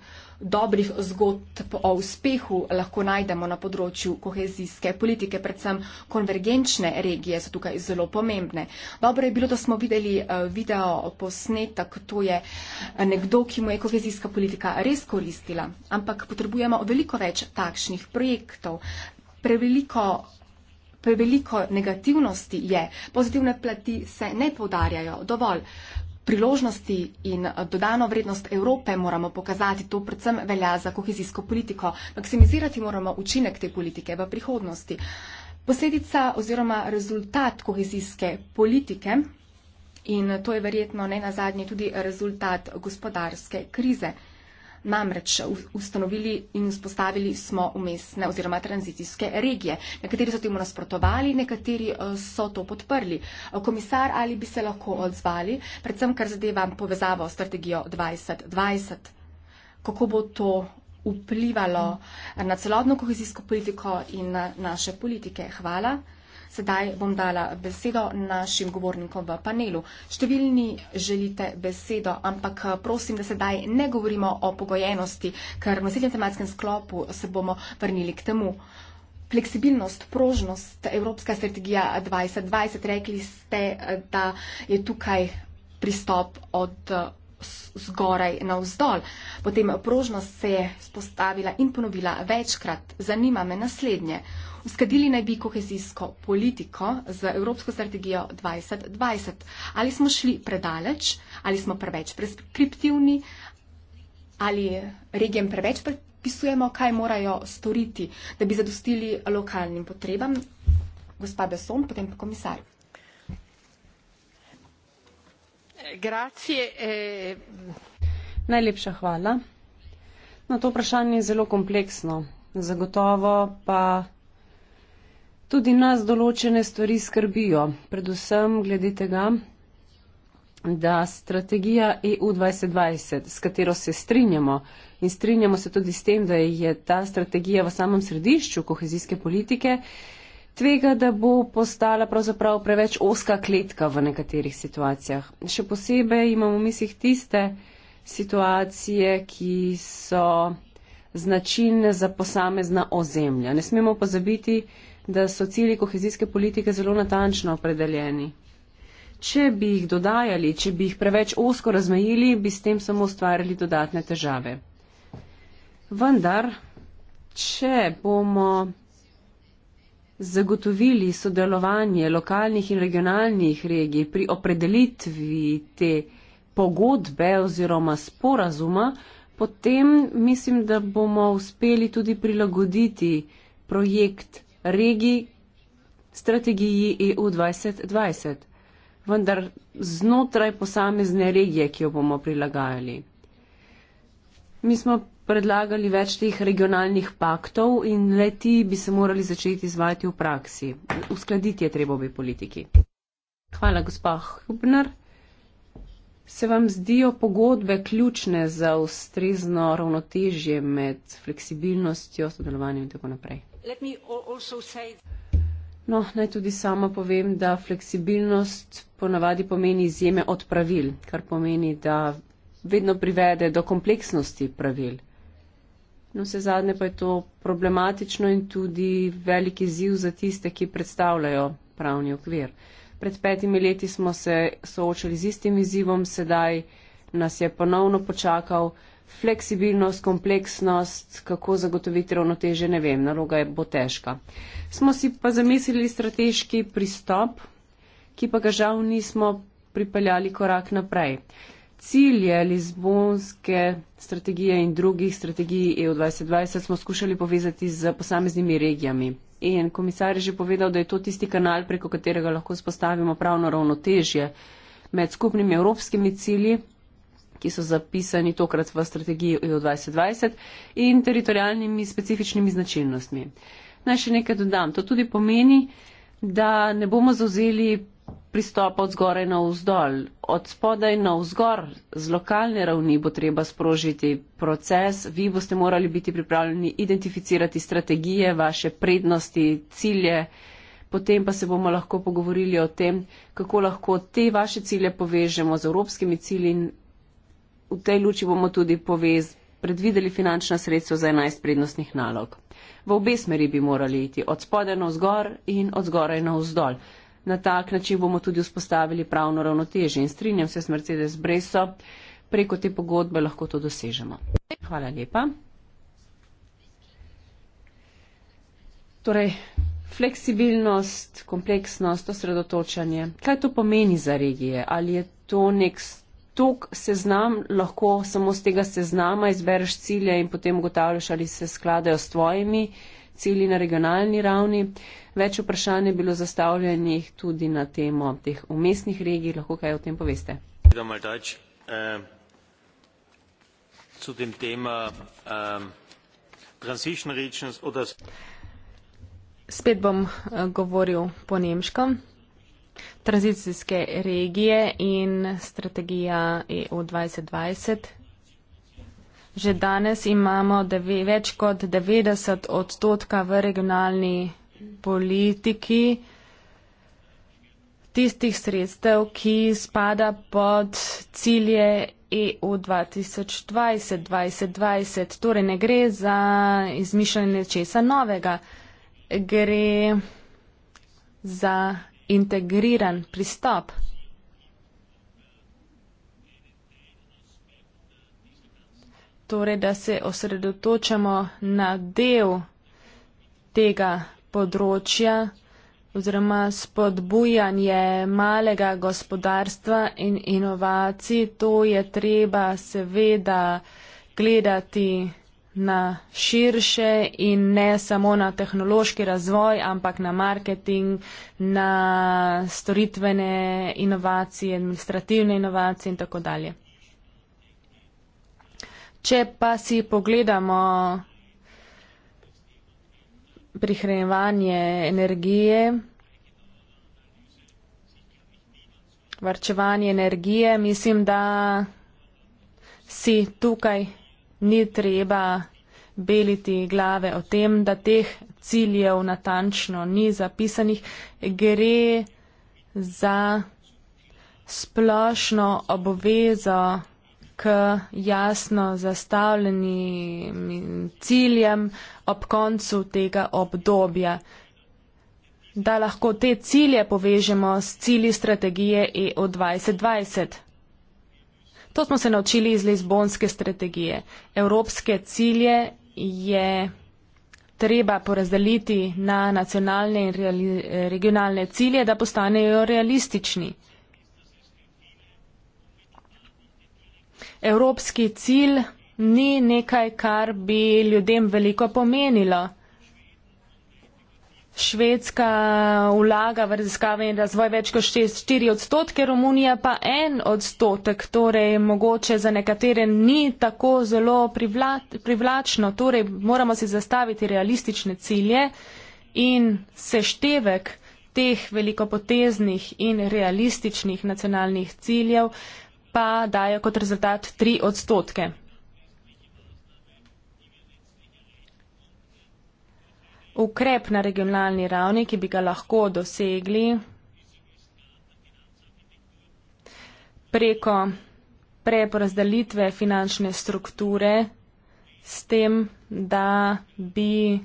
dobrih zgodb o uspehu lahko najdemo na področju kohezijske politike, predvsem konvergenčne regije so tukaj zelo pomembne. Dobro je bilo, da smo videli eh, video posnetek, to je eh, nekdo, ki mu je kohezijska politika res koristila, ampak potrebujemo veliko več takšnih projektov. Preveliko preveliko negativnosti je, pozitivne plati se ne podarjajo dovolj. Priložnosti in eh, dodano vrednost Evrope moramo pokazati, to predvsem velja za kohezijsko politiko. Maksimizirati moramo učinek te politike v prihodnosti. Posledica oziroma rezultat kohezijske politike in to je verjetno ne nazadnje tudi rezultat gospodarske krize. Namreč ustanovili in vzpostavili smo umestne oziroma tranzicijske regije. Nekateri so temu nasprotovali, nekateri eh, so to podprli. Eh, komisar, ali bi se lahko odzvali, predvsem kar zadeva povezavo strategijo 2020? Kako bo to vplivalo na celotno kohezijsko politiko in na naše politike? Hvala. Sedaj bom dala besedo našim govornikom v panelu. Številni želite besedo, ampak eh, prosim, da sedaj ne govorimo o pogojenosti, ker v naslednjem tematskem sklopu se bomo vrnili k temu. Fleksibilnost, prožnost, Evropska strategija 2020, rekli ste, eh, da je tukaj pristop od eh, zgoraj na vzdolj. Potem prožnost se je spostavila in ponovila večkrat. Zanima me naslednje. Uskladili naj bi kohezijsko politiko z Evropsko strategijo 2020. Ali smo šli predaleč, ali smo preveč preskriptivni, ali regijem preveč predpisujemo, kaj morajo storiti, da bi zadostili lokalnim potrebam. Gospa Besson, potem pa komisar. Grazie, eh, najlepša hvala. Na no, to vprašanje je zelo kompleksno. Zagotovo pa tudi nas določene stvari skrbijo, predvsem glede tega, da strategija EU 2020, s katero se strinjamo in strinjamo se tudi s tem, da je ta strategija v samem središču kohezijske politike, tvega, da bo postala pravzaprav preveč oska kletka v nekaterih situacijah. Še posebej imamo v mislih tiste situacije, ki so značilne za posamezna ozemlja. Ne smemo pozabiti, da so cilji kohezijske politike zelo natančno opredeljeni. Če bi jih dodajali, če bi jih preveč osko razmejili, bi s tem samo ustvarili dodatne težave. Vendar, če bomo zagotovili sodelovanje lokalnih in regionalnih regij pri opredelitvi te pogodbe oziroma sporazuma, potem mislim, da bomo uspeli tudi prilagoditi projekt regij strategiji EU 2020, vendar znotraj posamezne regije, ki jo bomo prilagajali. Mi smo predlagali več teh regionalnih paktov in le ti bi se morali začeti izvajati v praksi. Uskladiti je treba obi politiki. Hvala, gospa Hubner. Se vam zdijo pogodbe ključne za ustrezno ravnotežje med fleksibilnostjo, sodelovanjem in tako naprej? No, naj tudi sama povem, da fleksibilnost ponavadi pomeni izjeme od pravil, kar pomeni, da vedno privede do kompleksnosti pravil. No, vse zadnje pa je to problematično in tudi veliki ziv za tiste, ki predstavljajo pravni okvir. Pred petimi leti smo se soočali z istim izzivom, sedaj nas je ponovno počakal fleksibilnost, kompleksnost, kako zagotoviti ravnoteže, ne vem, naloga je, bo težka. Smo si pa zamislili strateški pristop, ki pa ga žal nismo pripeljali korak naprej. Cilje Lizbonske strategije in drugih strategij EU 2020 smo skušali povezati z posameznimi regijami. In komisar je že povedal, da je to tisti kanal, preko katerega lahko spostavimo pravno ravnotežje med skupnimi evropskimi cilji ki so zapisani tokrat v strategiji EU 2020 in teritorijalnimi specifičnimi značilnostmi. Naj še nekaj dodam. To tudi pomeni, da ne bomo zauzeli pristopa od zgoraj na vzdolj. Od spodaj na vzgor z lokalne ravni bo treba sprožiti proces. Vi boste morali biti pripravljeni identificirati strategije, vaše prednosti, cilje. Potem pa se bomo lahko pogovorili o tem, kako lahko te vaše cilje povežemo z evropskimi cilji in v tej luči bomo tudi povez, predvideli finančna sredstva za 11 prednostnih nalog. V obe smeri bi morali iti, od spode na vzgor in od zgoraj na vzdolj. Na tak način bomo tudi vzpostavili pravno ravnotežje in strinjam se s Mercedes Breso, preko te pogodbe lahko to dosežemo. Hvala lepa. Torej, fleksibilnost, kompleksnost, osredotočanje. Kaj to pomeni za regije? Ali je to nek tok seznam, lahko samo z tega seznama izbereš cilje in potem ugotavljaš, ali se skladajo s tvojimi cilji na regionalni ravni. Več vprašanj je bilo zastavljenih tudi na temo teh umestnih regij. Lahko kaj o tem poveste? Eh, eh, Spet bom eh, govoril po nemškem tranzicijske regije in strategija EU 2020. Že danes imamo deve, več kot 90 odstotka v regionalni politiki tistih sredstev, ki spada pod cilje EU 2020-2020. Torej ne gre za izmišljanje česa novega, gre za integriran pristop. Torej, da se osredotočamo na del tega področja oziroma spodbujanje malega gospodarstva in inovacij, to je treba seveda gledati na širše in ne samo na tehnološki razvoj, ampak na marketing, na storitvene inovacije, administrativne inovacije in tako dalje. Če pa si pogledamo prihranjevanje energije, varčevanje energije, mislim, da si tukaj ni treba beliti glave o tem, da teh ciljev natančno ni zapisanih. Gre za splošno obvezo k jasno zastavljenim ciljem ob koncu tega obdobja, da lahko te cilje povežemo s cili strategije EU 2020. To smo se naučili iz Lizbonske strategije. Evropske cilje je treba porazdeliti na nacionalne in regionalne cilje, da postanejo realistični. Evropski cilj ni nekaj, kar bi ljudem veliko pomenilo. Švedska vlaga v raziskave in razvoj več kot 4 odstotke, Romunija pa en odstotek, torej mogoče za nekatere ni tako zelo privla privlačno, torej moramo si zastaviti realistične cilje in seštevek teh velikopoteznih in realističnih nacionalnih ciljev pa daje kot rezultat 3 odstotke. ukrep na regionalni ravni, ki bi ga lahko dosegli preko preporazdelitve finančne strukture s tem, da bi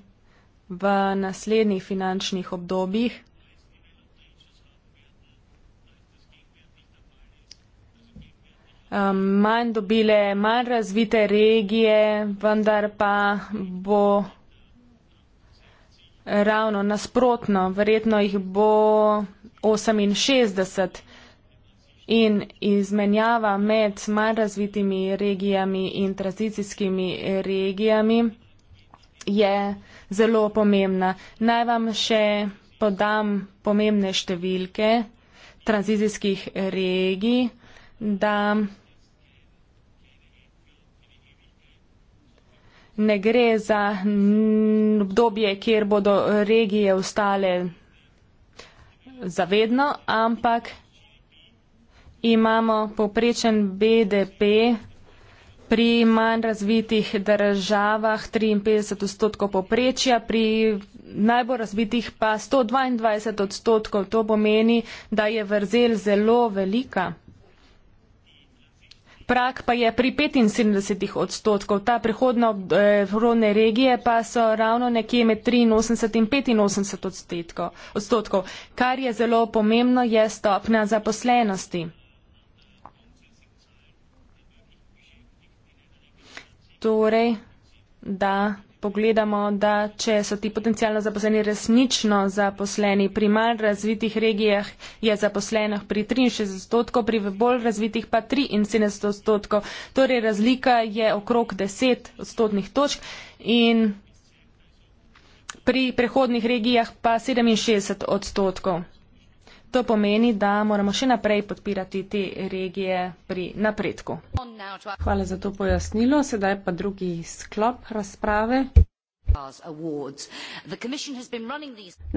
v naslednjih finančnih obdobjih um, manj dobile manj razvite regije, vendar pa bo ravno nasprotno, verjetno jih bo 68 in izmenjava med manj razvitimi regijami in tranzicijskimi regijami je zelo pomembna. Naj vam še podam pomembne številke tranzicijskih regij, da ne gre za obdobje, kjer bodo regije ostale zavedno, ampak imamo poprečen BDP pri manj razvitih državah 53 odstotkov poprečja, pri najbolj razvitih pa 122 odstotkov. To pomeni, da je vrzel zelo velika prak pa je pri 75 odstotkov. Ta prehodna vrone eh, regije pa so ravno nekje med 83 in 85 odstotkov, odstotkov. Kar je zelo pomembno, je stopna zaposlenosti. Torej, da pogledamo, da če so ti potencijalno zaposleni resnično zaposleni pri manj razvitih regijah, je zaposlenih pri 63 odstotkov, pri bolj razvitih pa 73 odstotkov. Torej razlika je okrog 10 odstotnih točk in pri prehodnih regijah pa 67 odstotkov. To pomeni, da moramo še naprej podpirati te regije pri napredku. Hvala za to pojasnilo. Sedaj pa drugi sklop razprave.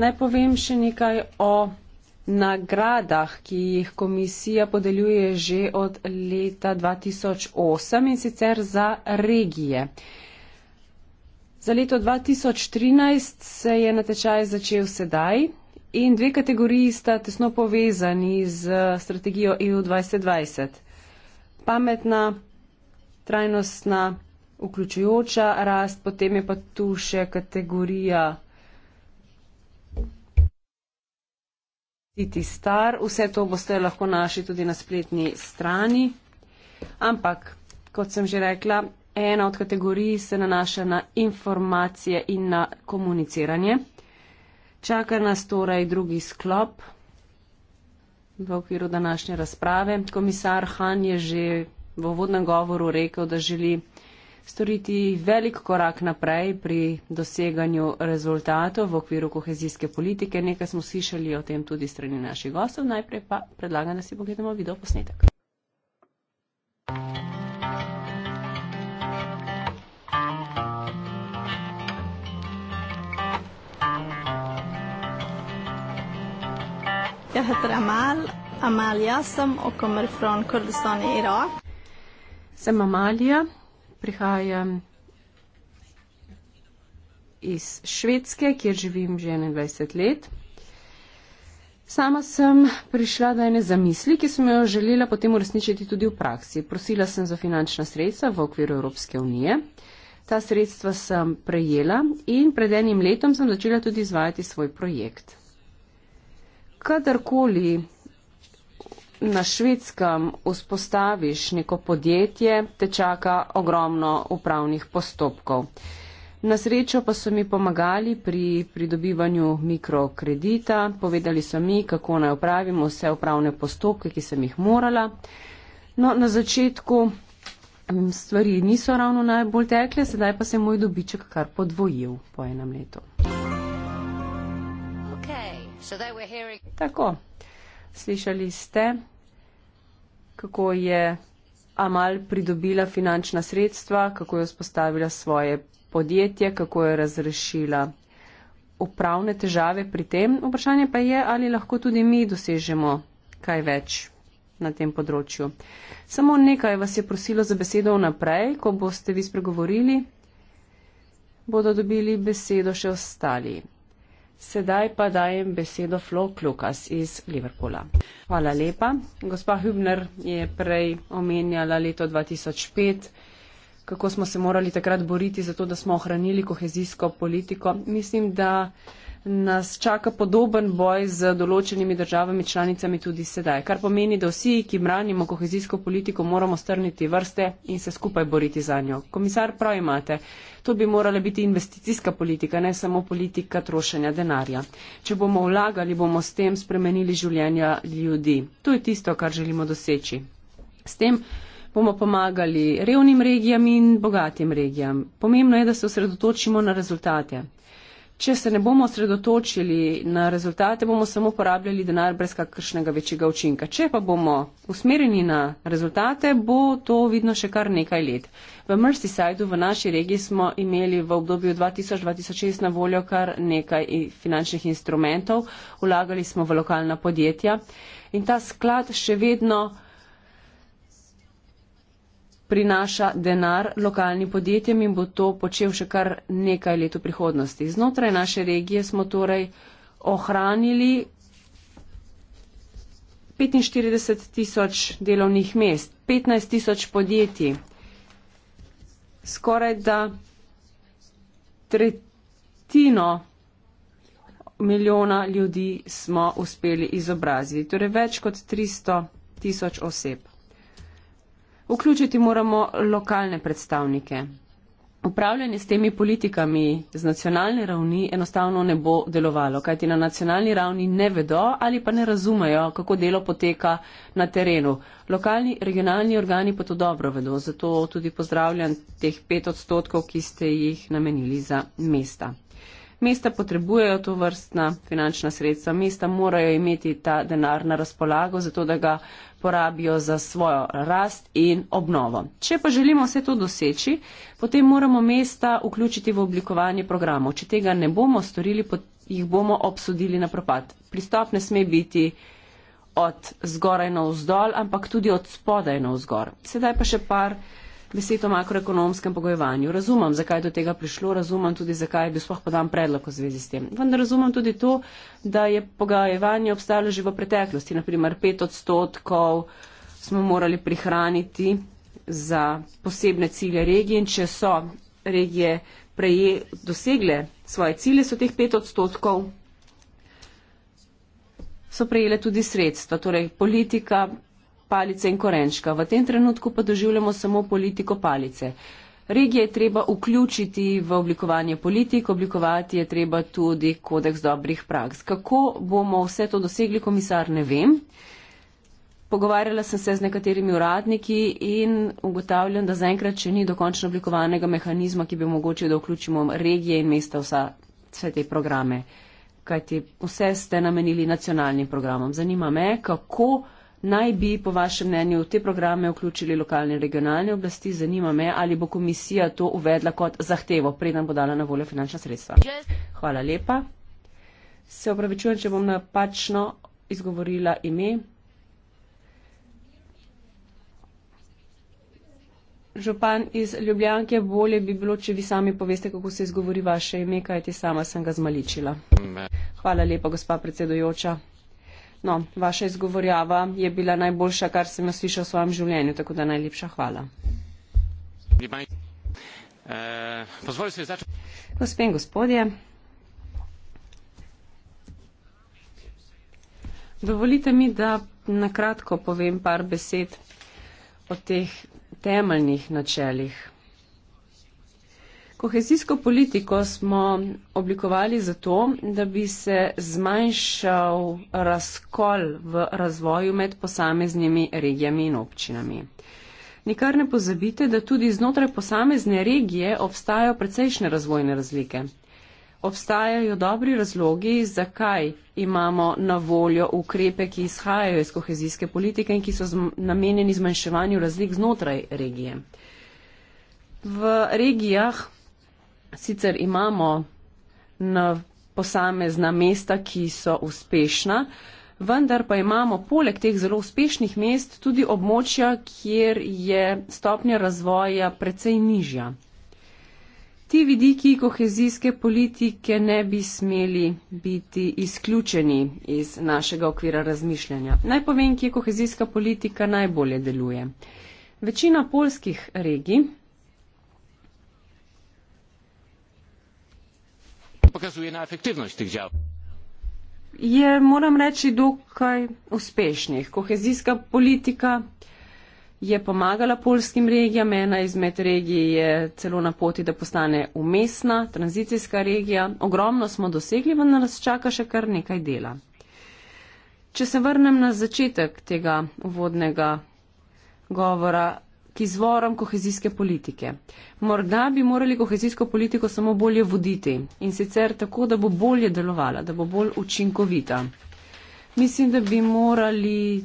Naj povem še nekaj o nagradah, ki jih komisija podeljuje že od leta 2008 in sicer za regije. Za leto 2013 se je natečaj začel sedaj In dve kategoriji sta tesno povezani z strategijo EU 2020. Pametna, trajnostna, vključujoča rast, potem je pa tu še kategorija. Titi star, vse to boste lahko našli tudi na spletni strani. Ampak, kot sem že rekla, ena od kategorij se nanaša na informacije in na komuniciranje. Čaka nas torej drugi sklop v okviru današnje razprave. Komisar Han je že v uvodnem govoru rekel, da želi storiti velik korak naprej pri doseganju rezultatov v okviru kohezijske politike. Nekaj smo slišali o tem tudi strani naših gostov. Najprej pa predlagam, da si pogledamo video posnetek. Thank you. Jag heter Amal. Amal Yassam och kommer från Kurdistan i Irak. Sem Amalija, prihajam iz Švedske, kjer živim že 21 let. Sama sem prišla do ene zamisli, ki sem jo želela potem uresničiti tudi v praksi. Prosila sem za finančna sredstva v okviru Evropske unije. Ta sredstva sem prejela in pred enim letom sem začela tudi izvajati svoj projekt kadarkoli na švedskem vzpostaviš neko podjetje, te čaka ogromno upravnih postopkov. Na srečo pa so mi pomagali pri pridobivanju mikrokredita, povedali so mi, kako naj upravimo vse upravne postopke, ki sem jih morala. No, na začetku stvari niso ravno najbolj tekle, sedaj pa se je moj dobiček kar podvojil po enem letu. Tako, slišali ste, kako je Amal pridobila finančna sredstva, kako je vzpostavila svoje podjetje, kako je razrešila upravne težave pri tem. Vprašanje pa je, ali lahko tudi mi dosežemo kaj več na tem področju. Samo nekaj vas je prosilo za besedo vnaprej, ko boste vi spregovorili, bodo dobili besedo še ostali. Sedaj pa dajem besedo Flo Klukas iz Liverpoola. Hvala lepa. Gospa Hübner je prej omenjala leto 2005, kako smo se morali takrat boriti za to, da smo ohranili kohezijsko politiko. Mislim, da nas čaka podoben boj z določenimi državami članicami tudi sedaj, kar pomeni, da vsi, ki branimo kohezijsko politiko, moramo strniti vrste in se skupaj boriti za njo. Komisar, prav imate, to bi morala biti investicijska politika, ne samo politika trošenja denarja. Če bomo vlagali, bomo s tem spremenili življenja ljudi. To je tisto, kar želimo doseči. S tem bomo pomagali revnim regijam in bogatim regijam. Pomembno je, da se osredotočimo na rezultate če se ne bomo osredotočili na rezultate, bomo samo porabljali denar brez kakršnega večjega učinka. Če pa bomo usmerjeni na rezultate, bo to vidno še kar nekaj let. V Merseysideu v naši regiji smo imeli v obdobju 2000-2006 na voljo kar nekaj finančnih instrumentov, vlagali smo v lokalna podjetja in ta sklad še vedno prinaša denar lokalnim podjetjem in bo to počel še kar nekaj let v prihodnosti. Znotraj naše regije smo torej ohranili 45 tisoč delovnih mest, 15 tisoč podjetij, skoraj da tretjino milijona ljudi smo uspeli izobraziti, torej več kot 300 tisoč oseb. Vključiti moramo lokalne predstavnike. Upravljanje s temi politikami z nacionalne ravni enostavno ne bo delovalo, kajti na nacionalni ravni ne vedo ali pa ne razumejo, kako delo poteka na terenu. Lokalni, regionalni organi pa to dobro vedo, zato tudi pozdravljam teh pet odstotkov, ki ste jih namenili za mesta. Mesta potrebujejo to vrstna finančna sredstva, mesta morajo imeti ta denar na razpolago, zato da ga porabijo za svojo rast in obnovo. Če pa želimo vse to doseči, potem moramo mesta vključiti v oblikovanje programov. Če tega ne bomo storili, jih bomo obsodili na propad. Pristop ne sme biti od zgoraj na vzdolj, ampak tudi od spodaj na vzgor. Sedaj pa še par besed o makroekonomskem pogojevanju. Razumem, zakaj je do tega prišlo, razumem tudi, zakaj je bil sploh podan predlog v zvezi s tem. Vendar razumem tudi to, da je pogojevanje obstajalo že v preteklosti. Naprimer, pet odstotkov smo morali prihraniti za posebne cilje regije in če so regije preje, dosegle svoje cilje, so teh pet odstotkov so prejele tudi sredstva. Torej, politika palice in korenčka. V tem trenutku pa doživljamo samo politiko palice. Regije je treba vključiti v oblikovanje politik, oblikovati je treba tudi kodeks dobrih praks. Kako bomo vse to dosegli, komisar, ne vem. Pogovarjala sem se z nekaterimi uradniki in ugotavljam, da zaenkrat še ni dokončno oblikovanega mehanizma, ki bi omogočil, da vključimo regije in mesta vsa, vse te programe. Kajti vse ste namenili nacionalnim programom. Zanima me, kako. Naj bi, po vašem mnenju, v te programe vključili lokalne in regionalne oblasti? Zanima me, ali bo komisija to uvedla kot zahtevo, preden bo dala na voljo finančna sredstva. Hvala lepa. Se opravičujem, če bom napačno izgovorila ime. Župan iz Ljubljanke, bolje bi bilo, če vi sami poveste, kako se izgovori vaše ime, kajti sama sem ga zmaličila. Hvala lepa, gospa predsedujoča. No, vaša izgovorjava je bila najboljša, kar sem jo slišal v svojem življenju, tako da najlepša hvala. Gospe in gospodje, dovolite mi, da nakratko povem par besed o teh temeljnih načelih Kohezijsko politiko smo oblikovali zato, da bi se zmanjšal razkol v razvoju med posameznimi regijami in občinami. Nikar ne pozabite, da tudi znotraj posamezne regije obstajajo precejšne razvojne razlike. Obstajajo dobri razlogi, zakaj imamo na voljo ukrepe, ki izhajajo iz kohezijske politike in ki so namenjeni zmanjševanju razlik znotraj regije. V regijah sicer imamo na posamezna mesta, ki so uspešna, vendar pa imamo poleg teh zelo uspešnih mest tudi območja, kjer je stopnja razvoja precej nižja. Ti vidiki kohezijske politike ne bi smeli biti izključeni iz našega okvira razmišljanja. Naj povem, kje kohezijska politika najbolje deluje. Večina polskih regij pokazuje na efektivnost teh djav. Je, moram reči, dokaj uspešnih. Kohezijska politika je pomagala polskim regijam, ena izmed regij je celo na poti, da postane umestna, tranzicijska regija. Ogromno smo dosegli, vendar nas čaka še kar nekaj dela. Če se vrnem na začetek tega vodnega govora, k izvorom kohezijske politike. Morda bi morali kohezijsko politiko samo bolje voditi in sicer tako, da bo bolje delovala, da bo bolj učinkovita. Mislim, da bi morali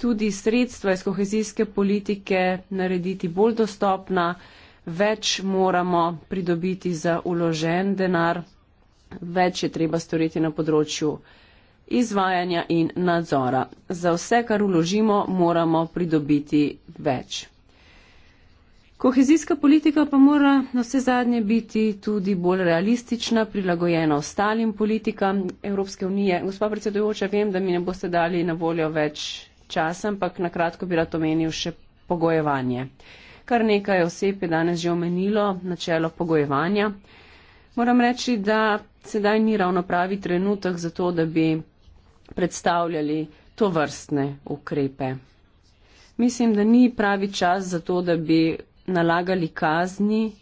tudi sredstva iz kohezijske politike narediti bolj dostopna, več moramo pridobiti za uložen denar, več je treba storiti na področju izvajanja in nadzora. Za vse, kar uložimo, moramo pridobiti več. Kohezijska politika pa mora na vse zadnje biti tudi bolj realistična, prilagojena ostalim politikam Evropske unije. Gospa predsedujoča, vem, da mi ne boste dali na voljo več časa, ampak na kratko bi rad omenil še pogojevanje. Kar nekaj oseb je danes že omenilo, načelo pogojevanja. Moram reči, da sedaj ni ravno pravi trenutek za to, da bi predstavljali to vrstne ukrepe. Mislim, da ni pravi čas za to, da bi nalagali kazni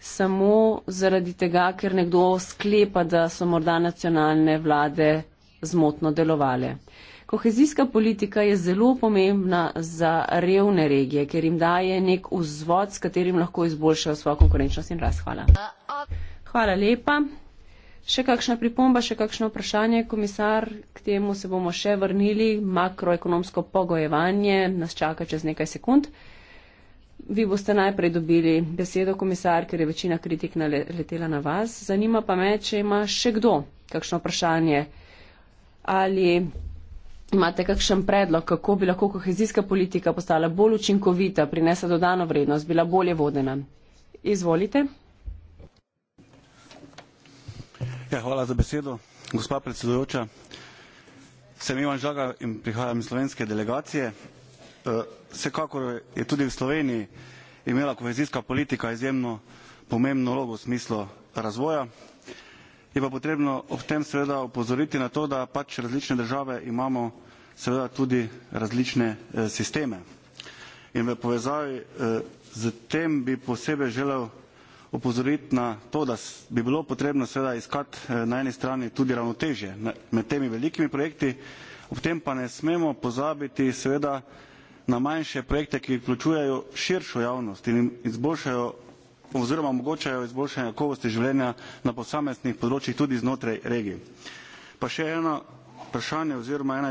samo zaradi tega, ker nekdo sklepa, da so morda nacionalne vlade zmotno delovale. Kohezijska politika je zelo pomembna za revne regije, ker jim daje nek vzvod, s katerim lahko izboljšajo svojo konkurenčnost in rast. Hvala. Hvala lepa. Še kakšna pripomba, še kakšno vprašanje, komisar, k temu se bomo še vrnili. Makroekonomsko pogojevanje nas čaka čez nekaj sekund. Vi boste najprej dobili besedo, komisar, ker je večina kritik naletela na vas. Zanima pa me, če ima še kdo kakšno vprašanje ali imate kakšen predlog, kako bi lahko kohezijska politika postala bolj učinkovita, prinesla dodano vrednost, bila bolje vodena. Izvolite. Ja, hvala za besedo. Gospa predsedujoča, sem Ivan Žaga in prihajam iz slovenske delegacije. Eh, vsekakor je tudi v Sloveniji imela kohezijska politika izjemno pomembno vlogo v smislu razvoja. Je pa potrebno ob tem seveda opozoriti na to, da pač različne države imamo seveda tudi različne eh, sisteme. In v povezavi eh, z tem bi posebej želel opozoriti na to, da bi bilo potrebno seveda iskati eh, na eni strani tudi ravnotežje med temi velikimi projekti, ob tem pa ne smemo pozabiti seveda na manjše projekte, ki vključujejo širšo javnost in izboljšajo oziroma omogočajo izboljšanje kakovosti življenja na posameznih področjih tudi znotraj regij. Pa še eno vprašanje oziroma ena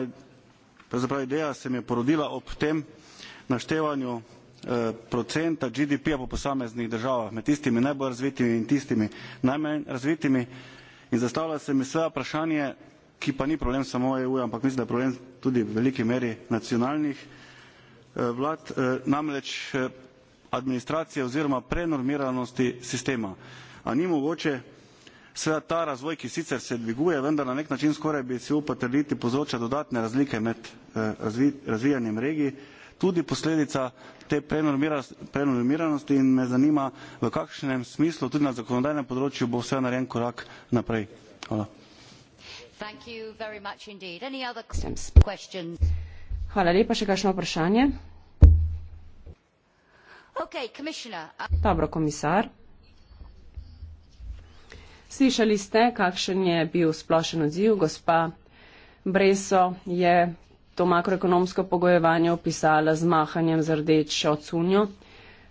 pravzaprav ideja se mi je porodila ob tem naštevanju eh, procenta GDP-ja po posameznih državah med tistimi najbolj razvitimi in tistimi najmanj razvitimi in zastavlja se mi seveda vprašanje, ki pa ni problem samo EU-ja, ampak mislim, da je problem tudi v veliki meri nacionalnih Eh, vlad eh, namreč eh, administracije oziroma prenormiranosti sistema. A ni mogoče seveda ta razvoj, ki sicer se dviguje, vendar na nek način skoraj bi si upal trditi povzroča dodatne razlike med razvi, razvijanjem regij, tudi posledica te prenormiranosti in me zanima, v kakšnem smislu tudi na zakonodajnem področju bo vse narejen korak naprej. Hvala. Thank you very much indeed. Any other questions? Hvala lepa, še kakšno vprašanje? Uh- Dobro, komisar. Slišali ste, kakšen je bil splošen odziv. Gospa Breso je to makroekonomsko pogojevanje opisala z mahanjem z rdečo cunjo.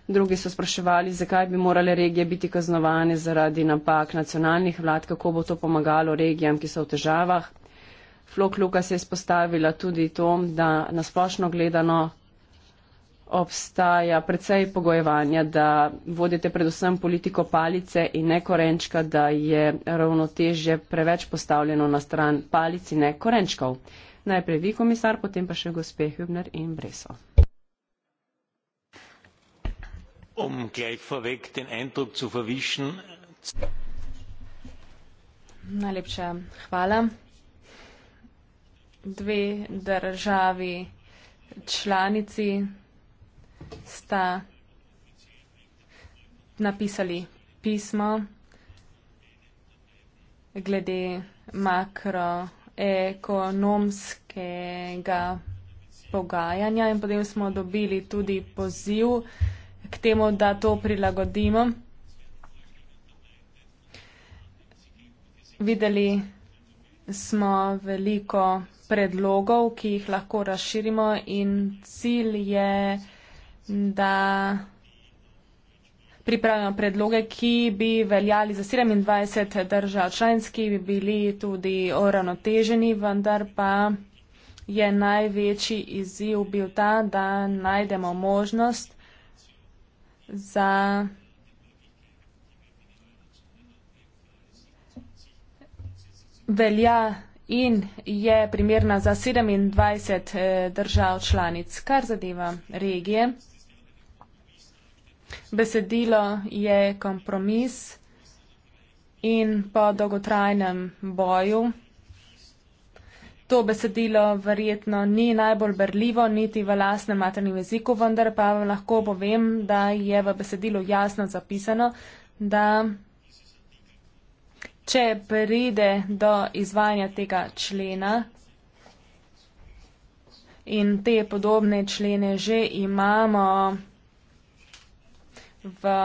Drugi so spraševali, zakaj bi morale regije biti kaznovane zaradi napak nacionalnih vlad, kako bo to pomagalo regijam, ki so v težavah. Flok Lukas je spostavila tudi to, da nasplošno gledano obstaja precej pogojevanja, da vodite predvsem politiko palice in ne korenčka, da je ravnotežje preveč postavljeno na stran palici, ne korenčkov. Najprej vi, komisar, potem pa še gospe Hübner in Breso. Um Najlepša hvala dve državi članici sta napisali pismo glede makroekonomskega pogajanja in potem smo dobili tudi poziv k temu, da to prilagodimo. Videli smo veliko predlogov, ki jih lahko razširimo in cilj je, da pripravimo predloge, ki bi veljali za 27 držav članski, bi bili tudi oranoteženi, vendar pa je največji izziv bil ta, da najdemo možnost za velja in je primerna za 27 eh, držav članic. Kar zadeva regije, besedilo je kompromis in po dolgotrajnem boju. To besedilo verjetno ni najbolj berljivo, niti v lasnem maternem jeziku, vendar pa vam lahko povem, da je v besedilu jasno zapisano, da če pride do izvajanja tega člena in te podobne člene že imamo v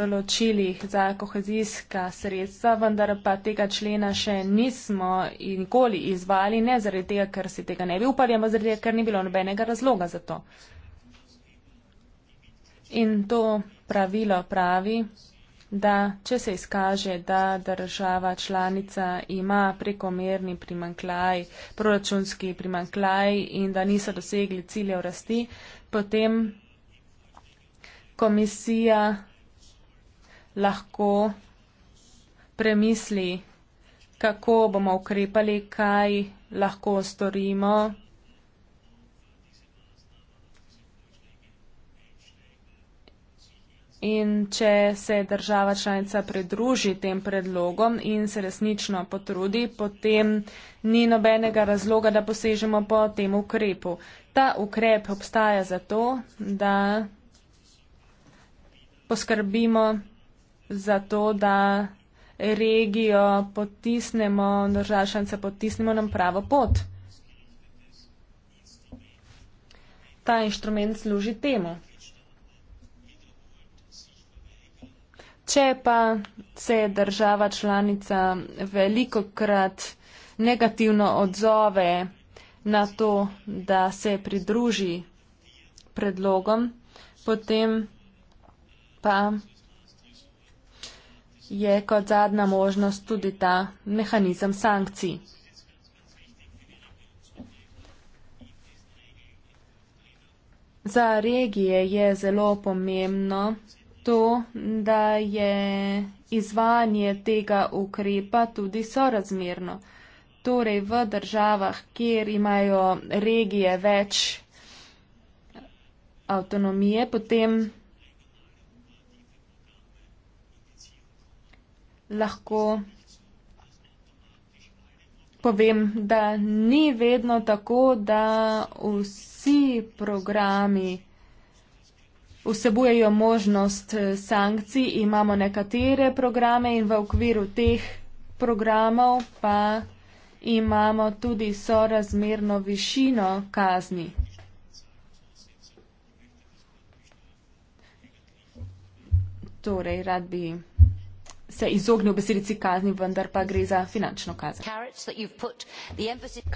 določilih za kohezijska sredstva, vendar pa tega člena še nismo nikoli izvali, ne zaradi tega, ker si tega ne bi upali, ampak zaradi tega, ker ni bilo nobenega razloga za to. In to pravilo pravi, da če se izkaže, da država članica ima prekomerni primankljaj, proračunski primankljaj in da niso dosegli ciljev rasti, potem komisija lahko premisli, kako bomo ukrepali, kaj lahko storimo In če se država članica pridruži tem predlogom in se resnično potrudi, potem ni nobenega razloga, da posežemo po tem ukrepu. Ta ukrep obstaja zato, da poskrbimo za to, da regijo potisnemo, država članica potisnemo nam pravo pot. Ta inštrument služi temu. Če pa se je država članica veliko krat negativno odzove na to, da se pridruži predlogom, potem pa je kot zadnja možnost tudi ta mehanizem sankcij. Za regije je zelo pomembno, to, da je izvajanje tega ukrepa tudi sorazmerno. Torej, v državah, kjer imajo regije več avtonomije, potem lahko povem, da ni vedno tako, da vsi programi vsebujejo možnost eh, sankcij, imamo nekatere programe in v okviru teh programov pa imamo tudi sorazmerno višino kazni. Torej, rad bi se izognil besedici kazni, vendar pa gre za finančno kazen.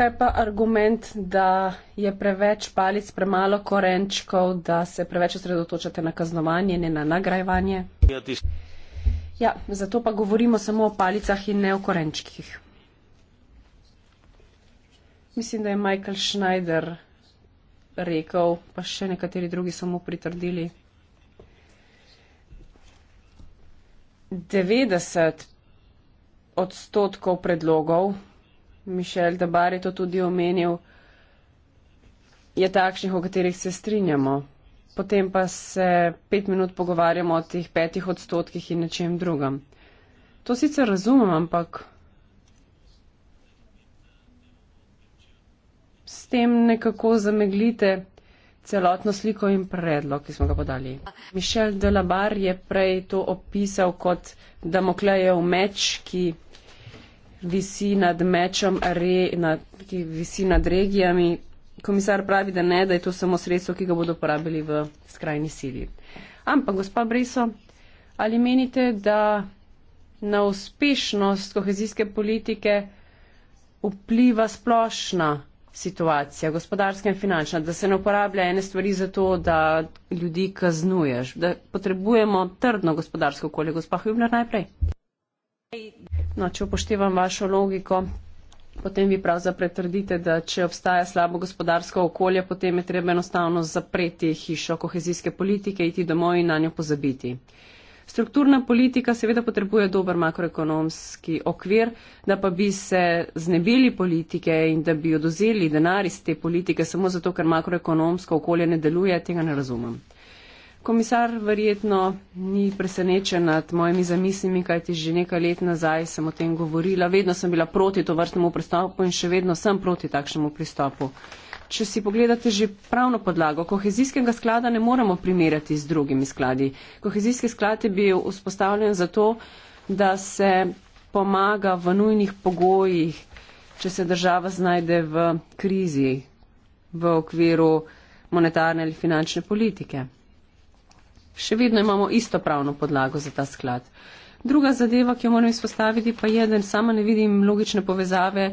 Kaj pa argument, da je preveč palic, premalo korenčkov, da se preveč osredotočate na kaznovanje, ne na nagrajevanje? Ja, zato pa govorimo samo o palicah in ne o korenčkih. Mislim, da je Michael Schneider rekel, pa še nekateri drugi so mu pritrdili. 90 odstotkov predlogov, Mišel Dabar je to tudi omenil, je takšnih, o katerih se strinjamo. Potem pa se pet minut pogovarjamo o teh petih odstotkih in nečem drugem. To sicer razumem, ampak s tem nekako zameglite celotno sliko in predlog, ki smo ga podali. Mišel Delabar je prej to opisal kot Damoklejev meč, ki visi nad mečem, re, nad, ki visi nad regijami. Komisar pravi, da ne, da je to samo sredstvo, ki ga bodo uporabili v skrajni sili. Ampak, gospa Briso, ali menite, da na uspešnost kohezijske politike vpliva splošna situacija, gospodarska in finančna, da se ne uporablja ene stvari za to, da ljudi kaznuješ, da potrebujemo trdno gospodarsko okolje. Gospa Hübner najprej. No, če upoštevam vašo logiko, potem vi pravzaprav trdite, da če obstaja slabo gospodarsko okolje, potem je treba enostavno zapreti hišo kohezijske politike, iti domov in na njo pozabiti. Strukturna politika seveda potrebuje dober makroekonomski okvir, da pa bi se znebili politike in da bi odozeli denar iz te politike samo zato, ker makroekonomsko okolje ne deluje, tega ne razumem. Komisar verjetno ni presenečen nad mojimi zamislimi, kajti že nekaj let nazaj sem o tem govorila. Vedno sem bila proti to vrstnemu pristopu in še vedno sem proti takšnemu pristopu če si pogledate že pravno podlago, kohezijskega sklada ne moremo primerjati z drugimi skladi. Kohezijski sklad je bil vzpostavljen zato, da se pomaga v nujnih pogojih, če se država znajde v krizi v okviru monetarne ali finančne politike. Še vedno imamo isto pravno podlago za ta sklad. Druga zadeva, ki jo moram izpostaviti, pa je, da sama ne vidim logične povezave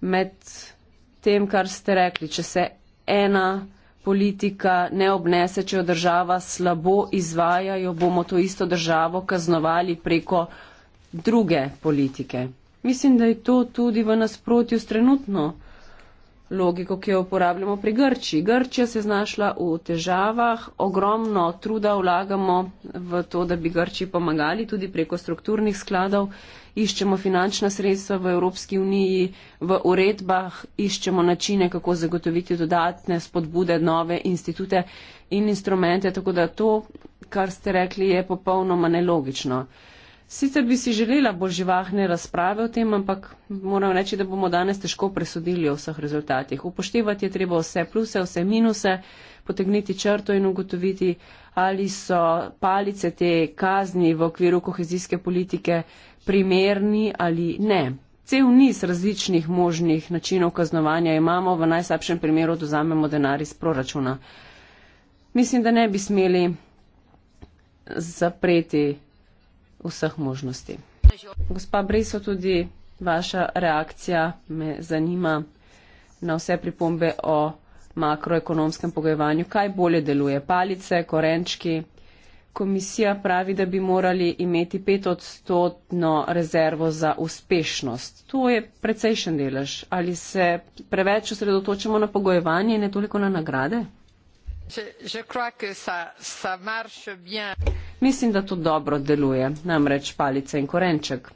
med tem, kar ste rekli, če se ena politika ne obnese, če jo država slabo izvajajo, bomo to isto državo kaznovali preko druge politike. Mislim, da je to tudi v nasprotju s trenutno logiko, ki jo uporabljamo pri Grči. Grčija se je znašla v težavah, ogromno truda vlagamo v to, da bi Grči pomagali tudi preko strukturnih skladov iščemo finančna sredstva v Evropski uniji, v uredbah iščemo načine, kako zagotoviti dodatne spodbude, nove institute in instrumente. Tako da to, kar ste rekli, je popolnoma nelogično. Sicer bi si želela bolj živahne razprave o tem, ampak moram reči, da bomo danes težko presodili o vseh rezultatih. Upoštevati je treba vse pluse, vse minuse, potegniti črto in ugotoviti, ali so palice te kazni v okviru kohezijske politike primerni ali ne. Cel niz različnih možnih načinov kaznovanja imamo, v najslabšem primeru dozamemo denar iz proračuna. Mislim, da ne bi smeli zapreti vseh možnosti. Gospa Breso, tudi vaša reakcija me zanima na vse pripombe o makroekonomskem pogojevanju. Kaj bolje deluje? Palice, korenčki, komisija pravi, da bi morali imeti petodstotno rezervo za uspešnost. To je precejšen delež. Ali se preveč osredotočamo na pogojevanje in ne toliko na nagrade? Mislim, da to dobro deluje, namreč palica in korenček.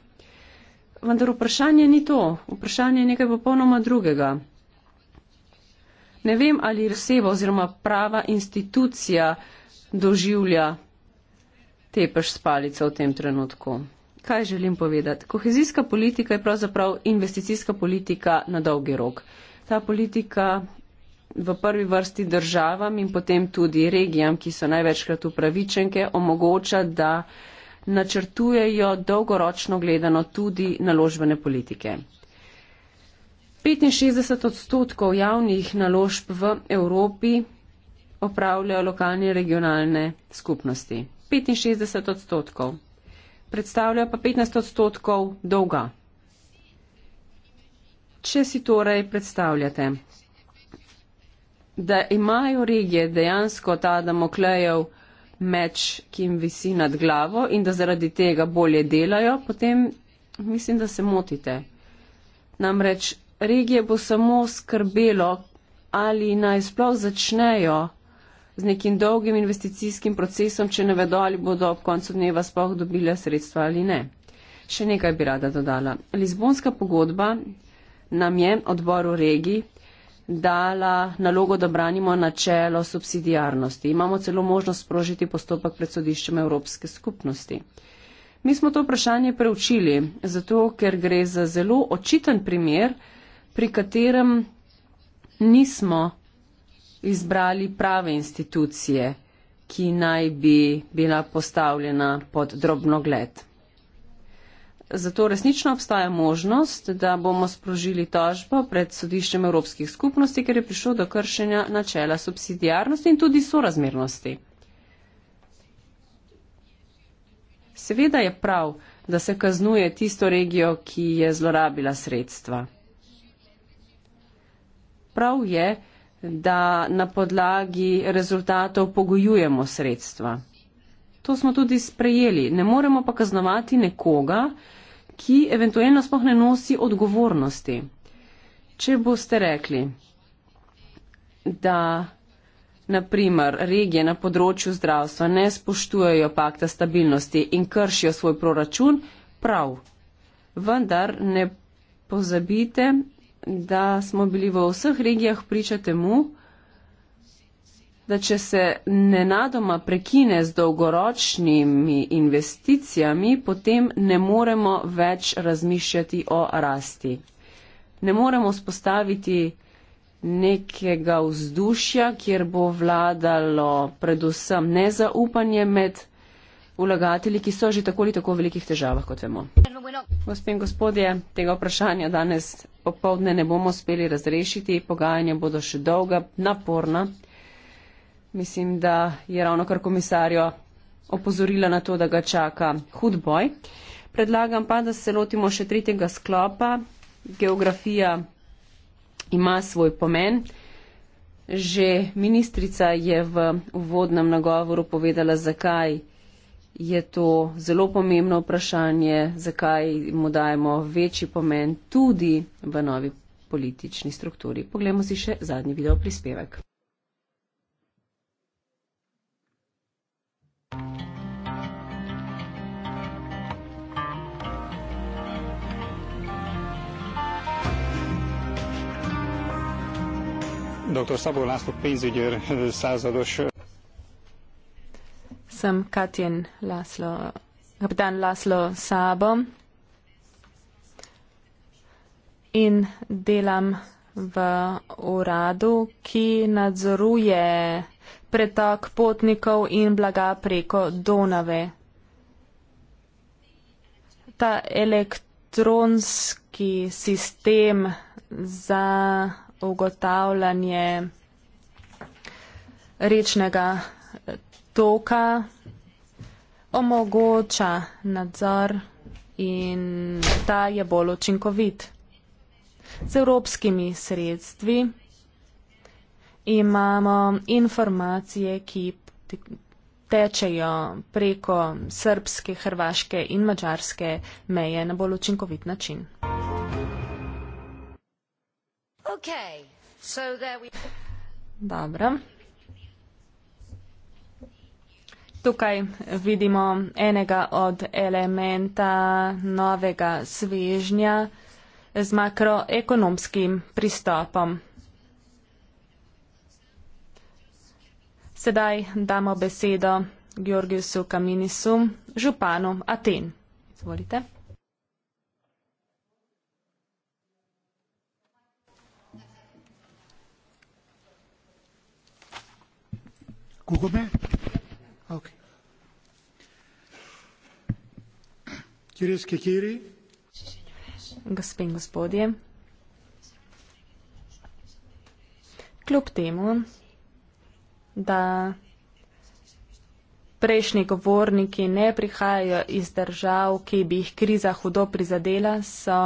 Vendar vprašanje ni to, vprašanje je nekaj popolnoma drugega. Ne vem, ali oseba oziroma prava institucija doživlja tepeš spalico v tem trenutku. Kaj želim povedati? Kohezijska politika je pravzaprav investicijska politika na dolgi rok. Ta politika v prvi vrsti državam in potem tudi regijam, ki so največkrat upravičenke, omogoča, da načrtujejo dolgoročno gledano tudi naložbene politike. 65 odstotkov javnih naložb v Evropi opravljajo lokalne in regionalne skupnosti. 65 odstotkov. Predstavlja pa 15 odstotkov dolga. Če si torej predstavljate, da imajo regije dejansko ta damoklejev meč, ki jim visi nad glavo in da zaradi tega bolje delajo, potem mislim, da se motite. Namreč regije bo samo skrbelo, ali naj sploh začnejo z nekim dolgim investicijskim procesom, če ne vedo, ali bodo ob koncu dneva sploh dobile sredstva ali ne. Še nekaj bi rada dodala. Lizbonska pogodba nam je odboru regij dala nalogo, da branimo načelo subsidijarnosti. Imamo celo možnost sprožiti postopek pred sodiščem Evropske skupnosti. Mi smo to vprašanje preučili, zato ker gre za zelo očiten primer, pri katerem nismo izbrali prave institucije, ki naj bi bila postavljena pod drobnogled. Zato resnično obstaja možnost, da bomo sprožili tožbo pred sodiščem Evropskih skupnosti, ker je prišlo do kršenja načela subsidijarnosti in tudi sorazmernosti. Seveda je prav, da se kaznuje tisto regijo, ki je zlorabila sredstva. Prav je, da na podlagi rezultatov pogojujemo sredstva. To smo tudi sprejeli. Ne moremo pa kaznovati nekoga, ki eventualno sploh ne nosi odgovornosti. Če boste rekli, da naprimer regije na področju zdravstva ne spoštujejo pakta stabilnosti in kršijo svoj proračun, prav. Vendar ne pozabite, da smo bili v vseh regijah priča temu, da če se nenadoma prekine z dolgoročnimi investicijami, potem ne moremo več razmišljati o rasti. Ne moremo spostaviti nekega vzdušja, kjer bo vladalo predvsem nezaupanje med vlagatelji, ki so že tako ali tako v velikih težavah, kot vemo. Gospod in gospodje, tega vprašanja danes popovdne ne bomo uspeli razrešiti, pogajanja bodo še dolga, naporna. Mislim, da je ravno kar komisarjo opozorila na to, da ga čaka hud boj. Predlagam pa, da se lotimo še tretjega sklopa. Geografija ima svoj pomen. Že ministrica je v uvodnem nagovoru povedala, zakaj je to zelo pomembno vprašanje, zakaj mu dajemo večji pomen tudi v novi politični strukturi. Poglejmo si še zadnji video prispevek. Doktor Szabó László pénzügyőr századós sem Katjen Laslo, kapitan Laslo Sabo in delam v uradu, ki nadzoruje pretok potnikov in blaga preko Donave. Ta elektronski sistem za ugotavljanje rečnega toka omogoča nadzor in ta je bolj učinkovit. Z evropskimi sredstvi imamo informacije, ki tečejo preko srpske, hrvaške in mačarske meje na bolj učinkovit način. Okay, so there we... Dobro. Tukaj vidimo enega od elementa novega svežnja z makroekonomskim pristopom. Sedaj damo besedo Georgiusu Kaminisu, županu Aten. Izvolite. Kukome? Gospe in gospodje, kljub temu, da prejšnji govorniki ne prihajajo iz držav, ki bi jih kriza hudo prizadela, so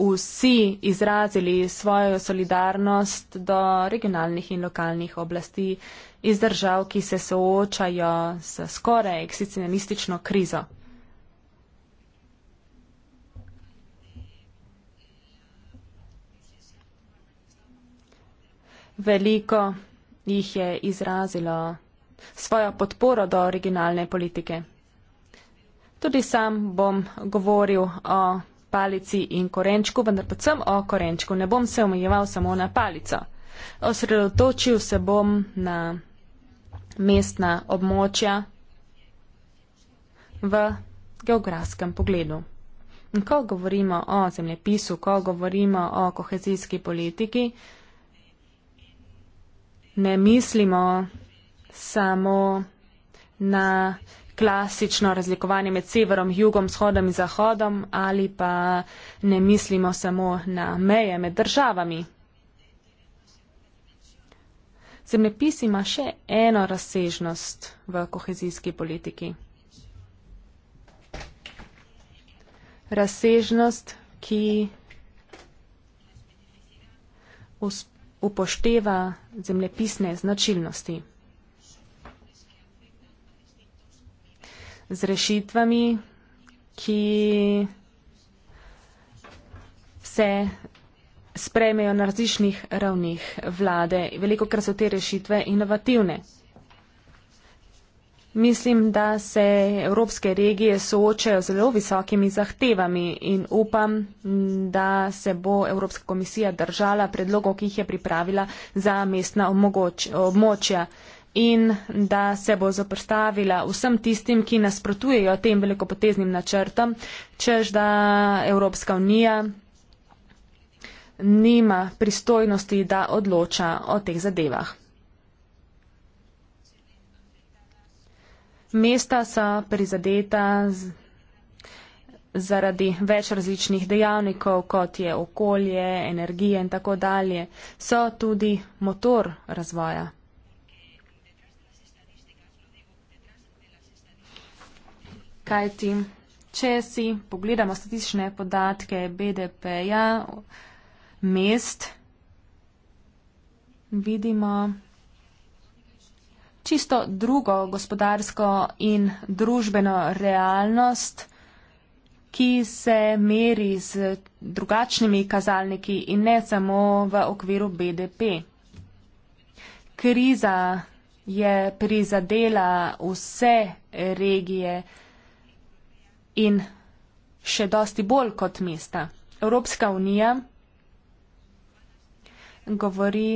vsi izrazili svojo solidarnost do regionalnih in lokalnih oblasti iz držav, ki se soočajo s skoraj eksistencialistično krizo. veliko jih je izrazilo svojo podporo do originalne politike. Tudi sam bom govoril o palici in korenčku, vendar predvsem o korenčku. Ne bom se omejeval samo na palico. Osredotočil se bom na mestna območja v geografskem pogledu. In ko govorimo o zemljepisu, ko govorimo o kohezijski politiki, ne mislimo samo na klasično razlikovanje med severom, jugom, shodom in zahodom ali pa ne mislimo samo na meje med državami. Zemljepis ima še eno razsežnost v kohezijski politiki. Razsežnost, ki uspe upošteva zemljepisne značilnosti. Z rešitvami, ki se sprejmejo na različnih ravnih vlade. Veliko krat so te rešitve inovativne. Mislim, da se evropske regije soočajo z zelo visokimi zahtevami in upam, da se bo Evropska komisija držala predlogov, ki jih je pripravila za mestna območja in da se bo zaprstavila vsem tistim, ki nasprotujejo tem velikopoteznim načrtom, čež da Evropska unija nima pristojnosti, da odloča o teh zadevah. Mesta so prizadeta z, zaradi več različnih dejavnikov, kot je okolje, energije in tako dalje. So tudi motor razvoja. Kaj ti, če si pogledamo statistične podatke BDP-ja mest, vidimo, čisto drugo gospodarsko in družbeno realnost, ki se meri z drugačnimi kazalniki in ne samo v okviru BDP. Kriza je prizadela vse regije in še dosti bolj kot mesta. Evropska unija govori,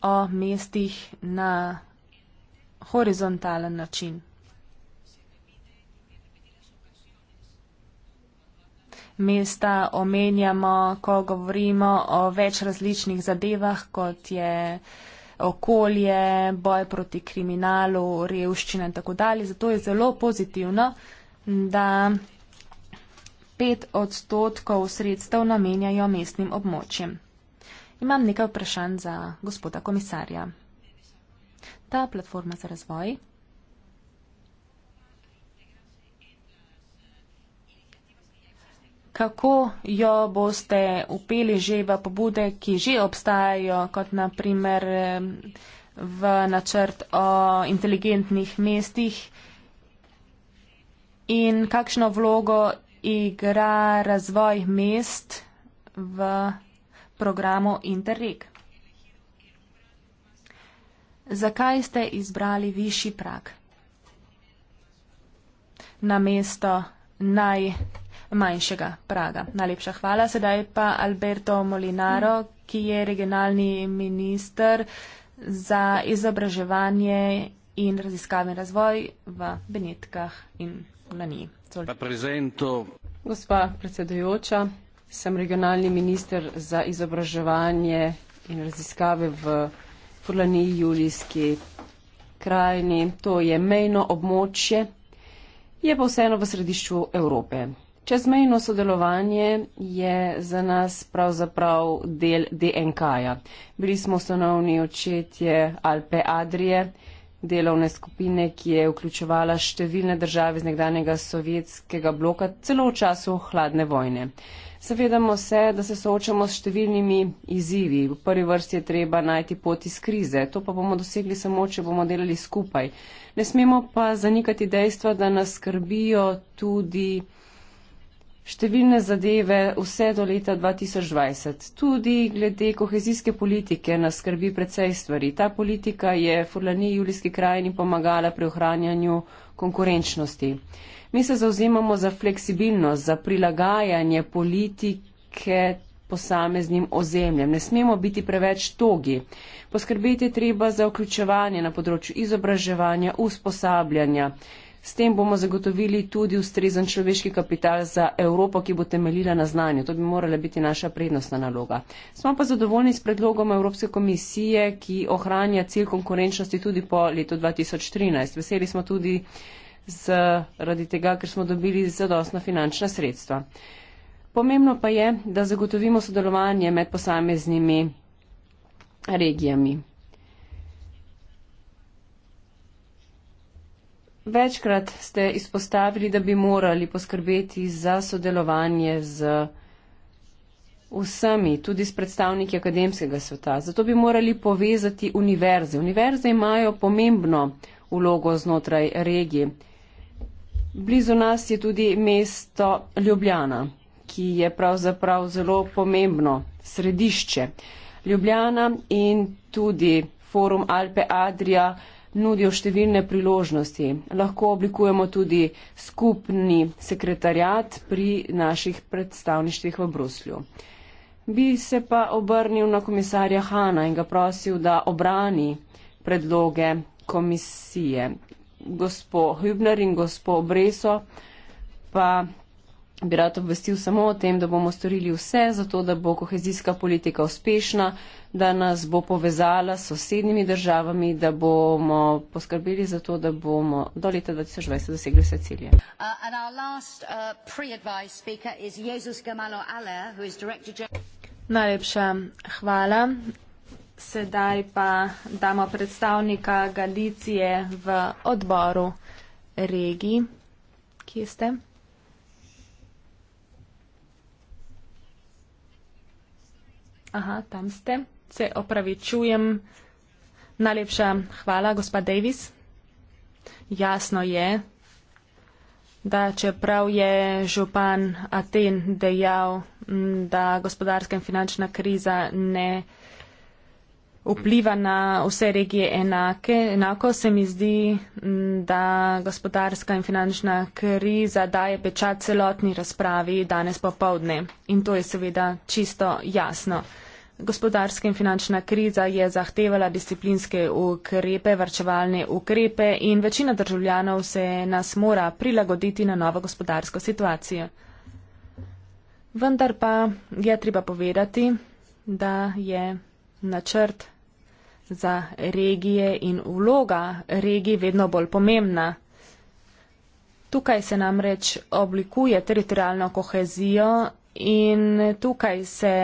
o mestih na horizontalen način. Mesta omenjamo, ko govorimo o več različnih zadevah, kot je okolje, boj proti kriminalu, revščina in tako dalje. Zato je zelo pozitivno, da pet odstotkov sredstev namenjajo mestnim območjem. Imam nekaj vprašanj za gospoda komisarja. Ta platforma za razvoj Kako jo boste upeli že v pobude, ki že obstajajo, kot naprimer v načrt o inteligentnih mestih? In kakšno vlogo igra razvoj mest v programu Interreg. Zakaj ste izbrali višji prak na mesto najmanjšega praga? Najlepša hvala. Sedaj pa Alberto Molinaro, ki je regionalni minister za izobraževanje in raziskave in razvoj v Benetkah in Laniji. Gospa predsedujoča, Sem regionalni minister za izobraževanje in raziskave v Furlani Julijski krajini. To je mejno območje, je pa vseeno v središču Evrope. Čezmejno sodelovanje je za nas pravzaprav del DNK-ja. Bili smo ustanovni očetje Alpe Adrije, delovne skupine, ki je vključevala številne države iz nekdanjega sovjetskega bloka celo v času hladne vojne. Zavedamo se, da se soočamo s številnimi izzivi. V prvi vrsti je treba najti pot iz krize. To pa bomo dosegli samo, če bomo delali skupaj. Ne smemo pa zanikati dejstva, da nas skrbijo tudi številne zadeve vse do leta 2020. Tudi glede kohezijske politike nas skrbi precej stvari. Ta politika je Furlani Julijski krajini pomagala pri ohranjanju konkurenčnosti. Mi se zauzemamo za fleksibilnost, za prilagajanje politike posameznim ozemljem. Ne smemo biti preveč togi. Poskrbeti je treba za vključevanje na področju izobraževanja, usposabljanja. S tem bomo zagotovili tudi ustrezen človeški kapital za Evropo, ki bo temeljila na znanju. To bi morala biti naša prednostna naloga. Smo pa zadovoljni s predlogom Evropske komisije, ki ohranja cilj konkurenčnosti tudi po letu 2013. Veseli smo tudi zaradi tega, ker smo dobili zadostna finančna sredstva. Pomembno pa je, da zagotovimo sodelovanje med posameznimi regijami. Večkrat ste izpostavili, da bi morali poskrbeti za sodelovanje z vsemi, tudi s predstavniki akademskega sveta. Zato bi morali povezati univerze. Univerze imajo pomembno vlogo znotraj regije. Blizu nas je tudi mesto Ljubljana, ki je pravzaprav zelo pomembno središče. Ljubljana in tudi forum Alpe Adria nudijo številne priložnosti. Lahko oblikujemo tudi skupni sekretarjat pri naših predstavništvih v Bruslju. Bi se pa obrnil na komisarja Hana in ga prosil, da obrani predloge komisije gospo Hübner in gospo Breso, pa bi rad obvestil samo o tem, da bomo storili vse za to, da bo kohezijska politika uspešna, da nas bo povezala s sosednjimi državami, da bomo poskrbeli za to, da bomo do leta 2020 dosegli vse cilje. Uh, last, uh, Najlepša hvala sedaj pa damo predstavnika Galicije v odboru regij. Kje ste? Aha, tam ste. Se opravičujem. Najlepša hvala, gospa Davis. Jasno je, da čeprav je župan Aten dejal, da gospodarska in finančna kriza ne vpliva na vse regije enake. Enako se mi zdi, da gospodarska in finančna kriza daje pečat celotni razpravi danes popovdne. In to je seveda čisto jasno. Gospodarska in finančna kriza je zahtevala disciplinske ukrepe, vrčevalne ukrepe in večina državljanov se nas mora prilagoditi na novo gospodarsko situacijo. Vendar pa je treba povedati, da je načrt za regije in vloga regij vedno bolj pomembna. Tukaj se namreč oblikuje teritorijalno kohezijo in tukaj se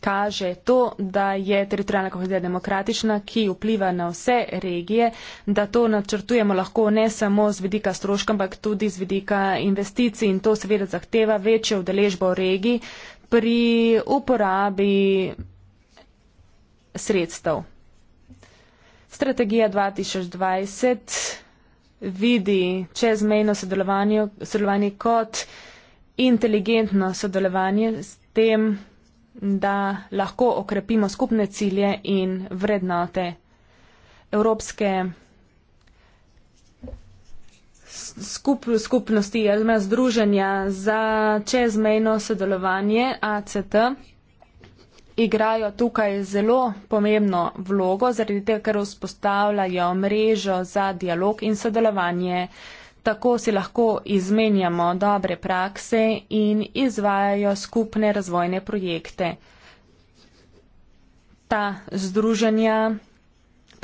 kaže to, da je teritorijalna kohezija demokratična, ki vpliva na vse regije, da to načrtujemo lahko ne samo z vidika stroška, ampak tudi z vidika investicij in to seveda zahteva večjo udeležbo regij pri uporabi sredstev. Strategija 2020 vidi čezmejno sodelovanje, sodelovanje kot inteligentno sodelovanje s tem, da lahko okrepimo skupne cilje in vrednote evropske skup, skupnosti, oziroma združenja za čezmejno sodelovanje ACT igrajo tukaj zelo pomembno vlogo, zaradi tega, ker vzpostavljajo mrežo za dialog in sodelovanje. Tako si lahko izmenjamo dobre prakse in izvajajo skupne razvojne projekte. Ta združenja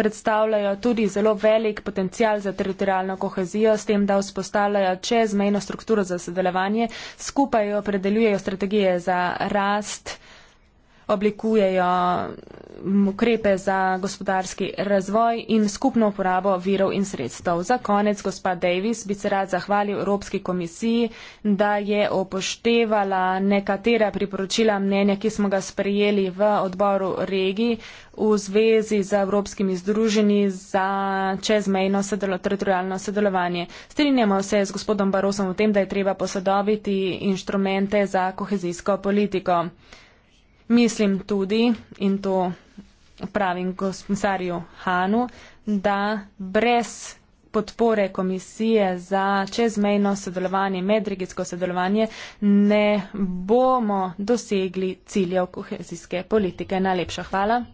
predstavljajo tudi zelo velik potencial za teritorijalno kohezijo, s tem, da vzpostavljajo čezmejno strukturo za sodelovanje, skupaj opredeljujejo strategije za rast oblikujejo ukrepe za gospodarski razvoj in skupno uporabo virov in sredstev. Za konec, gospa Davis, bi se rad zahvalil Evropski komisiji, da je upoštevala nekatera priporočila mnenja, ki smo ga sprejeli v odboru regij v zvezi z Evropskimi združenji za čezmejno sodelo, teritorijalno sodelovanje. Strinjamo se z gospodom Barosom v tem, da je treba posodobiti inštrumente za kohezijsko politiko. Mislim tudi, in to pravim gospodarju Hanu, da brez podpore komisije za čezmejno sodelovanje, medregijsko sodelovanje, ne bomo dosegli ciljev kohezijske politike. Najlepša hvala.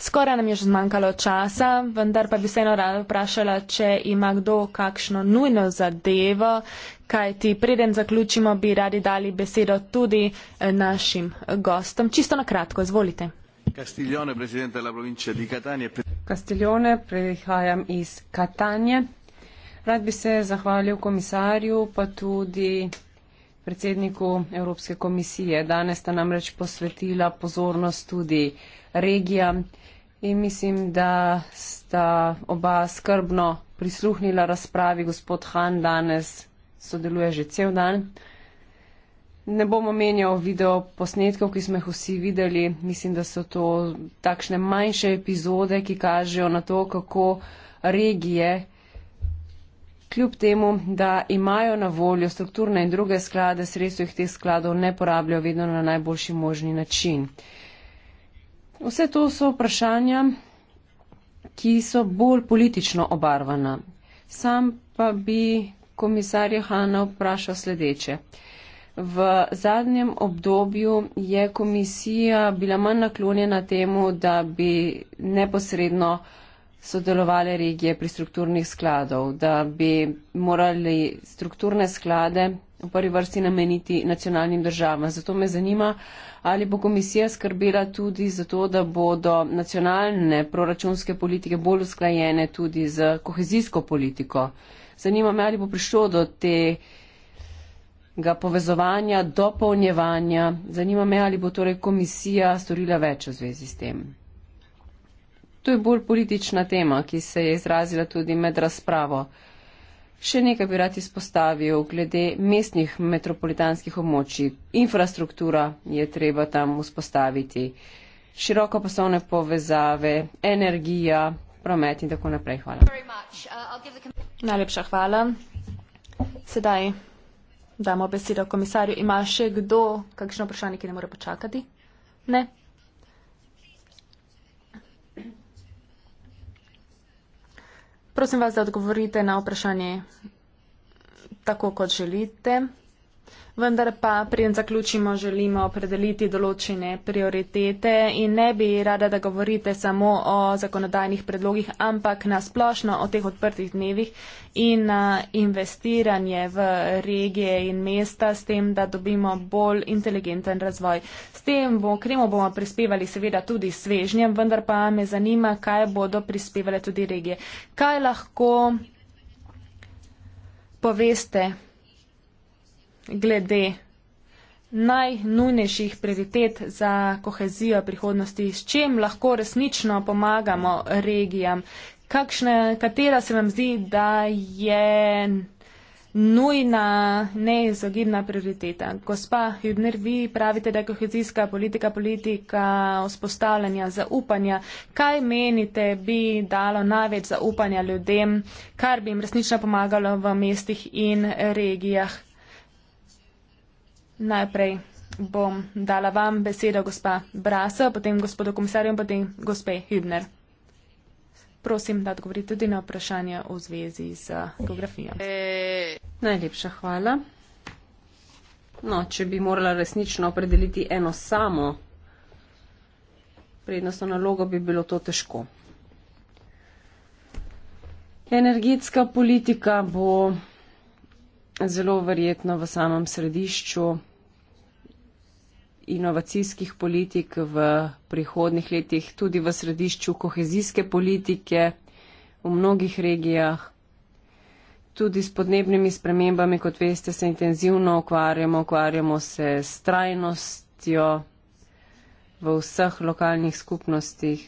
Skoraj nam je že zmanjkalo časa, vendar pa bi vseeno rada vprašala, če ima kdo kakšno nujno zadevo, kaj ti preden zaključimo, bi radi dali besedo tudi eh, našim gostom. Čisto na kratko, izvolite. Castiglione, presidente della provincia di Catania. E Castiglione, prihajam iz Catania. Rad bi se zahvalil komisarju, pa tudi predsedniku Evropske komisije. Danes sta namreč posvetila pozornost tudi regijam in mislim, da sta oba skrbno prisluhnila razpravi. Gospod Han danes sodeluje že cel dan. Ne bom omenjal video posnetkov, ki smo jih vsi videli. Mislim, da so to takšne manjše epizode, ki kažejo na to, kako regije, kljub temu, da imajo na voljo strukturne in druge sklade, sredstvo jih teh skladov ne porabljajo vedno na najboljši možni način. Vse to so vprašanja, ki so bolj politično obarvana. Sam pa bi komisarja Hanna vprašal sledeče. V zadnjem obdobju je komisija bila manj naklonjena temu, da bi neposredno sodelovali regije pri strukturnih skladov, da bi morali strukturne sklade v prvi vrsti nameniti nacionalnim državam. Zato me zanima, ali bo komisija skrbela tudi za to, da bodo nacionalne proračunske politike bolj usklajene tudi z kohezijsko politiko. Zanima me, ali bo prišlo do tega povezovanja, dopolnjevanja. Zanima me, ali bo torej komisija storila več v zvezi s tem. To je bolj politična tema, ki se je izrazila tudi med razpravo. Še nekaj bi rad izpostavil glede mestnih metropolitanskih območij. Infrastruktura je treba tam vzpostaviti, široko poslovne povezave, energija, promet in tako naprej. Hvala. Uh, Najlepša hvala. Sedaj damo besedo komisarju. Ima še kdo kakšno vprašanje, ki ne more počakati? Ne. Prosim vas, da odgovorite na vprašanje tako, kot želite vendar pa pri tem zaključimo, želimo opredeliti določene prioritete in ne bi rada, da govorite samo o zakonodajnih predlogih, ampak nasplošno o teh odprtih dnevih in na investiranje v regije in mesta s tem, da dobimo bolj inteligenten razvoj. S tem bo, kremo bomo prispevali seveda tudi svežnjem, vendar pa me zanima, kaj bodo prispevale tudi regije. Kaj lahko poveste glede najnujnejših prioritet za kohezijo prihodnosti, s čem lahko resnično pomagamo regijam, kakšne, katera se vam zdi, da je nujna, neizogibna prioriteta. Gospa Hübner, vi pravite, da je kohezijska politika politika vzpostavljanja zaupanja. Kaj menite bi dalo največ zaupanja ljudem, kar bi jim resnično pomagalo v mestih in regijah? Najprej bom dala vam besedo, gospa Brasa, potem gospodu komisarju in potem gospe Hübner. Prosim, da odgovorite tudi na vprašanje v zvezi z geografijo. E... Najlepša hvala. No, če bi morala resnično opredeliti eno samo prednostno nalogo, bi bilo to težko. Energetska politika bo zelo verjetno v samem središču inovacijskih politik v prihodnih letih tudi v središču kohezijske politike v mnogih regijah. Tudi s podnebnimi spremembami, kot veste, se intenzivno ukvarjamo, ukvarjamo se s trajnostjo v vseh lokalnih skupnostih.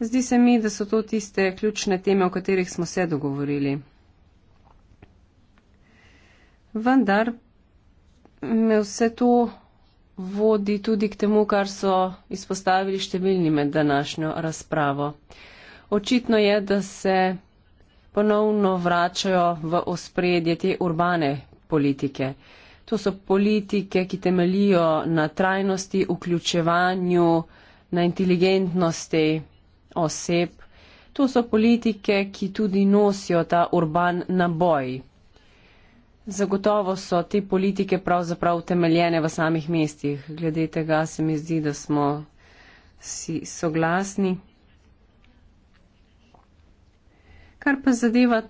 Zdi se mi, da so to tiste ključne teme, o katerih smo se dogovorili. Vendar me vse to vodi tudi k temu, kar so izpostavili številni med današnjo razpravo. Očitno je, da se ponovno vračajo v ospredje te urbane politike. To so politike, ki temelijo na trajnosti, vključevanju, na inteligentnosti oseb. To so politike, ki tudi nosijo ta urban naboj, Zagotovo so te politike pravzaprav utemeljene v samih mestih. Glede tega se mi zdi, da smo si soglasni. Kar pa zadeva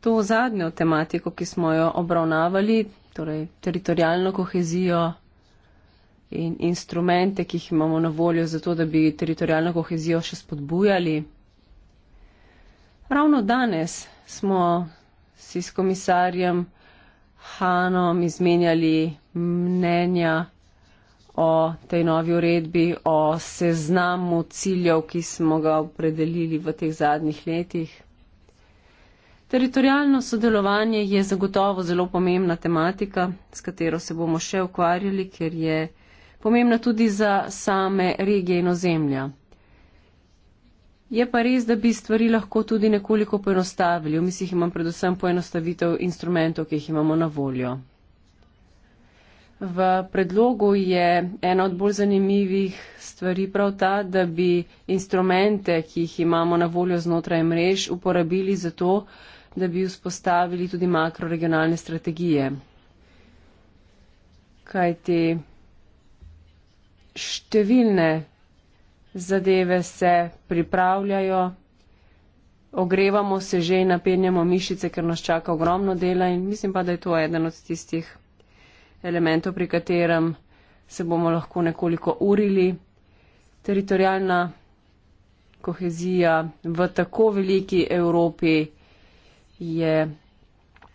to zadnjo tematiko, ki smo jo obravnavali, torej teritorijalno kohezijo in instrumente, ki jih imamo na voljo za to, da bi teritorijalno kohezijo še spodbujali. Ravno danes smo si s komisarjem Hanom izmenjali mnenja o tej novi uredbi, o seznamu ciljev, ki smo ga opredelili v teh zadnjih letih. Teritorijalno sodelovanje je zagotovo zelo pomembna tematika, s katero se bomo še ukvarjali, ker je pomembna tudi za same regije in ozemlja. Je pa res, da bi stvari lahko tudi nekoliko poenostavili. V mislih imam predvsem poenostavitev instrumentov, ki jih imamo na voljo. V predlogu je ena od bolj zanimivih stvari prav ta, da bi instrumente, ki jih imamo na voljo znotraj mrež, uporabili za to, da bi vzpostavili tudi makroregionalne strategije. Kajti številne zadeve se pripravljajo, ogrevamo se že in napenjamo mišice, ker nas čaka ogromno dela in mislim pa, da je to eden od tistih elementov, pri katerem se bomo lahko nekoliko urili. Teritorijalna kohezija v tako veliki Evropi je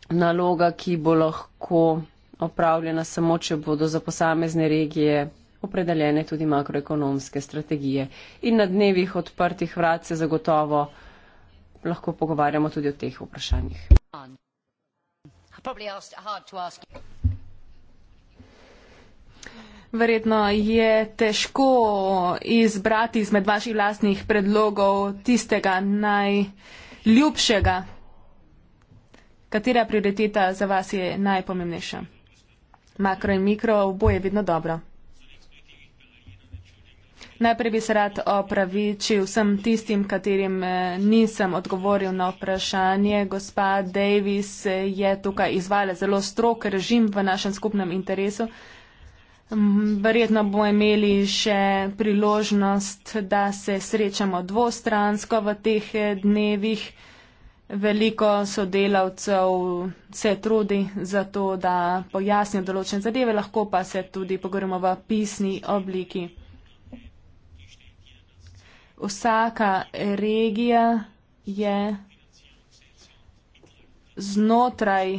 naloga, ki bo lahko opravljena samo, če bodo za posamezne regije opredeljene tudi makroekonomske strategije. In na dnevih odprtih vrat se zagotovo lahko pogovarjamo tudi o teh vprašanjih. Verjetno je težko izbrati izmed vaših vlastnih predlogov tistega najljubšega. Katera prioriteta za vas je najpomembnejša? Makro in mikro, oboje je vedno dobro. Najprej bi se rad opravičil vsem tistim, katerim eh, nisem odgovoril na vprašanje. Gospa Davis je tukaj izvala zelo strok režim v našem skupnem interesu. Mm, verjetno bo imeli še priložnost, da se srečamo dvostransko v teh eh, dnevih. Veliko sodelavcev se trudi za to, da pojasnijo določene zadeve, lahko pa se tudi pogovorimo v pisni obliki vsaka regija je znotraj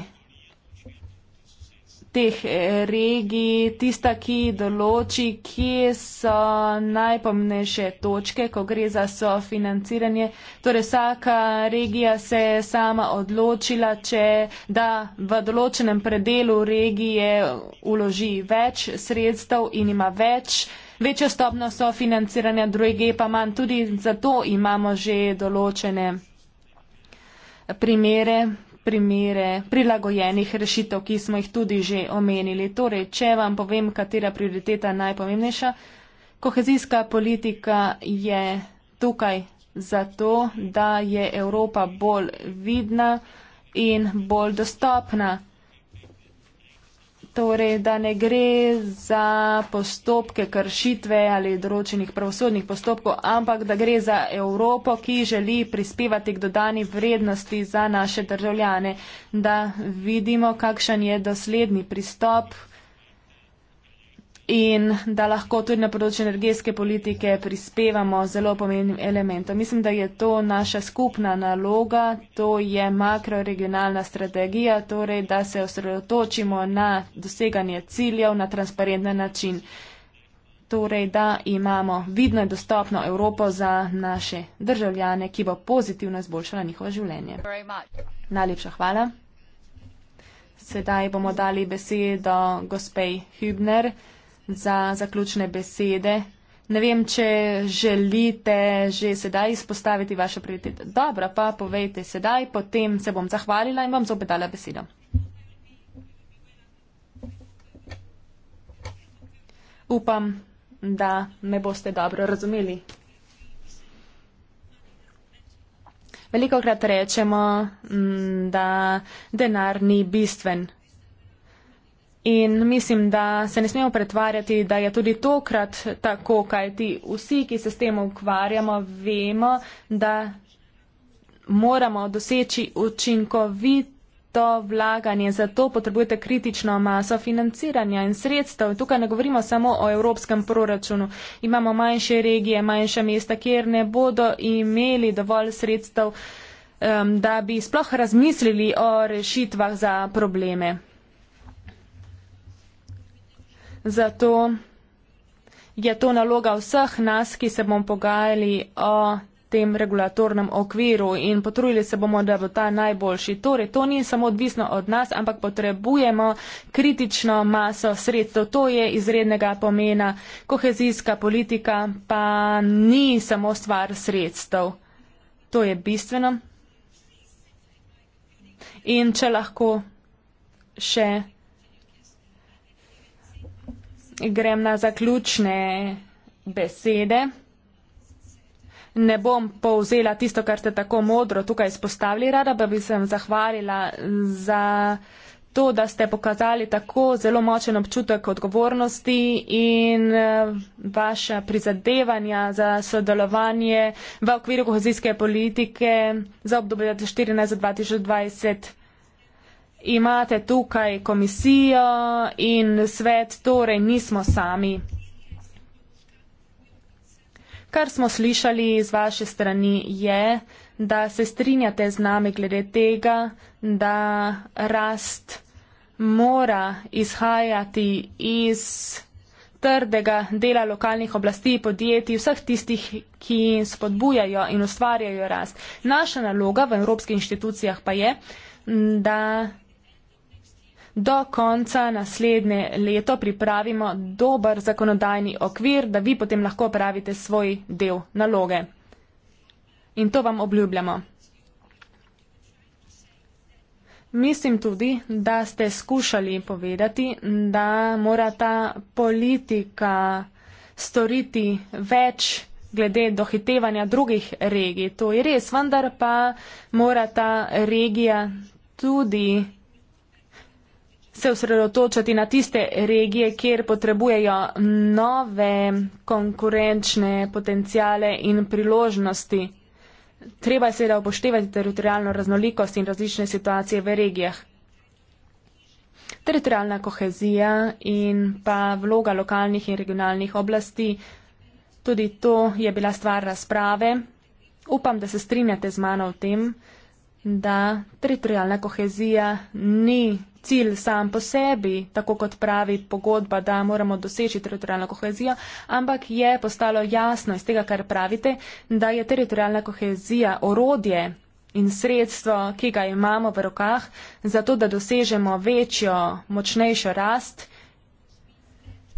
teh eh, regij tista, ki določi, kje so najpomnejše točke, ko gre za sofinanciranje. Torej vsaka regija se je sama odločila, če da v določenem predelu regije uloži več sredstev in ima več uh, večjo stopno sofinanciranja 2G pa manj. Tudi zato imamo že določene primere, primere prilagojenih rešitev, ki smo jih tudi že omenili. Torej, če vam povem, katera prioriteta je najpomembnejša, kohezijska politika je tukaj zato, da je Evropa bolj vidna in bolj dostopna torej, da ne gre za postopke kršitve ali določenih pravosodnih postopkov, ampak da gre za Evropo, ki želi prispevati k dodani vrednosti za naše državljane, da vidimo, kakšen je dosledni pristop in da lahko tudi na področju energetske politike prispevamo zelo pomembnim elementom. Mislim, da je to naša skupna naloga, to je makroregionalna strategija, torej da se osredotočimo na doseganje ciljev na transparenten način. Torej, da imamo vidno in dostopno Evropo za naše državljane, ki bo pozitivno izboljšala njihovo življenje. Najlepša hvala. Sedaj bomo dali besedo gospej Hübner za zaključne besede. Ne vem, če želite že sedaj izpostaviti vaše prioritete. Dobro, pa povejte sedaj, potem se bom zahvalila in vam zopet dala besedo. Upam, da me boste dobro razumeli. Veliko krat rečemo, mm, da denar ni bistven In mislim, da se ne smemo pretvarjati, da je tudi tokrat tako, kaj ti vsi, ki se s tem ukvarjamo, vemo, da moramo doseči učinkovito vlaganje. Zato potrebujete kritično maso financiranja in sredstev. Tukaj ne govorimo samo o evropskem proračunu. Imamo manjše regije, manjše mesta, kjer ne bodo imeli dovolj sredstev, um, da bi sploh razmislili o rešitvah za probleme. Zato je to naloga vseh nas, ki se bomo pogajali o tem regulatornem okviru in potrudili se bomo, da bo ta najboljši. Torej, to ni samo odvisno od nas, ampak potrebujemo kritično maso sredstev. To je izrednega pomena. Kohezijska politika pa ni samo stvar sredstev. To je bistveno. In če lahko še grem na zaključne besede. Ne bom povzela tisto, kar ste tako modro tukaj izpostavili, rada pa bi se vam zahvalila za to, da ste pokazali tako zelo močen občutek odgovornosti in eh, vaša prizadevanja za sodelovanje v okviru kohezijske politike za obdobje 2014-2020 imate tukaj komisijo in svet, torej nismo sami. Kar smo slišali z vaše strani je, da se strinjate z nami glede tega, da rast mora izhajati iz trdega dela lokalnih oblasti, podjetij, vseh tistih, ki spodbujajo in ustvarjajo rast. Naša naloga v evropskih inštitucijah pa je, da do konca naslednje leto pripravimo dober zakonodajni okvir, da vi potem lahko pravite svoj del naloge. In to vam obljubljamo. Mislim tudi, da ste skušali povedati, da mora ta politika storiti več glede dohitevanja drugih regij. To je res, vendar pa mora ta regija tudi se osredotočati na tiste regije, kjer potrebujejo nove konkurenčne potencijale in priložnosti. Treba je seveda upoštevati teritorijalno raznolikost in različne situacije v regijah. Teritorijalna kohezija in pa vloga lokalnih in regionalnih oblasti, tudi to je bila stvar razprave. Upam, da se strinjate z mano v tem da teritorijalna kohezija ni cilj sam po sebi, tako kot pravi pogodba, da moramo doseči teritorijalno kohezijo, ampak je postalo jasno iz tega, kar pravite, da je teritorijalna kohezija orodje in sredstvo, ki ga imamo v rokah, zato da dosežemo večjo, močnejšo rast,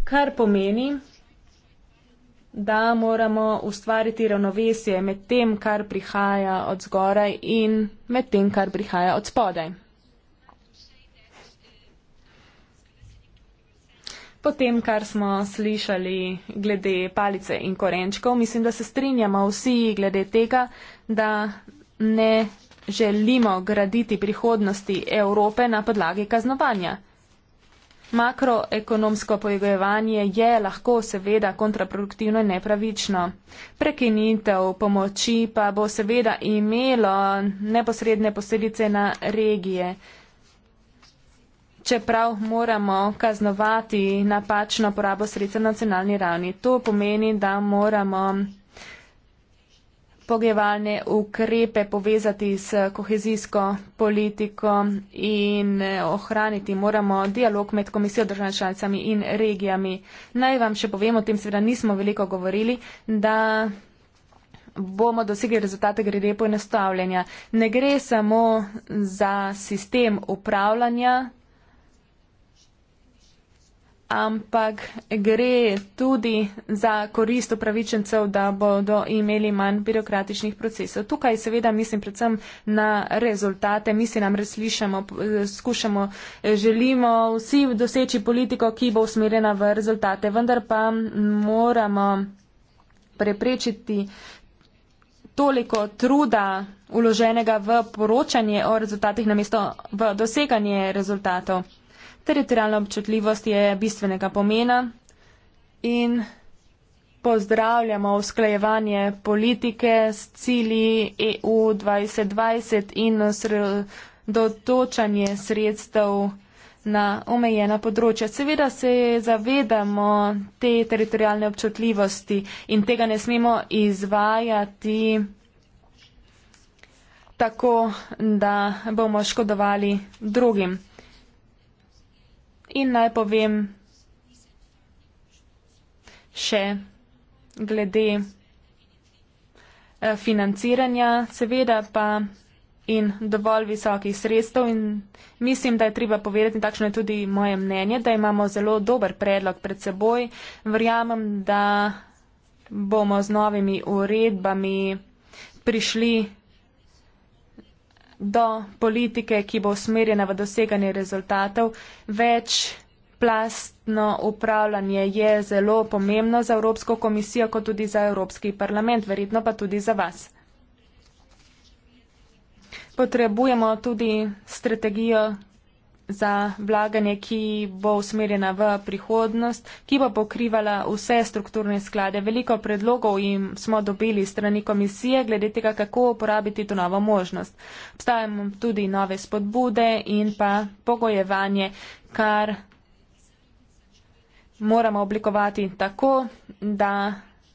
kar pomeni, da moramo ustvariti ravnovesje med tem, kar prihaja od zgoraj in med tem, kar prihaja od spodaj. Po tem, kar smo slišali glede palice in korenčkov, mislim, da se strinjamo vsi glede tega, da ne želimo graditi prihodnosti Evrope na podlagi kaznovanja. Makroekonomsko pojegojevanje je lahko seveda kontraproduktivno in nepravično. Prekinitev pomoči pa bo seveda imelo neposredne posledice na regije. Čeprav moramo kaznovati napačno porabo sredstev na nacionalni ravni, to pomeni, da moramo pogevalne ukrepe povezati s kohezijsko politiko in eh, ohraniti. Moramo dialog med komisijo državami članicami in regijami. Naj vam še povem, o tem seveda nismo veliko govorili, da bomo dosegli rezultate glede poenostavljanja. Ne gre samo za sistem upravljanja ampak gre tudi za korist upravičencev, da bodo imeli manj birokratičnih procesov. Tukaj seveda mislim predvsem na rezultate, mi si nam res slišamo, skušamo, eh, želimo vsi doseči politiko, ki bo usmerjena v rezultate, vendar pa moramo preprečiti toliko truda uloženega v poročanje o rezultatih namesto v doseganje rezultatov teritorijalna občutljivost je bistvenega pomena in pozdravljamo usklajevanje politike s cilji EU 2020 in osredotočanje sredstev na omejena področja. Seveda se zavedamo te teritorijalne občutljivosti in tega ne smemo izvajati tako, da bomo škodovali drugim. In naj povem še glede eh, financiranja, seveda pa in dovolj visokih sredstev in mislim, da je treba povedati, takšno je tudi moje mnenje, da imamo zelo dober predlog pred seboj. Verjamem, da bomo z novimi uredbami prišli do politike, ki bo usmerjena v doseganje rezultatov, več plastno upravljanje je zelo pomembno za Evropsko komisijo, kot tudi za Evropski parlament, verjetno pa tudi za vas. Potrebujemo tudi strategijo za vlaganje, ki bo usmerjena v prihodnost, ki bo pokrivala vse strukturne sklade. Veliko predlogov jim smo dobili strani komisije glede tega, kako uporabiti to novo možnost. Obstajamo tudi nove spodbude in pa pogojevanje, kar moramo oblikovati tako, da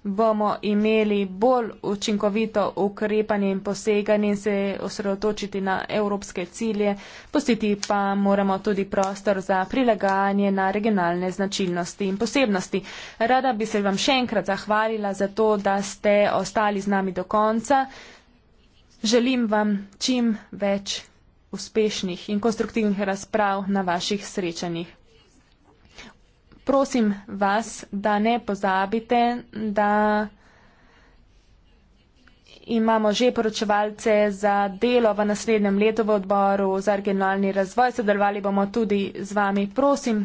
bomo imeli bolj učinkovito ukrepanje in poseganje in se osredotočiti na evropske cilje, postiti pa moramo tudi prostor za prilagajanje na regionalne značilnosti in posebnosti. Rada bi se vam še enkrat zahvalila za to, da ste ostali z nami do konca. Želim vam čim več uspešnih in konstruktivnih razprav na vaših srečanjih prosim vas, da ne pozabite, da imamo že poročevalce za delo v naslednjem letu v odboru za regionalni razvoj. Sodelovali bomo tudi z vami. Prosim,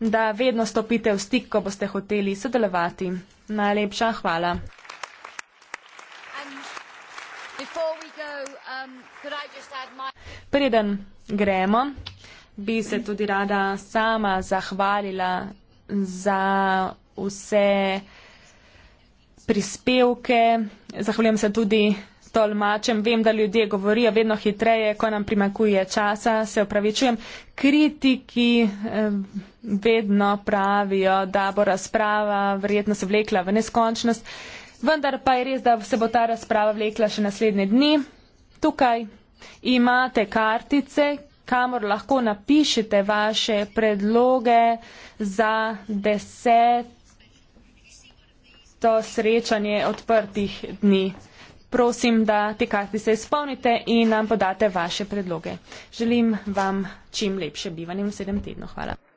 da vedno stopite v stik, ko boste hoteli sodelovati. Najlepša hvala. Um, Preden gremo, bi se tudi rada sama zahvalila za vse prispevke. Zahvaljujem se tudi tolmačem. Vem, da ljudje govorijo vedno hitreje, ko nam primakuje časa. Se upravičujem. Kritiki eh, vedno pravijo, da bo razprava verjetno se vlekla v neskončnost. Vendar pa je res, da se bo ta razprava vlekla še naslednje dni. Tukaj imate kartice, kamor lahko napišete vaše predloge za deseto srečanje odprtih dni. Prosim, da te kartice izpolnite in nam podate vaše predloge. Želim vam čim lepše bivanje v sedem tednu. Hvala.